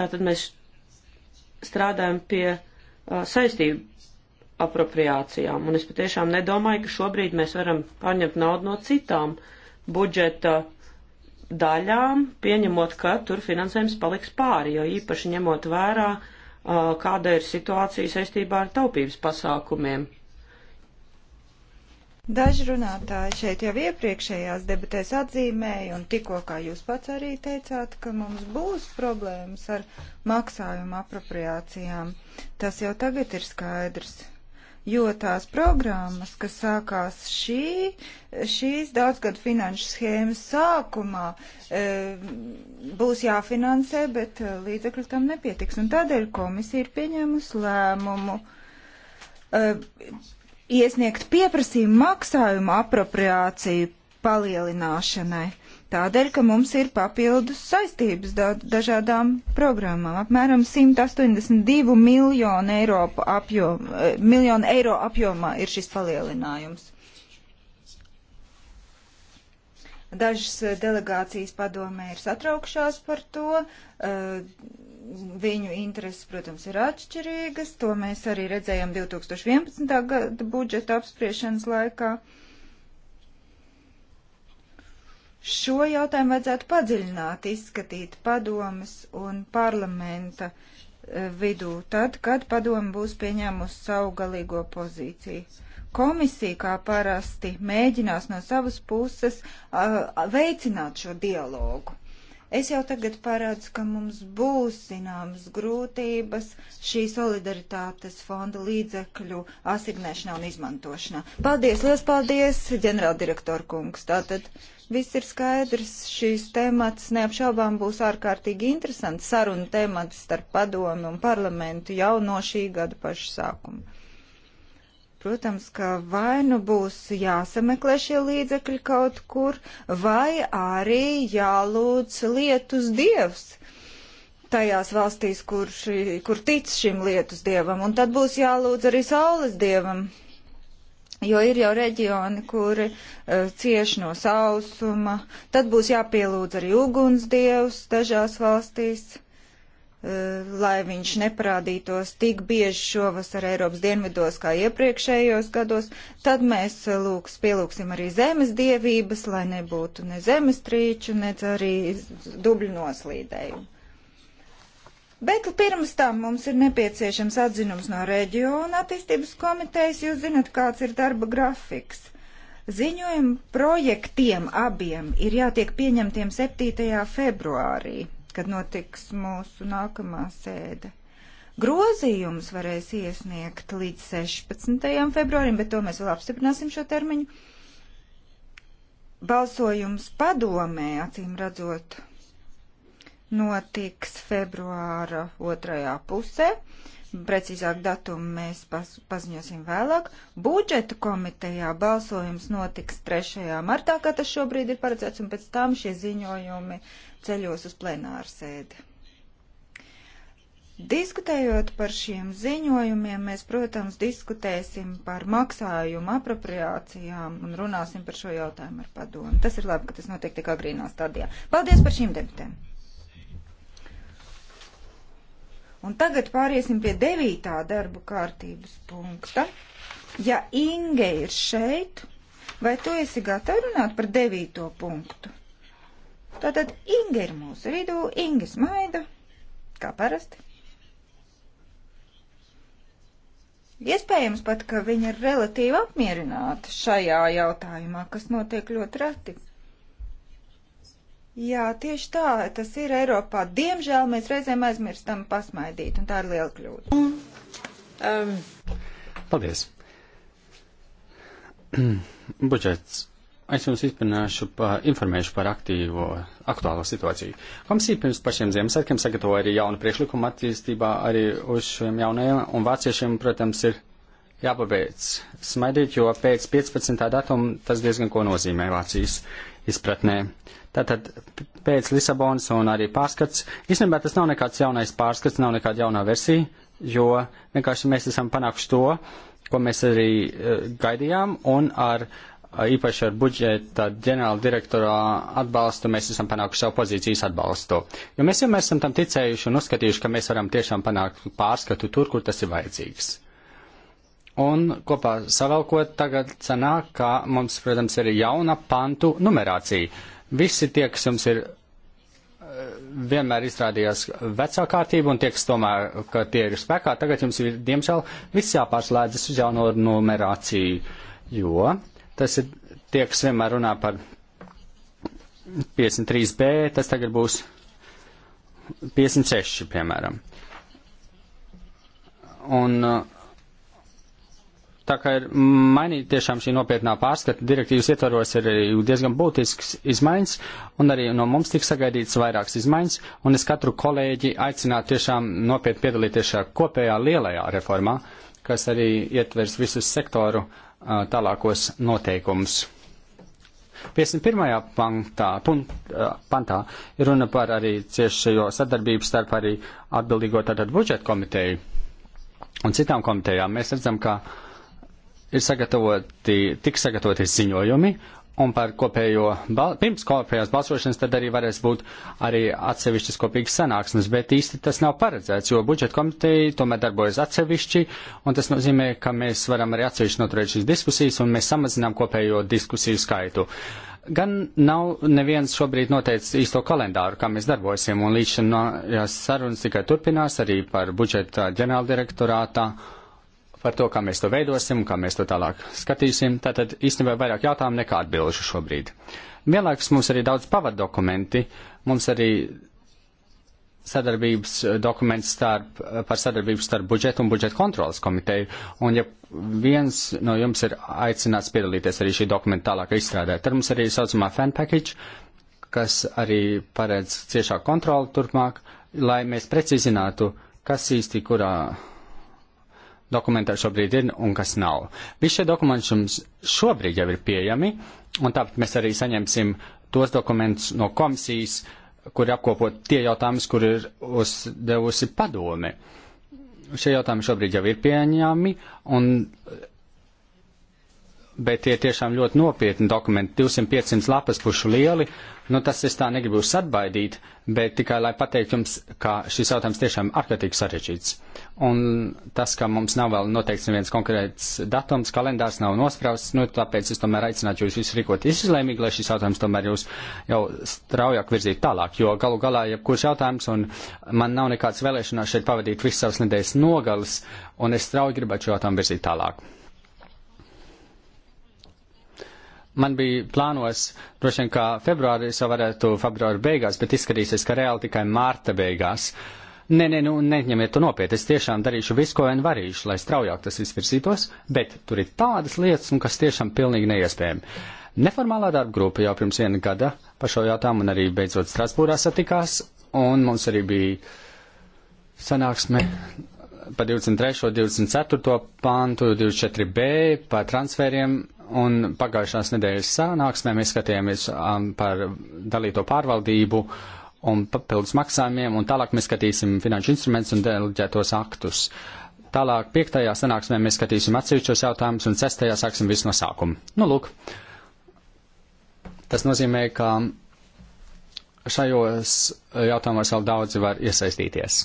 tātad mēs strādājam pie uh, saistību apropriācijām, un es patiešām nedomāju, ka šobrīd mēs varam paņemt naudu no citām budžeta daļām, pieņemot, ka tur finansējums paliks pāri, jo īpaši ņemot vērā, uh, kāda ir situācija saistībā ar taupības pasākumiem. Daži runātāji šeit jau iepriekšējās debatēs atzīmēja, un tikko kā jūs pats arī teicāt, ka mums būs problēmas ar maksājumu apropriācijām. Tas jau tagad ir skaidrs, jo tās programmas, kas sākās šī, šīs daudzgadu finanšu schēmas sākumā, e, būs jāfinansē, bet e, līdzekļu tam nepietiks. Un tādēļ komisija ir pieņēmusi lēmumu. E, iesniegt pieprasījumu maksājumu apropriāciju palielināšanai. Tādēļ, ka mums ir papildus saistības da dažādām programmām. Apmēram 182 miljonu eiro, apjom, eh, miljonu eiro apjomā ir šis palielinājums. Dažas eh, delegācijas padomē ir satraukšās par to. Uh, viņu intereses, protams, ir atšķirīgas. To mēs arī redzējām 2011. gada budžeta apspriešanas laikā. Šo jautājumu vajadzētu padziļināt, izskatīt padomas un parlamenta e, vidū, tad, kad padoma būs pieņēmusi savu galīgo pozīciju. Komisija, kā parasti, mēģinās no savas puses uh, veicināt šo dialogu Es jau tagad paredzu, ka mums būs zināmas grūtības šī solidaritātes fonda līdzekļu asignēšanā un izmantošanā. Paldies, liels paldies, ģenerāldirektor kungs. Tātad viss ir skaidrs, šīs temats neapšaubām būs ārkārtīgi interesants saruna temats starp padomi un parlamentu jau no šī gada paša sākuma. Protams, ka vai nu būs jāsameklē šie līdzekļi kaut kur, vai arī jālūdz lietus dievs tajās valstīs, kur, šī, kur tic šim lietus dievam, un tad būs jālūdz arī saules dievam. Jo ir jau reģioni, kuri uh, e, cieši no sausuma, tad būs jāpielūdz arī uguns dievs dažās valstīs. Eh, lai viņš neparādītos tik bieži šovasar Eiropas dienvidos kā iepriekšējos gados, tad mēs eh, lūks, pielūksim arī zemes dievības, lai nebūtu ne zemestrīču, ne arī dubļu noslīdējumu. Bet pirms tam mums ir nepieciešams atzinums no reģiona attīstības komitejas. Jūs zinat, kāds ir darba grafiks. Ziņojumu projektiem abiem ir jātiek pieņemtiem 7. februārī kad notiks mūsu nākamā sēde. Grozījumus varēs iesniegt līdz 16. februārim, bet to mēs vēl apstiprināsim šo termiņu. Balsojums padomē, acīm redzot, notiks februāra otrajā pusē. Precīzāk datumu mēs pas, paziņosim vēlāk. Budžeta komitejā balsojums notiks 3. martā, kā tas šobrīd ir paredzēts, un pēc tam šie ziņojumi uh, ceļos uz plenāru sēdi. Diskutējot par šiem ziņojumiem, mēs, protams, diskutēsim par maksājumu apropriācijām un runāsim par šo jautājumu ar padomu. Tas ir labi, ka tas notiek tik agrīnā stadijā. Paldies par šīm debatēm! Un tagad pāriesim pie devītā darba kārtības punkta. Ja Inge ir šeit, vai tu esi gatava runāt par devīto punktu? Tātad Inga ir mūsu vidū, Inga smaida, kā parasti. Iespējams pat, ka viņa ir relatīvi apmierināta šajā jautājumā, kas notiek ļoti reti. Jā, tieši tā, tas ir Eiropā. Diemžēl mēs reizēm aizmirstam pasmaidīt, un tā ir liela kļūda. Um. um. Paldies. Budžets Es jums izpināšu, pa, informēšu par aktīvo, aktuālo situāciju. Komisija pirms pašiem Ziemassvētkiem sagatavoja arī jaunu priekšlikumu attīstībā arī uz šiem jaunajiem, un vāciešiem, protams, ir jāpabeidz smaidīt, jo pēc 15. datuma tas diezgan ko nozīmē Vācijas izpratnē. Tātad pēc Lisabonas un arī pārskats, īstenībā tas nav nekāds jaunais pārskats, nav nekāda jaunā versija, jo vienkārši mēs esam panākuši to, ko mēs arī uh, gaidījām, un ar uh, īpaši ar budžeta ģenerāla direktorā atbalstu mēs esam panākuši savu pozīcijas atbalstu. Jo mēs jau esam tam ticējuši un uzskatījuši, ka mēs varam tiešām panākt pārskatu tur, kur tas ir vajadzīgs. Un kopā savalkot tagad sanāk, ka mums, protams, ir jauna pantu numerācija. Visi tie, kas jums ir eh, vienmēr izrādījās vecā kārtība un tie, kas tomēr, ka tie ir spēkā, tagad jums ir, diemžēl, viss jāpārslēdzas uz jauno numerāciju, jo Tas ir tie, kas vienmēr runā par 53B, tas tagad būs 56, piemēram. Un tā kā ir mainīta tiešām šī nopietnā pārskata, direktīvas ietvaros ir diezgan būtisks izmaiņas, un arī no mums tiks sagaidīts vairākas izmaiņas, un es katru kolēģi aicinātu tiešām nopietni piedalīties šajā kopējā lielajā reformā, kas arī ietvers visus sektoru uh, tālākos noteikumus. 51. Pantā, punt, pantā ir runa par arī ciešajo sadarbību starp arī atbildīgo tātad budžeta komiteju un citām komitejām. Mēs redzam, ka ir sagatavoti, tik sagatavoti ziņojumi, un par kopējo, pirms kopējās balsošanas tad arī varēs būt arī atsevišķas kopīgas sanāksmes, bet īsti tas nav paredzēts, jo budžeta komiteja tomēr darbojas atsevišķi, un tas nozīmē, ka mēs varam arī atsevišķi noturēt šīs diskusijas, un mēs samazinām kopējo diskusiju skaitu. Gan nav neviens šobrīd noteicis īsto kalendāru, kā mēs darbosim, un līdz šim no, sarunas tikai turpinās arī par budžeta ģenerāldirektorātā. direktorātā par to, kā mēs to veidosim, kā mēs to tālāk skatīsim. Tātad īstenībā vairāk jautājumu nekā atbilžu šobrīd. Vienlaikus mums arī daudz pavadokumenti, mums arī sadarbības eh, dokuments starp, eh, par sadarbību starp budžetu un budžeta kontrolas komiteju, un ja viens no jums ir aicināts piedalīties arī šī dokumenta tālāk izstrādē, tad mums arī saucamā fan package, kas arī paredz ciešāku kontroli turpmāk, lai mēs precizinātu, kas īsti kurā dokumentā šobrīd ir un kas nav. Visi šie dokumenti jums šobrīd jau ir pieejami, un tāpēc mēs arī saņemsim tos dokumentus no komisijas, kur apkopot tie jautājumus, kur ir uzdevusi padome. Šie jautājumi šobrīd jau ir pieņēmi, un bet tie tiešām ļoti nopietni dokumenti, 200-500 lapas pušu lieli. Nu, tas es tā negribu jūs atbaidīt, bet tikai lai pateiktu jums, ka šis jautājums tiešām ārkārtīgi sarežģīts. Un tas, ka mums nav vēl noteikts neviens konkrēts datums, kalendārs nav nosprausts, nu, tāpēc es tomēr aicinātu jūs visus rīkot izlēmīgi, lai šis jautājums tomēr jūs jau straujāk virzīt tālāk, jo galu galā jebkurš jautājums, un man nav nekāds vēlēšanās šeit pavadīt visas savas nedēļas nogalas, un es strauji gribētu šo jautājumu virzīt tālāk. Man bija plānos, droši vien, ka februārī jau varētu februāra beigās, bet izskatīsies, ka reāli tikai mārta beigās. Nē, nē, nu, neņemiet to nopietni. Es tiešām darīšu visu, ko vien varīšu, lai straujāk tas izvirzītos, bet tur ir tādas lietas, un kas tiešām pilnīgi neiespējami. Neformālā darba grupa jau pirms viena gada par šo jautājumu un arī beidzot Strasbūrā satikās, un mums arī bija sanāksme pa 23. 24. pantu, 24b par transferiem Un pagājušās nedēļas sanāksmē mēs skatījāmies um, par dalīto pārvaldību un papildus maksājumiem, un tālāk mēs skatīsim finanšu instrumentus un deleģētos aktus. Tālāk piektajā sanāksmē mēs skatīsim atsevišķos jautājumus, un sestajā sāksim visu no sākuma. Nu, lūk, tas nozīmē, ka šajos jautājumos vēl daudzi var iesaistīties.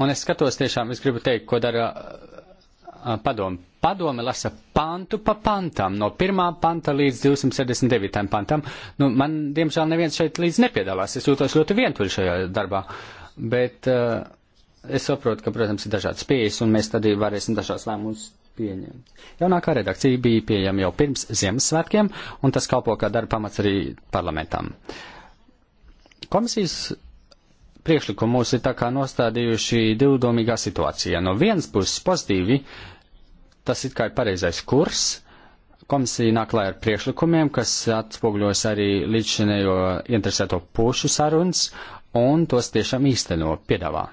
Un es skatos tiešām, es gribu teikt, ko dara uh, padomu padome lasa pantu pa pantam, no 1. panta līdz 279. pantam. Nu, man, diemžēl, neviens šeit līdz nepiedalās. Es jūtos ļoti vientuļš šajā darbā. Bet uh, es saprotu, ka, protams, ir dažādas pieejas, un mēs tad varēsim dažādas lēmumus pieņemt. Jaunākā redakcija bija pieejama jau pirms Ziemassvētkiem, un tas kalpo kā darba pamats arī parlamentam. Komisijas priekšlikumus ir tā kā nostādījuši divdomīgā situācijā. No vienas puses pozitīvi, uh, tas it kā ir pareizais kurs. Komisija nāk klāja ar priekšlikumiem, kas atspoguļos arī līdzšinējo interesēto pušu sarunas un tos tiešām īsteno piedāvā.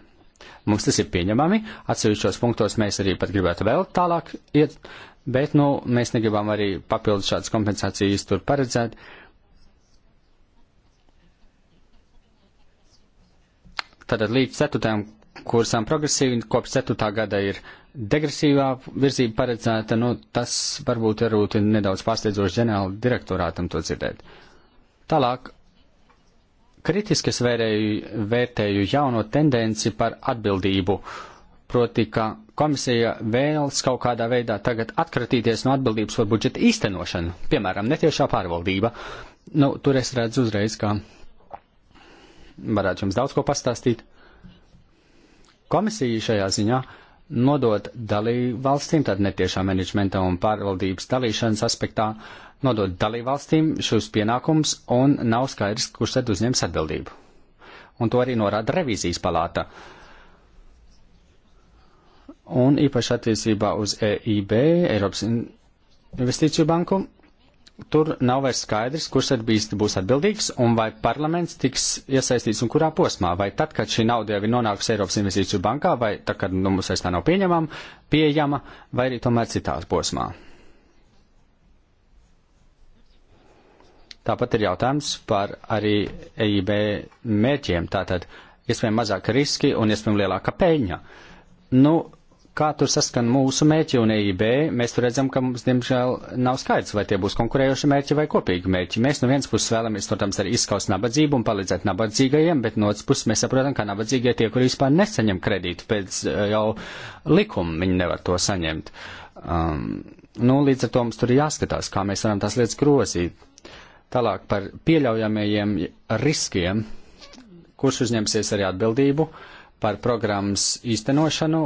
Mums tas ir pieņemami, atsevišķos punktos mēs arī pat gribētu vēl tālāk iet, bet, nu, mēs negribam arī papildus šādas kompensācijas tur paredzēt. Tātad līdz 4. kursām progresīvi kopš 4. gada ir degresīvā virzība paredzēta, nu, tas varbūt ir nedaudz pārsteidzoši ģenerāla direktorātam to dzirdēt. Tālāk, kritiski es vērēju, vērtēju jauno tendenci par atbildību, proti, ka komisija vēlas kaut kādā veidā tagad atkratīties no atbildības par budžeta īstenošanu, piemēram, netiešā pārvaldība. Nu, tur es redzu uzreiz, ka varētu jums daudz ko pastāstīt. Komisija šajā ziņā uh, nodot dalību valstīm, tad netiešā menedžmenta un pārvaldības dalīšanas aspektā, nodot dalību valstīm šos pienākums un nav skaidrs, kurš tad uzņems atbildību. Un to arī norāda revīzijas palāta. Un īpaši attiecībā uz EIB, Eiropas investīciju banku, tur nav vairs skaidrs, kurš tad īsti būs atbildīgs un vai parlaments tiks iesaistīts un kurā posmā. Vai tad, kad šī nauda jau ir nonākusi Eiropas investīciju bankā, vai tad, kad nu, mums vairs tā nav pieņemama, pieejama, vai arī tomēr citās posmā. Tāpat ir jautājums par arī EIB mērķiem, tātad iespējami mazāka riski un iespējami lielāka peļņa. Nu, kā tur saskan mūsu mērķi un EIB, mēs tur redzam, ka mums, diemžēl, nav skaidrs, vai tie būs konkurējoši mērķi vai kopīgi mērķi. Mēs no vienas puses vēlamies, protams, arī izskaust nabadzību un palīdzēt nabadzīgajiem, bet no otras puses mēs saprotam, ka nabadzīgie tie, kuri vispār nesaņem kredītu pēc eh, jau likuma, viņi nevar to saņemt. Um, nu, līdz ar to mums tur ir jāskatās, kā mēs varam tās lietas grozīt. Tālāk par pieļaujamajiem riskiem, kurš uzņemsies arī atbildību par programmas īstenošanu,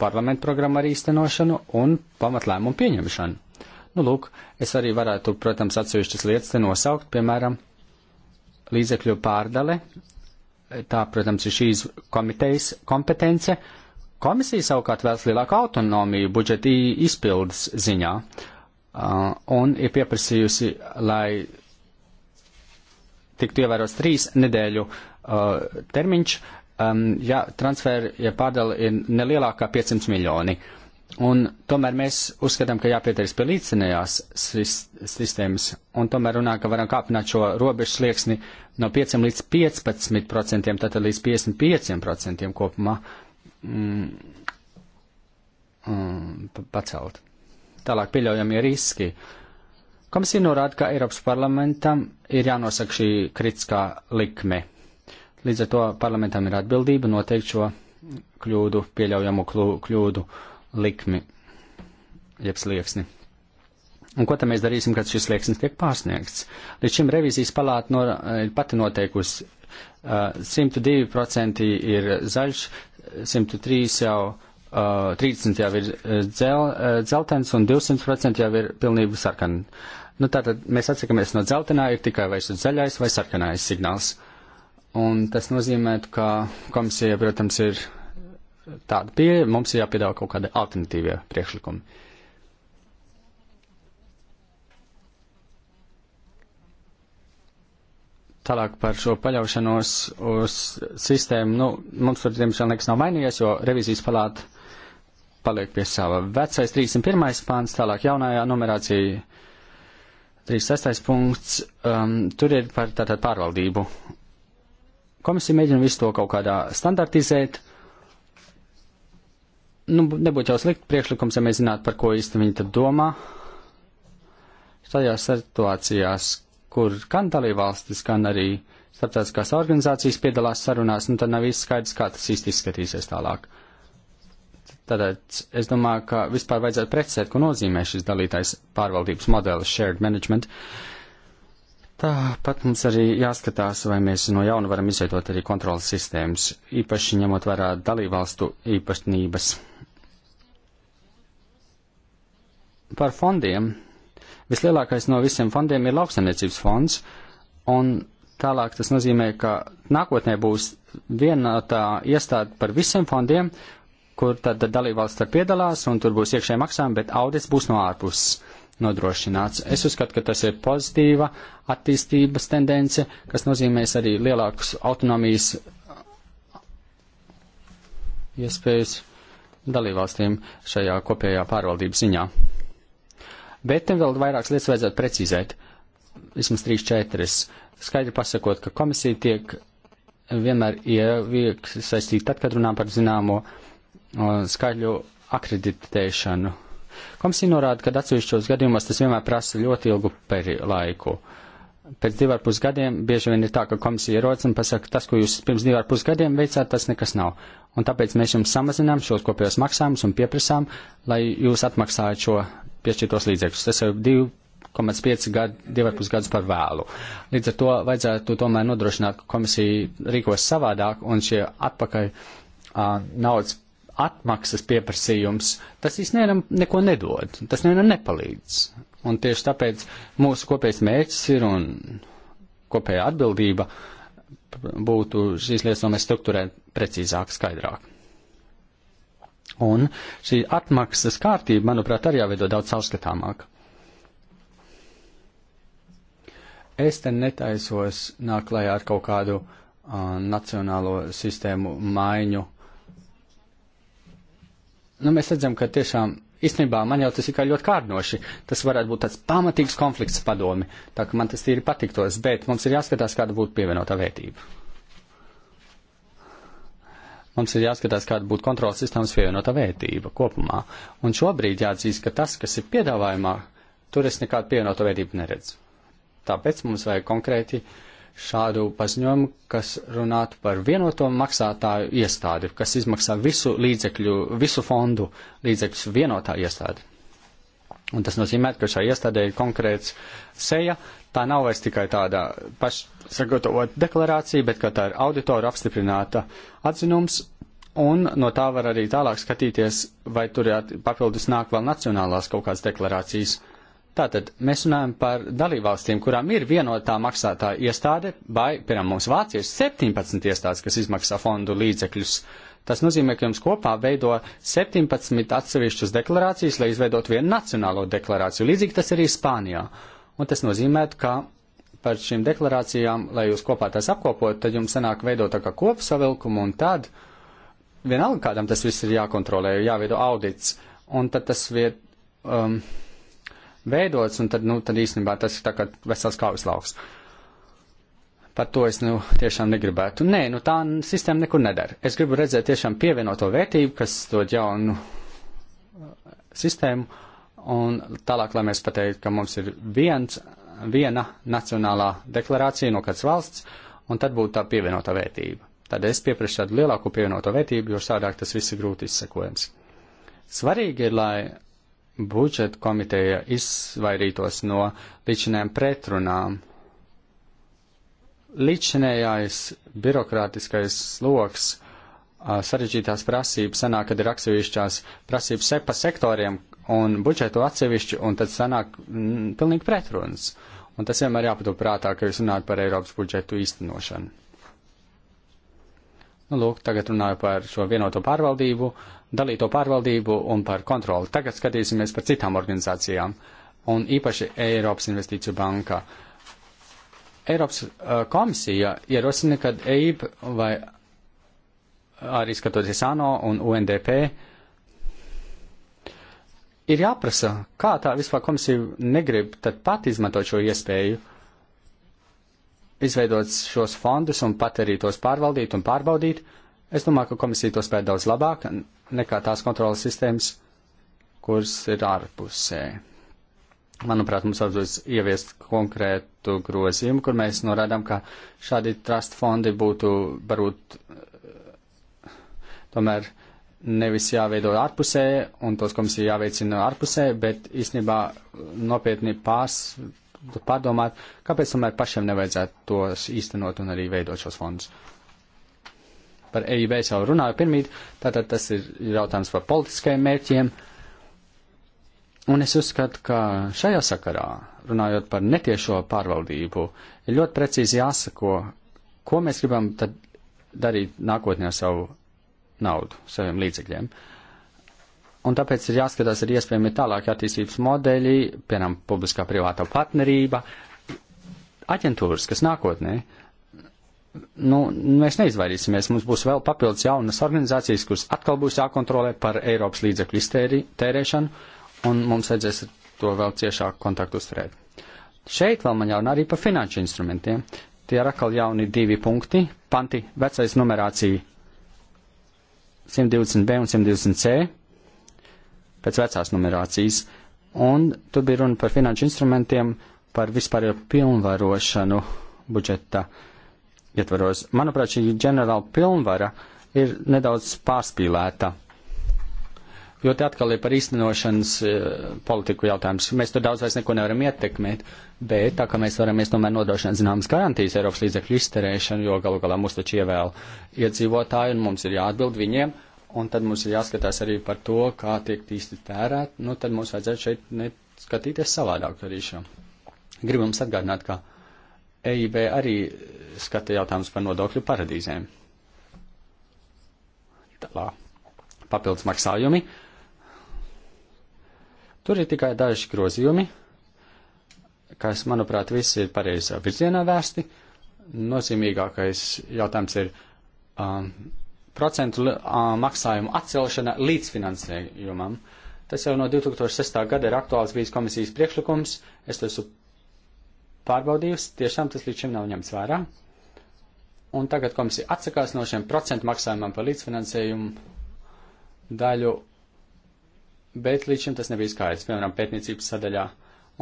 parlamentu programmu arī īstenošanu un pamatlēmumu pieņemšanu. Nu, lūk, es arī varētu, protams, atsevišķas lietas te nosaukt, piemēram, līdzekļu pārdale. Tā, protams, ir šīs komitejas kompetence. Komisija savukārt vēlas lielāku autonomiju budžeta izpildes ziņā uh, un ir pieprasījusi, lai tiktu ievēros trīs nedēļu uh, termiņš um, ja transferi, ja pārdala ir nelielākā 500 miljoni. Un tomēr mēs uzskatām, ka jāpieturas pie līdzinējās sistēmas, un tomēr runā, ka varam kāpināt šo robežu slieksni no 5 līdz 15 procentiem, tātad līdz 55 procentiem kopumā mm, mm, pacelt. Tālāk pieļaujamie riski. Komisija norāda, ka Eiropas parlamentam ir jānosaka šī kritiskā likme. Līdz ar to parlamentam ir atbildība noteikt šo kļūdu, pieļaujamo kļūdu likmi, jeb slieksni. Un ko tad mēs darīsim, kad šis slieksnis tiek pārsniegts? Līdz šim revizijas palāta no, ir pati noteikusi uh, 102% ir zaļš, 103 jau, uh, 30 jau ir dzel, uh, dzeltens un 200% jau ir pilnīgi sarkan. Nu, tātad mēs atsakamies no dzeltenā, ir tikai vai zaļais vai sarkanais signāls. Un tas nozīmē, ka komisija, protams, ir tāda pieeja, mums ir jāpiedāvā kaut kādi alternatīvie priekšlikumi. Tālāk par šo paļaušanos uz sistēmu, nu, mums, diemžēl, nekas nav mainījies, jo revizijas palāta paliek pie sava vecais 301. pāns, tālāk jaunajā numerācija 36. punkts, um, tur ir par tātad pārvaldību Komisija mēģina visu to kaut kādā standartizēt. Nu, nebūtu jau slikt priekšlikums, ja mēs zinātu, par ko īsti viņi tad domā. Tajās situācijās, kur gan dalībvalstis, gan arī starptautiskās organizācijas piedalās sarunās, nu tad nav īsti skaidrs, kā tas īsti izskatīsies tālāk. Tātad es domāju, ka vispār vajadzētu precizēt, ko nozīmē šis dalītais pārvaldības modelis, shared management. Uh, Tāpat mums arī jāskatās, vai mēs no jauna varam izveidot arī kontrolas sistēmas, īpaši ņemot vērā dalībvalstu īpašnības. Par fondiem. Vislielākais no visiem fondiem ir lauksaimniecības fonds, un tālāk tas nozīmē, ka nākotnē būs viena tā iestāde par visiem fondiem, kur tad dalībvalsts tur piedalās, un tur būs iekšēji maksājumi, bet audits būs no ārpuses nodrošināts. Es uzskatu, ka tas ir pozitīva attīstības tendence, kas nozīmēs arī lielākus autonomijas iespējas dalībvalstīm šajā kopējā pārvaldības ziņā. Bet te vēl vairākas lietas vajadzētu precizēt. Vismaz 3-4. Skaidri pasakot, ka komisija tiek vienmēr iesaistīta tad, kad runām par zināmo skaļu akreditēšanu Komisija norāda, ka atsevišķos gadījumos tas vienmēr prasa ļoti ilgu peri laiku. Pēc divu ar pus gadiem bieži vien ir tā, ka komisija ierodas un pasaka, tas, ko jūs pirms divu ar pus gadiem veicāt, tas nekas nav. Un tāpēc mēs jums samazinām šos kopējos maksājumus un pieprasām, lai jūs atmaksājat šo piešķirtos līdzekļus. Tas jau divu 2,5 gadu, 2,5 gadus par vēlu. Līdz ar to vajadzētu tomēr nodrošināt, ka komisija rīkos savādāk un šie atpakaļ uh, naudas atmaksas pieprasījums, tas īstenībā neko nedod, tas nevienam nepalīdz. Un tieši tāpēc mūsu kopējais mērķis ir un kopējā atbildība būtu šīs lietas tomēr strukturēt precīzāk, skaidrāk. Un šī atmaksas kārtība, manuprāt, arī jāveido daudz caurskatāmāk. Es te netaisos nāk klajā ar kaut kādu uh, nacionālo sistēmu maiņu nu, mēs redzam, ka tiešām īstenībā man jau tas ir kā ļoti kārdinoši. Tas varētu būt tāds pamatīgs konflikts padomi, tā ka man tas tīri patiktos, bet mums ir jāskatās, kāda būtu pievienotā vērtība. Mums ir jāskatās, kāda būtu kontrolas sistēmas pievienotā vērtība kopumā. Un šobrīd jāatzīst, ka tas, kas ir piedāvājumā, tur es nekādu pievienotu vērtību neredzu. Tāpēc mums vajag konkrēti uh, šādu paziņojumu, kas runātu par vienoto maksātāju iestādi, kas izmaksā visu līdzekļu, visu fondu līdzekļus vienotā iestādi. Un tas nozīmē, ka šai iestādē ir konkrēts seja, tā nav vairs tikai tāda pašsagatavota deklarācija, bet ka tā ir auditora apstiprināta atzinums, un no tā var arī tālāk skatīties, vai tur papildus nāk vēl nacionālās kaut kādas deklarācijas. Uh, Tātad mēs runājam par dalībvalstīm, kurām ir vienotā maksātāja iestāde, vai, piemēram, mums Vācija ir 17 iestādes, kas izmaksā fondu līdzekļus. Tas nozīmē, ka jums kopā veido 17 atsevišķas deklarācijas, lai izveidot vienu nacionālo deklarāciju. Līdzīgi tas arī Spānijā. Un tas nozīmē, ka par šīm deklarācijām, lai jūs kopā tās apkopot, tad jums sanāk veidot tā kā kopsavilkumu, un tad vienalga kādam tas viss ir jākontrolē, jāveido audits, un tad tas viet, um, veidots, un tad, nu, tad īstenībā tas ir tā kā vesels kaujas lauks. Par to es, nu, tiešām negribētu. Nē, nu tā sistēma nekur nedara. Es gribu redzēt tiešām pievienoto vērtību, kas dod jaunu uh, sistēmu, un tālāk, lai mēs pateiktu, ka mums ir viens, viena nacionālā deklarācija no kāds valsts, un tad būtu tā pievienotā vērtība. Tad es pieprasu tādu lielāku pievienoto vērtību, jo sādāk tas viss ir grūti izsekojams. Svarīgi ir, lai budžeta komiteja izvairītos no līdzinējām pretrunām. Līdzinējais birokrātiskais sloks, sarežģītās prasības, sanāk, kad ir atsevišķās prasības se pa sektoriem un budžetu atsevišķi, un tad sanāk mm, pilnīgi pretrunas. Un tas vienmēr jāpatur prātā, ka jūs runājat par Eiropas budžetu īstenošanu. Nu, lūk, tagad runāju par šo vienoto pārvaldību. Uh, dalīto pārvaldību un par kontroli. Tagad skatīsimies par citām organizācijām un īpaši Eiropas Investīciju banka. Eiropas komisija ierosina, kad EIB vai arī skatoties ANO un UNDP ir jāprasa, kā tā vispār komisija negrib tad pat izmantot šo iespēju izveidot šos fondus un pat arī tos pārvaldīt un pārbaudīt. Uh, Es domāju, ka komisija to spēja daudz labāk nekā tās kontrolas sistēmas, kuras ir ārpusē. Manuprāt, mums vajadzētu ieviest konkrētu grozījumu, kur mēs norādām, ka šādi trust fondi būtu varbūt eh, tomēr nevis jāveido ārpusē, un tos komisija jāveicina ārpusē, bet īstenībā nopietni pārs, pārdomāt, kāpēc tomēr pašiem nevajadzētu tos īstenot un arī veidot šos fondus par EIB jau runāju pirmīt, tātad tas ir jautājums par politiskajiem mērķiem. Un es uzskatu, ka šajā sakarā, runājot par netiešo pārvaldību, ir ļoti precīzi jāsako, ko mēs gribam tad darīt nākotnē ar savu naudu, saviem līdzekļiem. Un tāpēc ir jāskatās arī iespējami tālākie attīstības modeļi, piemēram, publiskā privāta partnerība, aģentūras, kas nākotnē uh, nu, mēs neizvairīsimies. Mums būs vēl papildus jaunas organizācijas, kuras atkal būs jākontrolē par Eiropas līdzekļu iztērēšanu, un mums vajadzēs to vēl ciešāk kontaktu uzturēt. Šeit vēl man jauna arī par finanšu instrumentiem. Tie ir atkal jauni divi punkti. Panti vecais numerācija 120B un 120C pēc vecās numerācijas. Un tur bija runa par finanšu instrumentiem, par vispārējo pilnvarošanu budžeta uh, ietvaros. Manuprāt, šī ģenerāla pilnvara ir nedaudz pārspīlēta. Jo te atkal ir par īstenošanas e, politiku jautājums. Mēs tur daudz vairs neko nevaram ietekmēt, bet tā kā mēs varamies tomēr nodrošināt zināmas garantijas Eiropas līdzekļu izterēšanu, jo galu galā mūs taču ievēl iedzīvotāji un mums ir jāatbild viņiem, un tad mums ir jāskatās arī par to, kā tiek īsti tērēt, nu tad mums vajadzētu šeit skatīties savādāk arī šo. Gribu jums atgādināt, ka. Kā EIB arī skata jautājums par nodokļu paradīzēm. Tālāk. Papildus maksājumi. Tur ir tikai daži grozījumi, kas, manuprāt, visi ir pareizā virzienā vērsti. Nozīmīgākais jautājums ir um, procentu uh, maksājumu atcelšana līdz finansējumam. Tas jau no 2006. gada ir aktuāls bijis komisijas priekšlikums. Es to esmu pārbaudījusi, tiešām tas līdz šim nav ņemts vērā. Un tagad komisija atsakās no šiem procentu maksājumam par līdzfinansējumu daļu, bet līdz šim tas nebija skaidrs, piemēram, pētniecības sadaļā.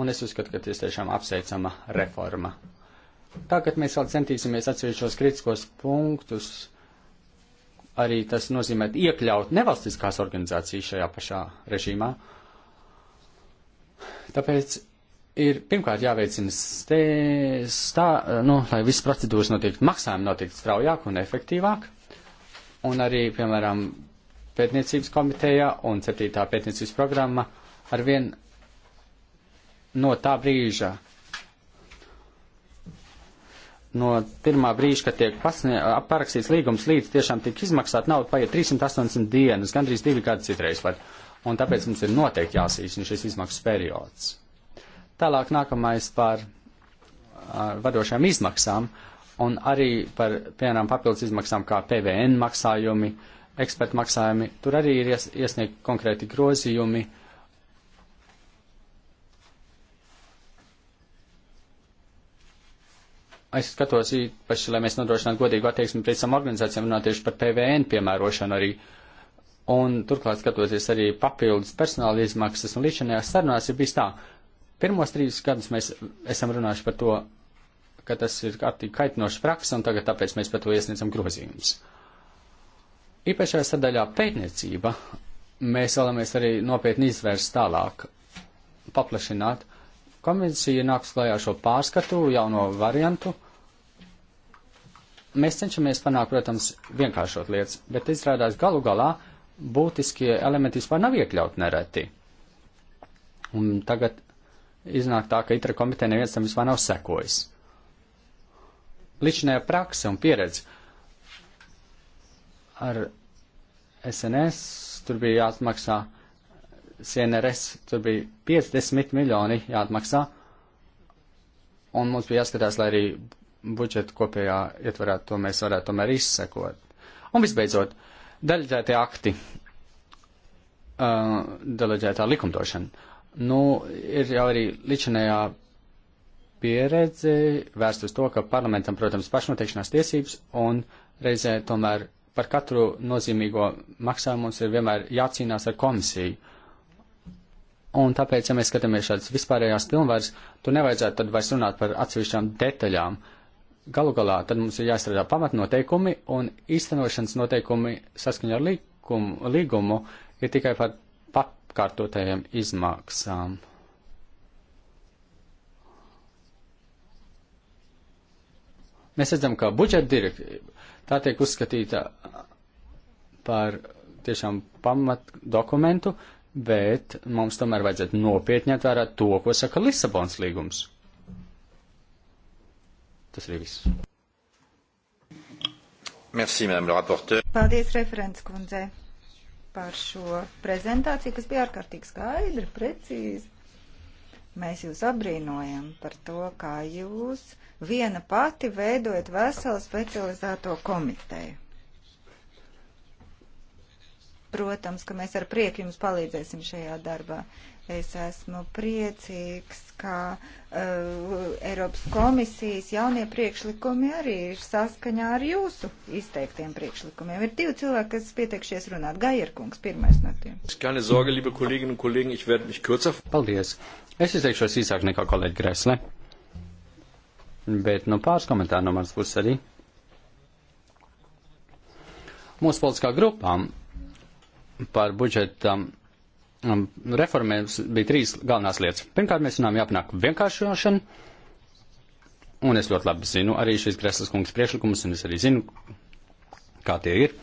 Un es uzskatu, ka tas tiešām apsveicama reforma. Tagad mēs vēl centīsimies atsevišķos kritiskos punktus arī tas nozīmē iekļaut nevalstiskās organizācijas šajā pašā režīmā. Tāpēc ir pirmkārt jāveicina stā, nu, lai visas procedūras notiek, maksājumi notiek straujāk un efektīvāk. Un arī, piemēram, pētniecības komitejā un 7. pētniecības programma ar vien no tā brīža, no pirmā brīža, kad tiek pasnie, parakstīts līgums līdz tiešām tiek izmaksāt naudu, paiet 380 dienas, gandrīz divi gadi citreiz pat. Un tāpēc mums ir noteikti jāsīsina šis izmaksas periods. Tālāk nākamais par uh, vadošajām izmaksām un arī par, piemēram, papildus izmaksām kā PVN maksājumi, ekspertu maksājumi. Tur arī ir ies, iesniegt konkrēti grozījumi. Es skatos īpaši, lai mēs nodrošinātu godīgu attieksmi pret savām organizācijām, runāt tieši par PVN piemērošanu arī. Un turklāt skatoties arī papildus personāla izmaksas, un līdz šajās sarunās ir bijis tā, Pirmos trīs gadus mēs esam runājuši par to, ka tas ir kaitinošs praksa, un tagad tāpēc mēs par to iesniedzam grozījumus. Īpašajā sadaļā pētniecība mēs vēlamies arī nopietni izvērst tālāk, paplašināt. Komisija nāks klajā šo pārskatu, jauno variantu. Mēs cenšamies panākt, protams, vienkāršot lietas, bet izrādās galu galā būtiskie elementi vispār nav iekļaut nereti. Un tagad iznāk tā, ka itra komiteja neviens tam vispār nav sekojis. Ličinē prakse un pieredze ar SNS, tur bija jāatmaksā, CNRS, tur bija 50 miljoni jāatmaksā, un mums bija jāskatās, lai arī budžeta kopējā ietvarā to mēs varētu tomēr izsekot. Un visbeidzot, deleģētie akti, uh, deleģētā likumdošana. Nu, ir jau arī ličinējā pieredze vērst uz to, ka parlamentam, protams, pašnoteikšanās tiesības un reizē tomēr par katru nozīmīgo maksājumu mums ir vienmēr jācīnās ar komisiju. Un tāpēc, ja mēs skatāmies šādas vispārējās pilnvaras, tur nevajadzētu tad vairs runāt par atsevišķām detaļām. Galu galā tad mums ir jāstrādā pamatnoteikumi un īstenošanas noteikumi saskaņā ar līkumu, līgumu ir tikai par pap atkārtotajiem izmaksām. Mēs redzam, ka budžeta direktīva tā tiek uzskatīta par tiešām pamat dokumentu, bet mums tomēr vajadzētu nopietni atvērā to, ko saka Lisabons līgums. Tas ir viss. Merci, Madame le rapporteur. Paldies, referents kundzei par šo prezentāciju, kas bija ārkārtīgi skaidra, precīzi. Mēs jūs apbrīnojam par to, kā jūs viena pati veidojat veselu specializēto komiteju. Protams, ka mēs ar prieku jums palīdzēsim šajā darbā. Uh, Es esmu priecīgs, ka uh, Eiropas komisijas jaunie priekšlikumi arī ir saskaņā ar jūsu izteiktiem priekšlikumiem. Ir divi cilvēki, kas pieteikšies runāt. Gairkungs, pirmais no tiem. Paldies. Es izteikšos īsāk nekā kolēģi Gresle. Bet nu, pāris komentāru no manas puses arī. Mūsu politiskā grupām par budžetam. Um, um, reformē bija trīs galvenās lietas. Pirmkārt, mēs runājam jāpanāk vienkāršošana, un es ļoti labi zinu arī šīs Greslas kungas priekšlikumus, un es arī zinu, kā tie ir,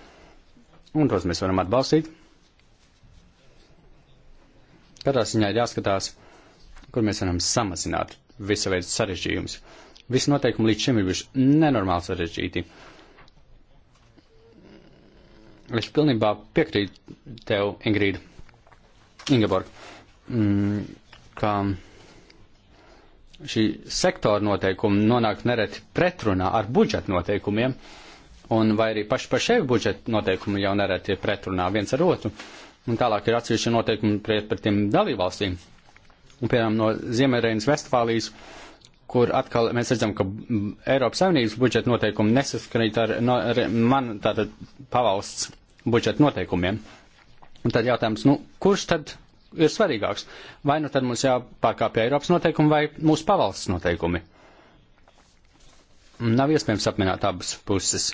un tos mēs varam atbalstīt. Katrā ziņā ir jāskatās, kur mēs varam samazināt visu veidu sarežģījumus. Visi noteikumi līdz šim ir bijuši nenormāli sarežģīti. Es pilnībā piekrītu tev, Ingrīda. Ingeborg, mm, ka šī sektora noteikumi nonāk nereti pretrunā ar budžeta noteikumiem, un vai arī paši par sevi budžeta noteikumi jau nereti ir pretrunā viens ar otru, un tālāk ir atsevišķi noteikumi pret, pret tiem dalībvalstīm. Un, piemēram, no Ziemeļreinas Vestfālijas, kur atkal mēs redzam, ka Eiropas Savienības budžeta noteikumi nesaskanīt ar no, re, man tātad pavalsts budžeta noteikumiem. Ja? Un tad jautājums, nu, kurš tad ir svarīgāks? Vai nu tad mums jāpārkāpja Eiropas noteikumi vai mūsu pavalsts noteikumi? Nav iespējams apmienāt abas puses.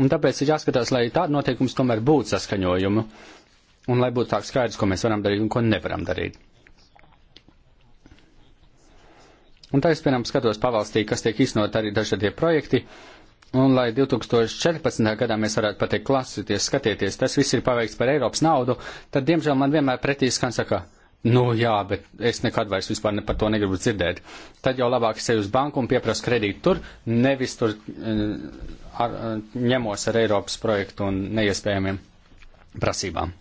Un tāpēc ir jāskatās, lai tāda noteikums tomēr būtu saskaņojumu, un lai būtu tā skaidrs, ko mēs varam darīt un ko nevaram darīt. Un tā es, piemēram, skatos pavalstī, kas tiek iznot arī dažādie projekti, uh, Un, lai 2014. gadā mēs varētu pateikt, klasieties, skatieties, tas viss ir paveikts par Eiropas naudu, tad, diemžēl, man vienmēr pretī skan saka, nu jā, bet es nekad vairs vispār ne par to negribu dzirdēt. Tad jau labāk es eju uz banku un pieprasu kredītu tur, nevis tur eh, ar, eh, ņemos ar Eiropas projektu un neiespējamiem prasībām.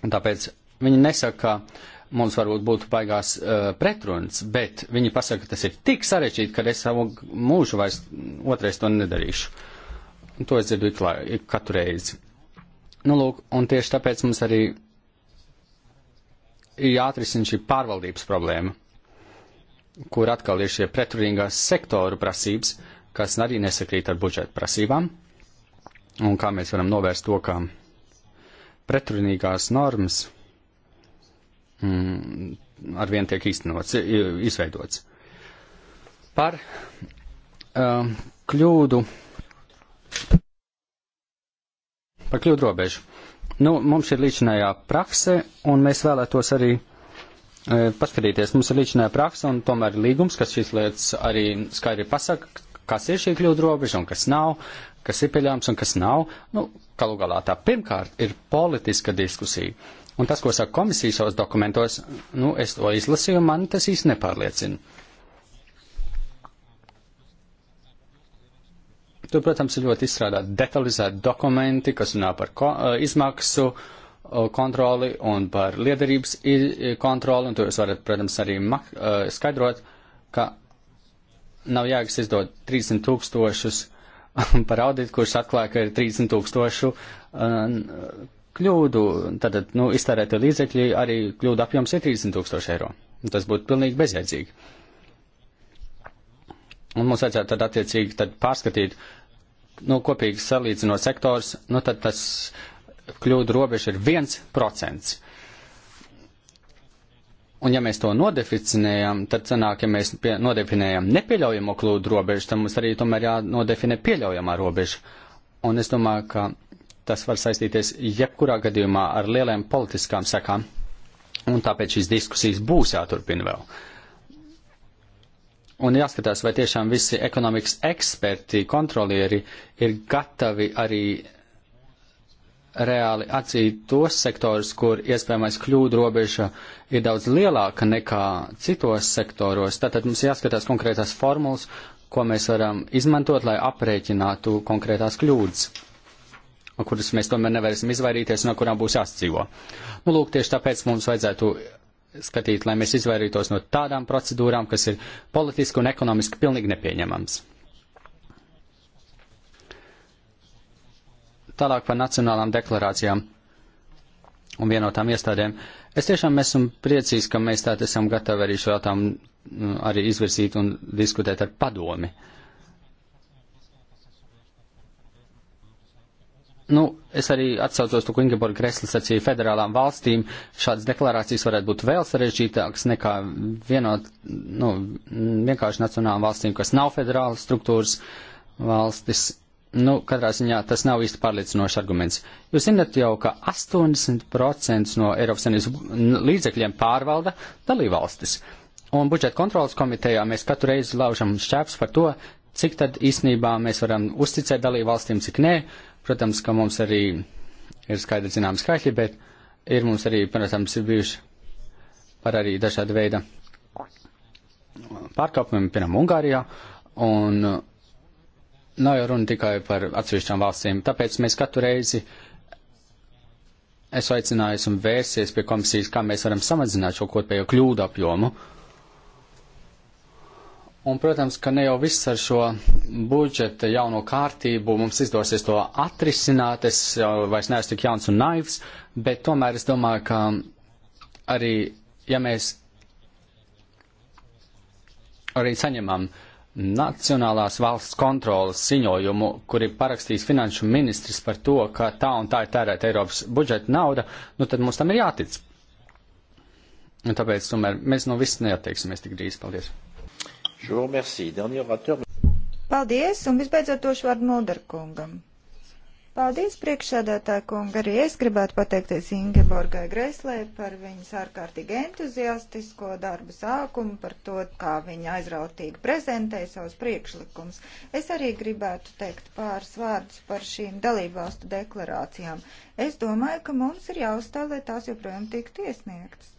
Un tāpēc viņi nesaka, ka mums varbūt būtu baigās uh, pretruns, bet viņi pasaka, ka tas ir tik sarežģīti, ka es savu mūžu vairs otrais to nedarīšu. Un to es dzirdu ik, ik katru reizi. Nu, lūk, un tieši tāpēc mums arī ir jāatrisina šī pārvaldības problēma, kur atkal ir šie pretrunīgās sektoru prasības, kas arī nesakrīt ar budžeta prasībām, un kā mēs varam novērst to, ka pretrunīgās normas Mm, arvien tiek īstenots, izveidots. Par um, kļūdu, par kļūdu robežu. Nu, mums ir līdzinājā prakse, un mēs vēlētos arī e, paskatīties. Mums ir līdzinājā prakse, un tomēr līgums, kas šīs lietas arī skaidri pasaka, kas ir šī kļūda robeža un kas nav, kas ir pieļāms un kas nav. Nu, galu galā tā pirmkārt ir politiska diskusija Un tas, ko saka komisija savos dokumentos, nu, es to izlasīju, man tas īsti nepārliecina. Tur, protams, ir ļoti izstrādāti detalizēti dokumenti, kas runā par ko, eh, izmaksu eh, kontroli un par liederības kontroli, un to jūs varat, protams, arī mak, eh, skaidrot, ka nav jāgas izdot 30 tūkstošus par auditu, kurš atklāja, ka ir 30 tūkstošu kļūdu, tad, nu, iztērētie līdzekļi arī kļūdu apjoms ir 30 tūkstoši eiro. Tas būtu pilnīgi bezjēdzīgi. Un mums vajadzētu tad attiecīgi tad pārskatīt, nu, kopīgi salīdzinot sektors, nu, tad tas kļūdu robeža ir 1%. Un ja mēs to nodefinējam, tad sanāk, ja mēs pie, nodefinējam nepieļaujamo kļūdu robežu, tad mums arī tomēr jānodefinē pieļaujamā robeža. Un es domāju, ka tas var saistīties jebkurā gadījumā ar lieliem politiskām sekām, un tāpēc šīs diskusijas būs jāturpina vēl. Un jāskatās, vai tiešām visi ekonomikas eksperti, kontrolieri ir gatavi arī reāli atzīt tos sektorus, kur iespējamais kļūdu robeža ir daudz lielāka nekā citos sektoros. Tātad mums jāskatās konkrētās formulas, ko mēs varam izmantot, lai aprēķinātu konkrētās kļūdas no kuras mēs tomēr nevarēsim izvairīties, no kurām būs jāsadzīvo. Nu, lūk, tieši tāpēc mums vajadzētu skatīt, lai mēs izvairītos no tādām procedūrām, kas ir politiski un ekonomiski pilnīgi nepieņemams. Tālāk par nacionālām deklarācijām un vienotām iestādēm. Es tiešām esmu priecīgs, ka mēs tātad esam gatavi arī šo jautājumu mm, arī izvirsīt un diskutēt ar padomi. Uh, Nu, es arī atsaucos to, ko Ingeborg Kreslis sacīja federālām valstīm. Šādas deklarācijas varētu būt vēl sarežģītākas nekā vienot, nu, vienkārši nacionālām valstīm, kas nav federālas struktūras valstis. Nu, katrā ziņā tas nav īsti pārliecinošs arguments. Jūs zināt jau, ka 80% no Eiropas Savienības līdzekļiem pārvalda dalībvalstis. Un budžeta kontrolas komitejā mēs katru reizi laužam šķēps par to, cik tad īsnībā mēs varam uzticēt dalību valstīm, cik nē. Protams, ka mums arī ir skaidri zināms skaitļi, bet ir mums arī, protams, ir bijuši par arī dažāda veida pārkāpumiem, piemēram, Ungārijā. Un nav jau runa tikai par atsevišķām valstīm. Tāpēc mēs katru reizi es aicināju un vērsies pie komisijas, kā mēs varam samazināt šo kopējo kļūdu apjomu. Uh, Un, protams, ka ne jau viss ar šo budžeta jauno kārtību mums izdosies to atrisināt. Es jau vairs neesmu tik jauns un naivs, bet tomēr es domāju, ka arī, ja mēs arī saņemam Nacionālās valsts kontrolas ziņojumu, kur ir parakstījis finanšu ministrs par to, ka tā un tā ir tērēta Eiropas budžeta nauda, nu tad mums tam ir jātic. Un tāpēc, tomēr, mēs no viss neatteiksimies tik drīz. Paldies! Paldies, un visbeidzot došu vārdu Mulderkungam. Paldies, priekšsēdētāja kunga. Arī es gribētu pateikties Ingeborgai Greslē par viņas ārkārtīgi entuziastisko darbu sākumu, par to, kā viņa aizrautīgi prezentēja savus priekšlikumus. Es arī gribētu teikt pāris vārdus par šīm dalībvalstu deklarācijām. Es domāju, ka mums ir jāuzstāv, lai tās joprojām tiktu iesniegtas.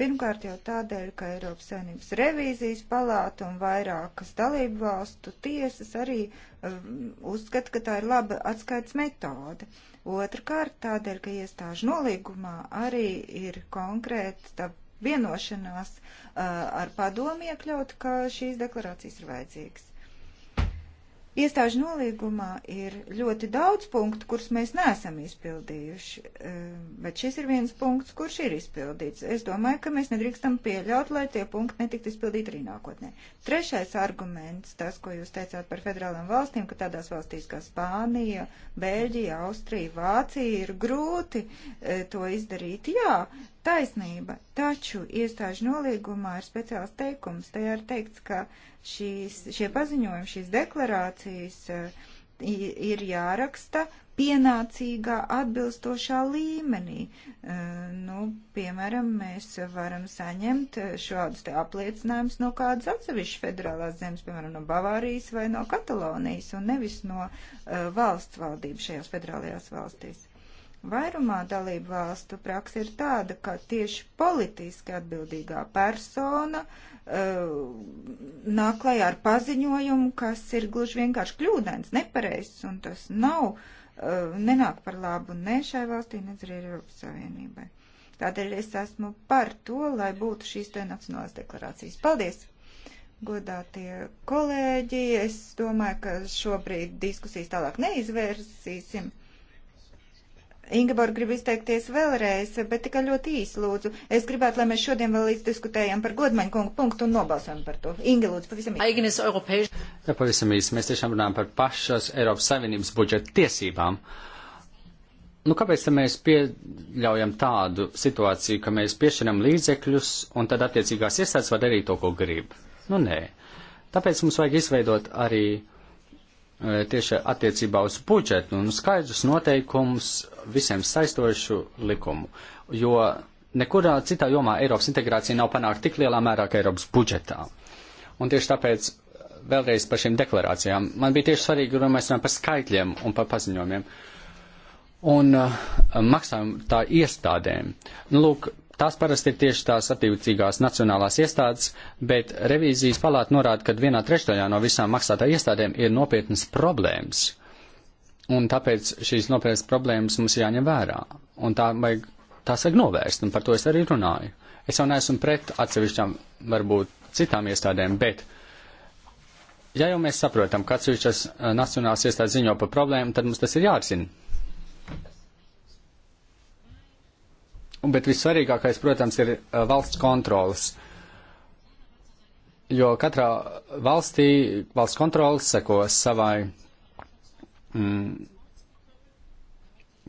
Pirmkārt jau tādēļ, ka Eiropas Savienības revīzijas palāta un vairākas dalību valstu tiesas arī um, uzskata, ka tā ir laba atskaits metode. Otrakārt tādēļ, ka iestāžu nolīgumā arī ir konkrēta tā vienošanās uh, ar padomu iekļaut, ka šīs deklarācijas ir vajadzīgas. Iestāžu nolīgumā ir ļoti daudz punktu, kurus mēs neesam izpildījuši, eh, bet šis ir viens punkts, kurš ir izpildīts. Es domāju, ka mēs nedrīkstam pieļaut, lai tie punkti netikt izpildīti arī nākotnē. Trešais arguments, tas, ko jūs teicāt par federālām valstīm, ka tādās valstīs kā Spānija, Bēļģija, Austrija, Vācija ir grūti eh, to izdarīt. Jā, taisnība, taču iestāžu nolīgumā ir speciāls teikums. Tajā ir teikts, ka šīs, šie paziņojumi, šīs deklarācijas eh, ir jāraksta pienācīgā atbilstošā līmenī. Eh, nu, piemēram, mēs varam saņemt eh, šādus te apliecinājumus no kādas atsevišķas federālās zemes, piemēram, no Bavārijas vai no Katalonijas, un nevis no valsts valdības šajās federālajās valstīs. Vairumā dalību valstu praksa ir tāda, ka tieši politiski atbildīgā persona uh, nāk klajā ar paziņojumu, kas ir gluži vienkārši kļūdains, nepareizs, un tas nav, uh, nenāk par labu ne šai valstī, ne arī Eiropas Savienībai. Tādēļ es esmu par to, lai būtu šīs te nacionālās deklarācijas. Paldies! godātie kolēģi. Es domāju, ka šobrīd diskusijas tālāk neizvērsīsim. Ingeborg grib izteikties vēlreiz, bet tikai ļoti īsi lūdzu. Es gribētu, lai mēs šodien vēl līdz diskutējam par godmaņu kungu punktu un nobalsojam par to. Inge, lūdzu, pavisam īsi. Eignis Eiropēž. Jā, pavisam īsi. Mēs tiešām runājam par pašas Eiropas Savienības budžeta tiesībām. Nu, kāpēc tad mēs pieļaujam tādu situāciju, ka mēs piešķiram līdzekļus un tad attiecīgās iestādes var darīt to, ko grib? Nu, nē. Tāpēc mums vajag izveidot arī tieši attiecībā uz budžetu un nu, skaidrus noteikumus visiem saistošu likumu, jo nekurā citā jomā Eiropas integrācija nav panākta tik lielā mērā kā Eiropas budžetā. Un tieši tāpēc vēlreiz par šīm deklarācijām. Man bija tieši svarīgi, runāt mēs runājam par skaitļiem un par paziņojumiem. Un uh, maksājuma tā iestādēm. Nu, lūk, Tās parasti ir tieši tās attiecīgās nacionālās iestādes, bet revīzijas palāta norāda, ka vienā trešdaļā no visām maksātā iestādēm ir nopietnas problēmas. Un tāpēc šīs nopietnas problēmas mums jāņem vērā. Un tā vajag, tās vajag novērst, un par to es arī runāju. Es jau neesmu pret atsevišķām, varbūt citām iestādēm, bet ja jau mēs saprotam, ka atsevišķas eh, nacionālās iestādes ziņo par problēmu, tad mums tas ir jārisina. Un, bet vissvarīgākais, protams, ir valsts kontrolas. Jo katrā valstī valsts kontrolas sekos savai mm,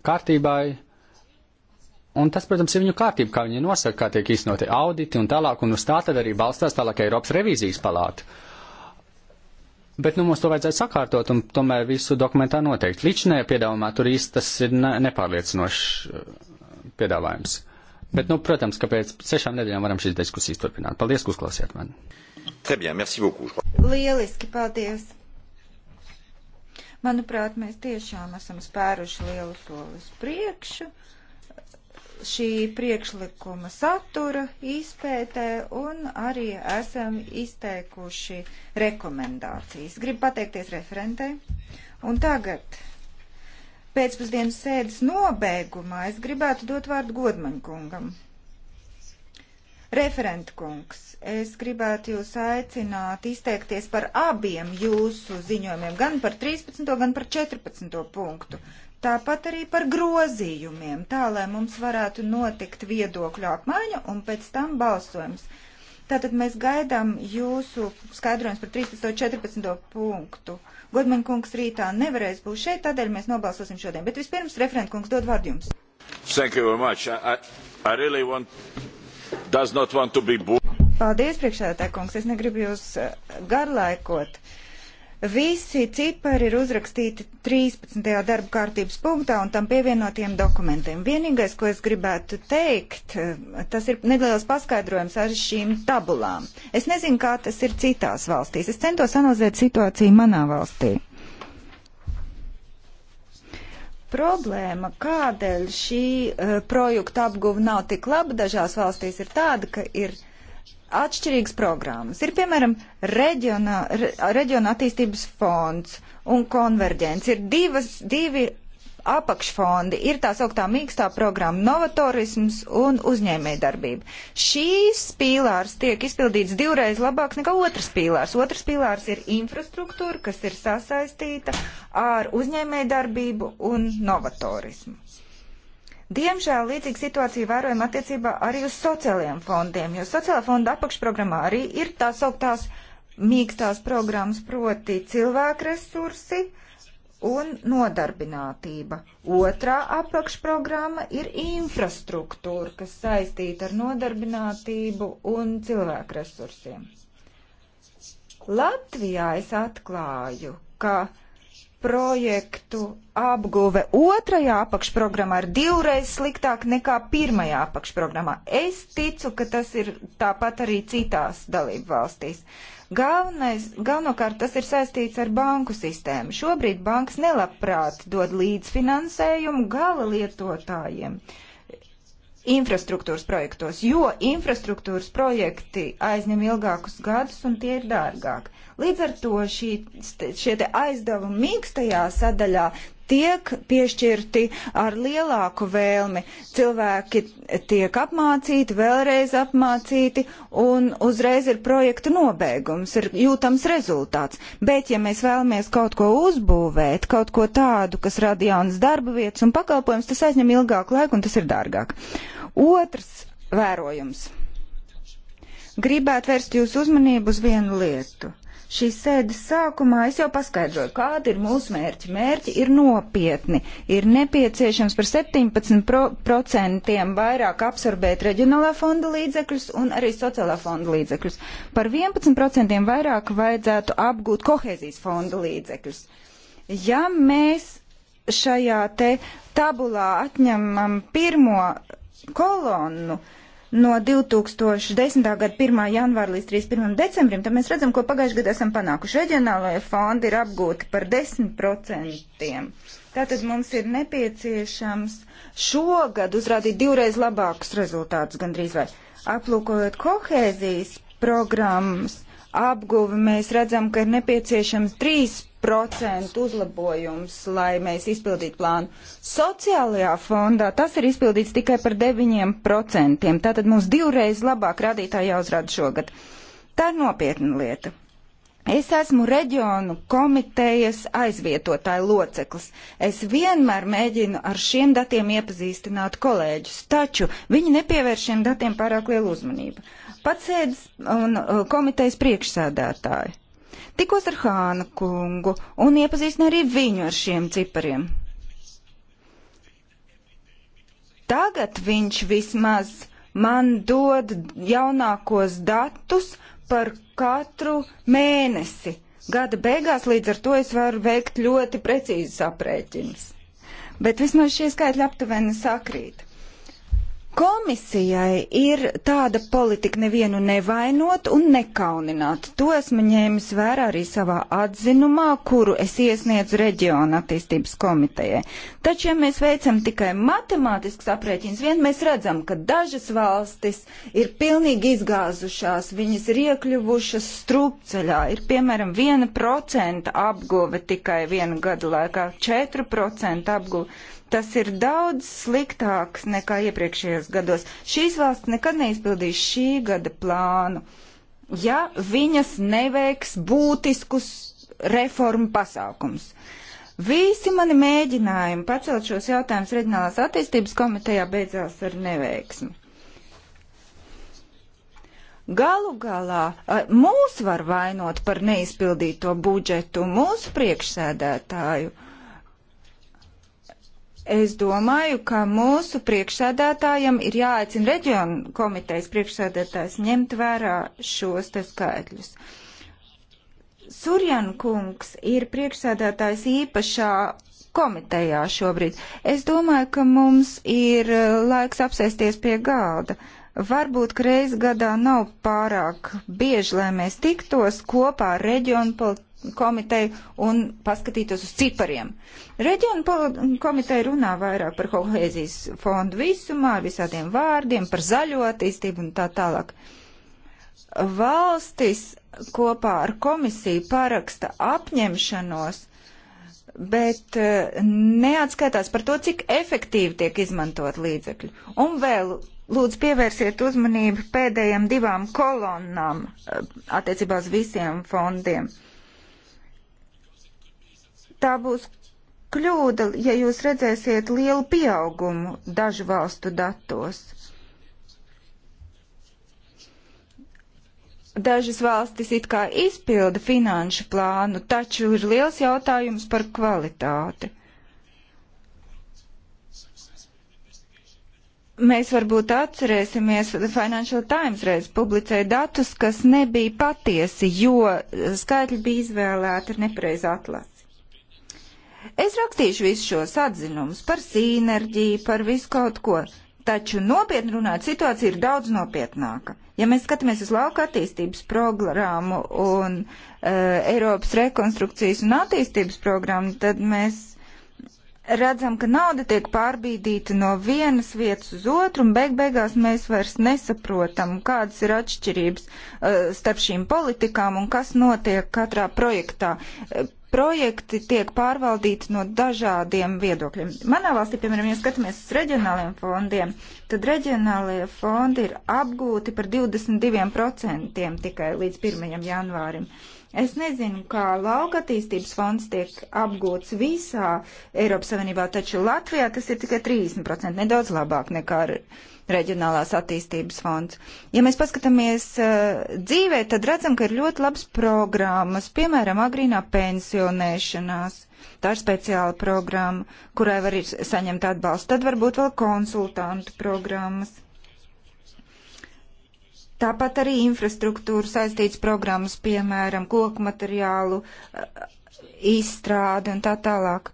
kārtībai, un tas, protams, ir viņu kārtība, kā viņi nosaka, kā tiek īstenoti auditi un tālāk, un uz tā tad arī balstās tālāk Eiropas revīzijas palāta. Bet nu, mums to vajadzētu sakārtot un tomēr visu dokumentā noteikt. Līdzinējā piedāvājumā tur īsti tas ir ne nepārliecinošs piedāvājums. Bet, nu, protams, ka pēc sešām nedēļām varam šīs diskusijas turpināt. Paldies, ka uzklausījāt mani. Bien, merci beaucoup, Lieliski, paldies. Manuprāt, mēs tiešām esam spēruši lielu soli uz priekšu šī priekšlikuma satura izpētē un arī esam izteikuši rekomendācijas. Gribu pateikties referentei. Un tagad pēcpusdienas sēdes nobeigumā es gribētu dot vārdu Godmaņa kungam. Referenta kungs, es gribētu jūs aicināt izteikties par abiem jūsu ziņojumiem, gan par 13. gan par 14. punktu. Tāpat arī par grozījumiem, tā lai mums varētu notikt viedokļu apmaiņa un pēc tam balsojums. Tātad mēs gaidām jūsu skaidrojums par 13. un 14. punktu. Uh, Godman kungs rītā nevarēs būt šeit, tādēļ mēs nobalsosim šodien. Bet vispirms referent kungs dod vārdu jums. Thank you very much. I, I really want, does not want to be bored. Paldies, priekšsēdētāj kungs. Es negribu jūs eh, garlaikot. Uh, Visi cipari ir uzrakstīti 13. darba kārtības punktā un tam pievienotiem dokumentiem. Vienīgais, ko es gribētu teikt, eh, tas ir neliels paskaidrojums ar šīm tabulām. Es nezinu, kā tas ir citās valstīs. Es centos analizēt situāciju manā valstī. Problēma, kādēļ šī uh, projekta apguva nav tik laba dažās valstīs, ir tāda, ka ir uh, atšķirīgas programmas. Ir, piemēram, reģiona, reģiona attīstības fonds un konverģents. Ir divas, divi apakšfondi, ir tā sauktā mīkstā programma novatorisms un uzņēmējdarbība. Šīs pīlārs tiek izpildīts divreiz labāks nekā otrs pīlārs. Otrs pīlārs ir infrastruktūra, kas ir sasaistīta ar uzņēmējdarbību un novatorismu. Diemžēl līdzīga situācija vērojama attiecībā arī uz sociālajiem fondiem, jo sociālā fonda apakšprogrammā arī ir tā sauktās mīkstās programmas, proti cilvēku resursi un nodarbinātība. Otrā apakšprogramma ir infrastruktūra, kas saistīta ar nodarbinātību un cilvēku resursiem. Latvijā es atklāju, ka projektu apguve otrajā apakšprogrammā ir divreiz sliktāk nekā pirmajā apakšprogrammā. Es ticu, ka tas ir tāpat arī citās dalību valstīs. Galvenais, galvenokārt tas ir saistīts ar banku sistēmu. Šobrīd bankas nelabprāt dod līdzfinansējumu gala lietotājiem. Uh, infrastruktūras projektos, jo infrastruktūras projekti aizņem ilgākus gadus un tie ir dārgāk. Līdz ar to šī, šie aizdevumi mīkstajā sadaļā tiek piešķirti ar lielāku vēlmi. Cilvēki tiek apmācīti, vēlreiz apmācīti, un uzreiz ir projekta nobeigums, ir jūtams rezultāts. Bet, ja mēs vēlamies kaut ko uzbūvēt, kaut ko tādu, kas rada jaunas darba vietas un pakalpojums, tas aizņem ilgāku laiku un tas ir dārgāk. Uh, Otrs vērojums. Gribētu vērst jūsu uzmanību uz vienu lietu. Šīs sēdes sākumā es jau paskaidroju, kāda ir mūsu mērķi. Mērķi ir nopietni. Ir nepieciešams par 17% vairāk absorbēt reģionālā fonda līdzekļus un arī sociālā fonda līdzekļus. Par 11% vairāk vajadzētu apgūt kohēzijas fonda līdzekļus. Ja mēs šajā te tabulā atņemam pirmo kolonnu no 2010. gada 1. janvāra līdz 31. decembrim, tad mēs redzam, ko pagājušajā gadā esam panākuši. Reģionālajie fondi ir apgūti par 10%. Tātad mums ir nepieciešams šogad uzrādīt divreiz labākus rezultātus gandrīz vai. Aplūkojot kohēzijas programmas apguvi, mēs redzam, ka ir nepieciešams 3 procentu uzlabojums, lai mēs izpildītu plānu. Sociālajā fondā tas ir izpildīts tikai par 9%. Tātad mums divreiz labāk rādītāji jāuzrāda šogad. Tā ir nopietna lieta. Es esmu reģionu komitejas aizvietotāja loceklis. Es vienmēr mēģinu ar šiem datiem iepazīstināt kolēģus, taču viņi nepievērš šiem datiem pārāk lielu uzmanību. Pats sēdes un uh, komitejas priekšsēdētāji Tikos ar Hāna kungu un iepazīstināju arī viņu ar šiem cipariem. Tagad viņš vismaz man dod jaunākos datus par katru mēnesi. Gada beigās līdz ar to es varu veikt ļoti precīzi saprēķinus. Bet vismaz šie skaitļi aptuveni sakrīt. Komisijai ir tāda politika nevienu nevainot un nekaunināt. To esmu ņēmis vērā arī savā atzinumā, kuru es iesniedzu reģiona attīstības komitejai. Taču, ja mēs veicam tikai matemātisks aprēķins, vien mēs redzam, ka dažas valstis ir pilnīgi izgāzušās, viņas ir iekļuvušas strupceļā, ir piemēram 1% apgove tikai vienu gadu laikā, 4% apgove Tas ir daudz sliktāks nekā iepriekšējos gados. Šīs valsts nekad neizpildīs šī gada plānu, ja viņas neveiks būtiskus reformu pasākums. Visi mani mēģinājumi pacelt šos jautājumus Reģionālās attīstības komitejā beidzās ar neveiksmi. Galu galā mūs var vainot par neizpildīto budžetu, mūsu priekšsēdētāju. Uh, Es domāju, ka mūsu priekšsēdētājam ir jāaicina reģionu komitejas priekšsēdētājs ņemt vērā šos te skaitļus. Surjan kungs ir priekšsēdētājs īpašā komitejā šobrīd. Es domāju, ka mums ir e, laiks apsēsties pie galda. Varbūt reiz gadā nav pārāk bieži, lai mēs tiktos kopā ar reģionu politiku komiteju un paskatītos uz cipariem. Reģionu komiteja runā vairāk par kohēzijas fondu visumā, ar visādiem vārdiem, par zaļo attīstību un tā tālāk. Valstis kopā ar komisiju paraksta apņemšanos, bet eh, neatskaitās par to, cik efektīvi tiek izmantot līdzekļi. Un vēl lūdzu pievērsiet uzmanību pēdējām divām kolonnām eh, attiecībā uz visiem fondiem. Uh, Tā būs kļūda, ja jūs redzēsiet lielu pieaugumu dažu valstu datos. Dažas valstis it kā izpilda finanšu plānu, taču ir liels jautājums par kvalitāti. Mēs varbūt atcerēsimies, Financial Times reiz publicēja datus, kas nebija patiesi, jo skaitļi bija izvēlēti ar nepareizu atlasi. Es rakstīšu visus šos atzinumus par sīnerģiju, par visu kaut ko. Taču nopietni runāt, situācija ir daudz nopietnāka. Ja mēs skatāmies uz lauka attīstības programmu un uh, Eiropas rekonstrukcijas un attīstības programmu, tad mēs redzam, ka nauda tiek pārbīdīta no vienas vietas uz otru, un beig beigās mēs vairs nesaprotam, kādas ir atšķirības uh, starp šīm politikām un kas notiek katrā projektā. Uh, projekti tiek pārvaldīti no dažādiem viedokļiem. Manā valstī, piemēram, ja skatāmies uz reģionāliem fondiem, tad reģionālie fondi ir apgūti par 22% tikai līdz 1. janvārim. Es nezinu, kā lauka attīstības fonds tiek apgūts visā Eiropas Savienībā, taču Latvijā tas ir tikai 30%, nedaudz labāk nekā reģionālās attīstības fonds. Ja mēs paskatāmies uh, dzīvē, tad redzam, ka ir ļoti labas programmas, piemēram, agrīnā pensionēšanās. Tā ir speciāla programma, kurai var saņemt atbalstu. Tad varbūt vēl konsultantu programmas. Tāpat arī infrastruktūra saistīts programmas, piemēram, koku materiālu eh, izstrāde un tā tālāk.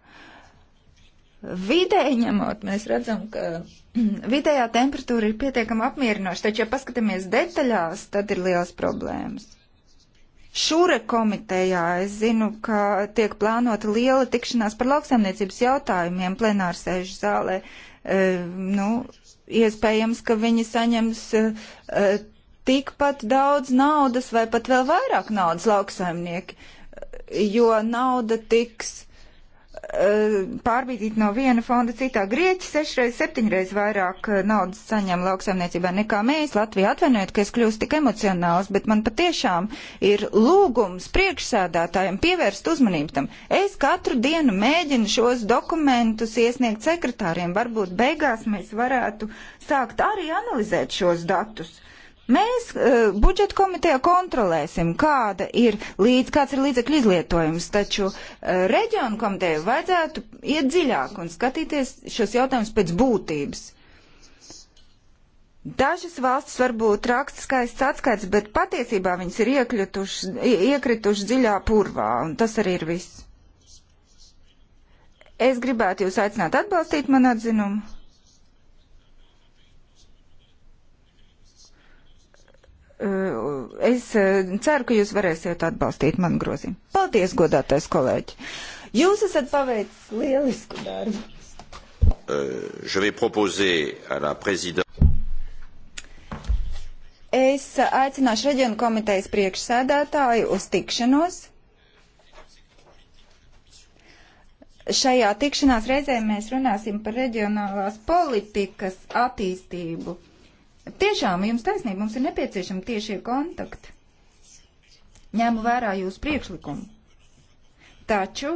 Vidē ņemot, mēs redzam, ka Vidējā temperatūra ir pietiekama apmierinoša, taču, ja paskatāmies detaļās, tad ir liels problēmas. Šūre komitejā es zinu, ka tiek plānota liela tikšanās par lauksaimniecības jautājumiem plenārsēžu zālē. E, nu, iespējams, ka viņi saņems e, e tikpat daudz naudas vai pat vēl vairāk naudas lauksaimnieki, jo nauda tiks Eh, pārbīdīt no viena fonda citā. Grieķi sešreiz, septiņreiz vairāk eh, naudas saņem lauksaimniecībā nekā mēs. Latvija atvainojiet, ka es kļūstu tik emocionāls, bet man patiešām ir lūgums priekšsēdātājiem pievērst uzmanību tam. Es katru dienu mēģinu šos dokumentus iesniegt sekretāriem. Varbūt beigās mēs varētu sākt arī analizēt šos datus. Mēs eh, budžeta komitejā kontrolēsim, kāda ir līdz, kāds ir līdzekļu izlietojums, taču eh, reģionu komiteju vajadzētu iet dziļāk un skatīties šos jautājumus pēc būtības. Dažas valstis varbūt raksta skaists atskaits, bet patiesībā viņas ir iekritušas dziļā purvā, un tas arī ir viss. Es gribētu jūs aicināt atbalstīt man atzinumu. Eh, es eh, ceru, ka jūs varēsiet atbalstīt manu grozīmu. Paldies, godātais kolēģi! Jūs esat paveicis lielisku darbu. Eh, es aicināšu reģionu komitejas priekšsēdētāju uz tikšanos. Šajā tikšanās reizē mēs runāsim par reģionālās politikas attīstību Tiešām jums taisnība, mums ir nepieciešami tiešie kontakti. Ņēmu vērā jūsu priekšlikumu. Taču,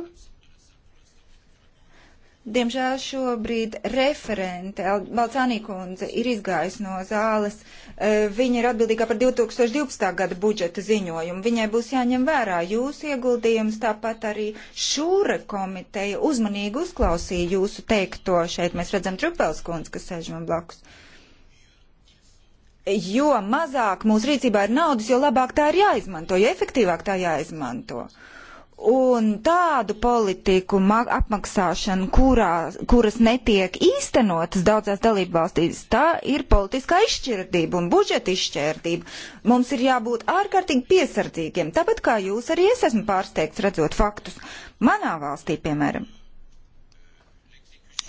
diemžēl šobrīd referente Balcānī kundze ir izgājusi no zāles. E, viņa ir atbildīgā par 2012. gada budžeta ziņojumu. Viņai būs jāņem vērā jūsu ieguldījums, tāpat arī šūra komiteja uzmanīgi uzklausīja jūsu teikto. Šeit mēs redzam Trupels kundze, kas sēž man blakus. Uh, jo mazāk mūsu rīcībā ir naudas, jo labāk tā ir jāizmanto, jo efektīvāk tā jāizmanto. Un tādu politiku apmaksāšanu, kurā, kuras netiek īstenotas daudzās dalību valstīs, tā ir politiskā izšķirdība un budžeta izšķirdība. Mums ir jābūt ārkārtīgi piesardzīgiem, tāpat kā jūs arī es esmu pārsteigts redzot faktus. Manā valstī, piemēram,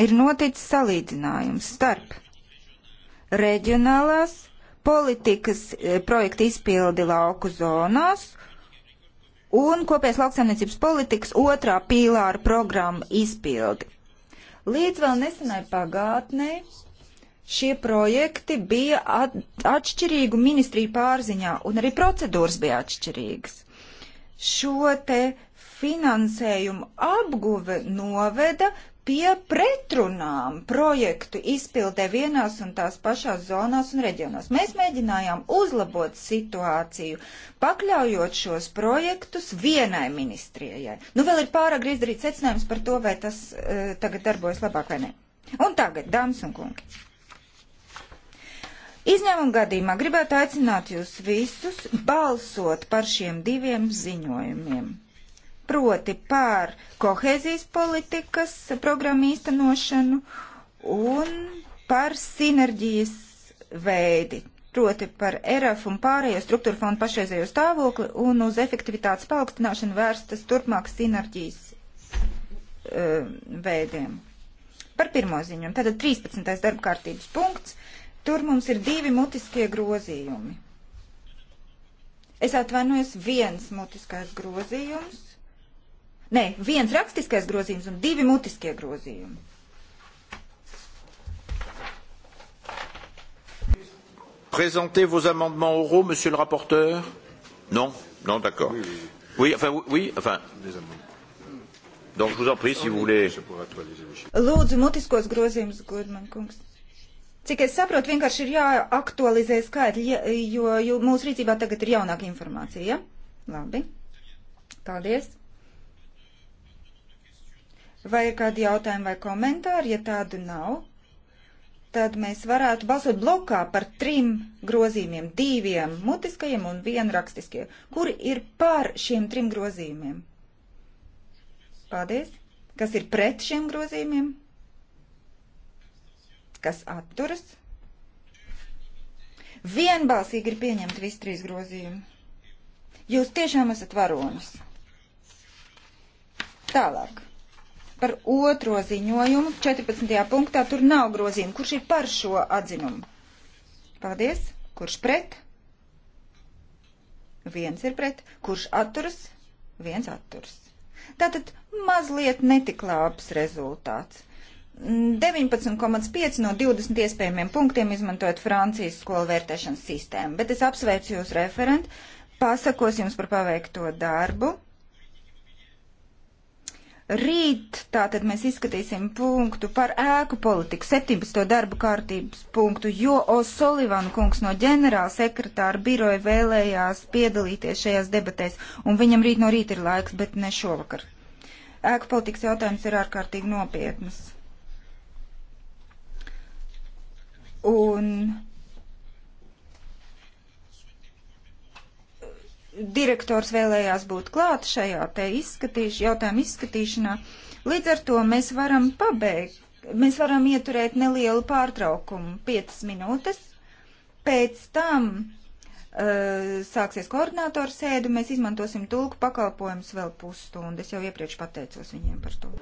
ir noticis salīdzinājums starp reģionālās politikas eh, projektu izpildi lauku zonās un kopējas lauksaimniecības politikas otrā pīlāra programmu izpildi. Līdz vēl nesenai pagātnei šie projekti bija at atšķirīgu ministriju pārziņā, un arī procedūras bija atšķirīgas. Šo te finansējumu apguve noveda pie pretrunām projektu izpildē vienās un tās pašās zonās un reģionos. Mēs mēģinājām uzlabot situāciju, pakļaujot šos projektus vienai ministrijai. Nu, vēl ir pārāk grīz darīt secinājums par to, vai tas uh, tagad darbojas labāk vai nē. Un tagad, dāmas un kungi. Izņēmuma gadījumā gribētu aicināt jūs visus balsot par šiem diviem ziņojumiem proti pār kohēzijas politikas programmu īstenošanu un par sinerģijas veidi, proti par ERF un pārējo struktūru fondu pašreizējo stāvokli un uz efektivitātes paaugstināšanu vērstas turpmākas sinerģijas uh, veidiem. Par pirmo ziņu. Tātad 13. darba kārtības punkts. Tur mums ir divi mutiskie grozījumi. Es atvainojos viens mutiskais grozījums Nē, viens rakstiskais grozījums un divi mutiskie grozījumi. Présentez vos amendements oraux, monsieur le rapporteur Non Non, d'accord. Oui, enfin, oui, enfin. Donc, je vous en prie, si vous voulez. Lūdzu, mutiskos grozījumus, Gudman kungs. Cik es saprotu, vienkārši ir jāaktualizē skaitļi, jo, jo mūsu rīcībā tagad ir jaunāka informācija. Ja? Labi. Paldies. Vai ir kādi jautājumi vai komentāri? Ja tādu nav, tad mēs varētu balsot blokā par trim grozījumiem, diviem mutiskajiem un vienu rakstiskie. Kuri ir par šiem trim grozījumiem? Paldies! Kas ir pret šiem grozījumiem? Kas atturas? Vienbalsīgi ir pieņemti visi trīs grozījumi. Jūs tiešām esat varonis. Tālāk par otro ziņojumu. 14. punktā tur nav grozījumu. Kurš ir par šo atzinumu? Paldies. Kurš pret? Viens ir pret. Kurš atturas? Viens atturas. Tātad mazliet netik labs rezultāts. 19,5 no 20 iespējamiem punktiem izmantojot Francijas skolu vērtēšanas sistēmu, bet es apsveicu jūs referentu, pasakos jums par paveikto darbu Rīt tātad mēs izskatīsim punktu par ēku politiku, 17. darbu kārtības punktu, jo O'Sullivan kungs no ģenerāla sekretāra biroja vēlējās piedalīties šajās debatēs, un viņam rīt no rīta ir laiks, bet ne šovakar. Ēku politikas jautājums ir ārkārtīgi nopietnas. Un direktors vēlējās būt klāt šajā te izskatīš, jautājuma izskatīšanā. Līdz ar to mēs varam pabeigt, mēs varam ieturēt nelielu pārtraukumu, 5 minūtes. Pēc tam uh, sāksies koordinātoru sēdu, mēs izmantosim tulku pakalpojumus vēl pusstundu. Es jau iepriekš pateicos viņiem par to.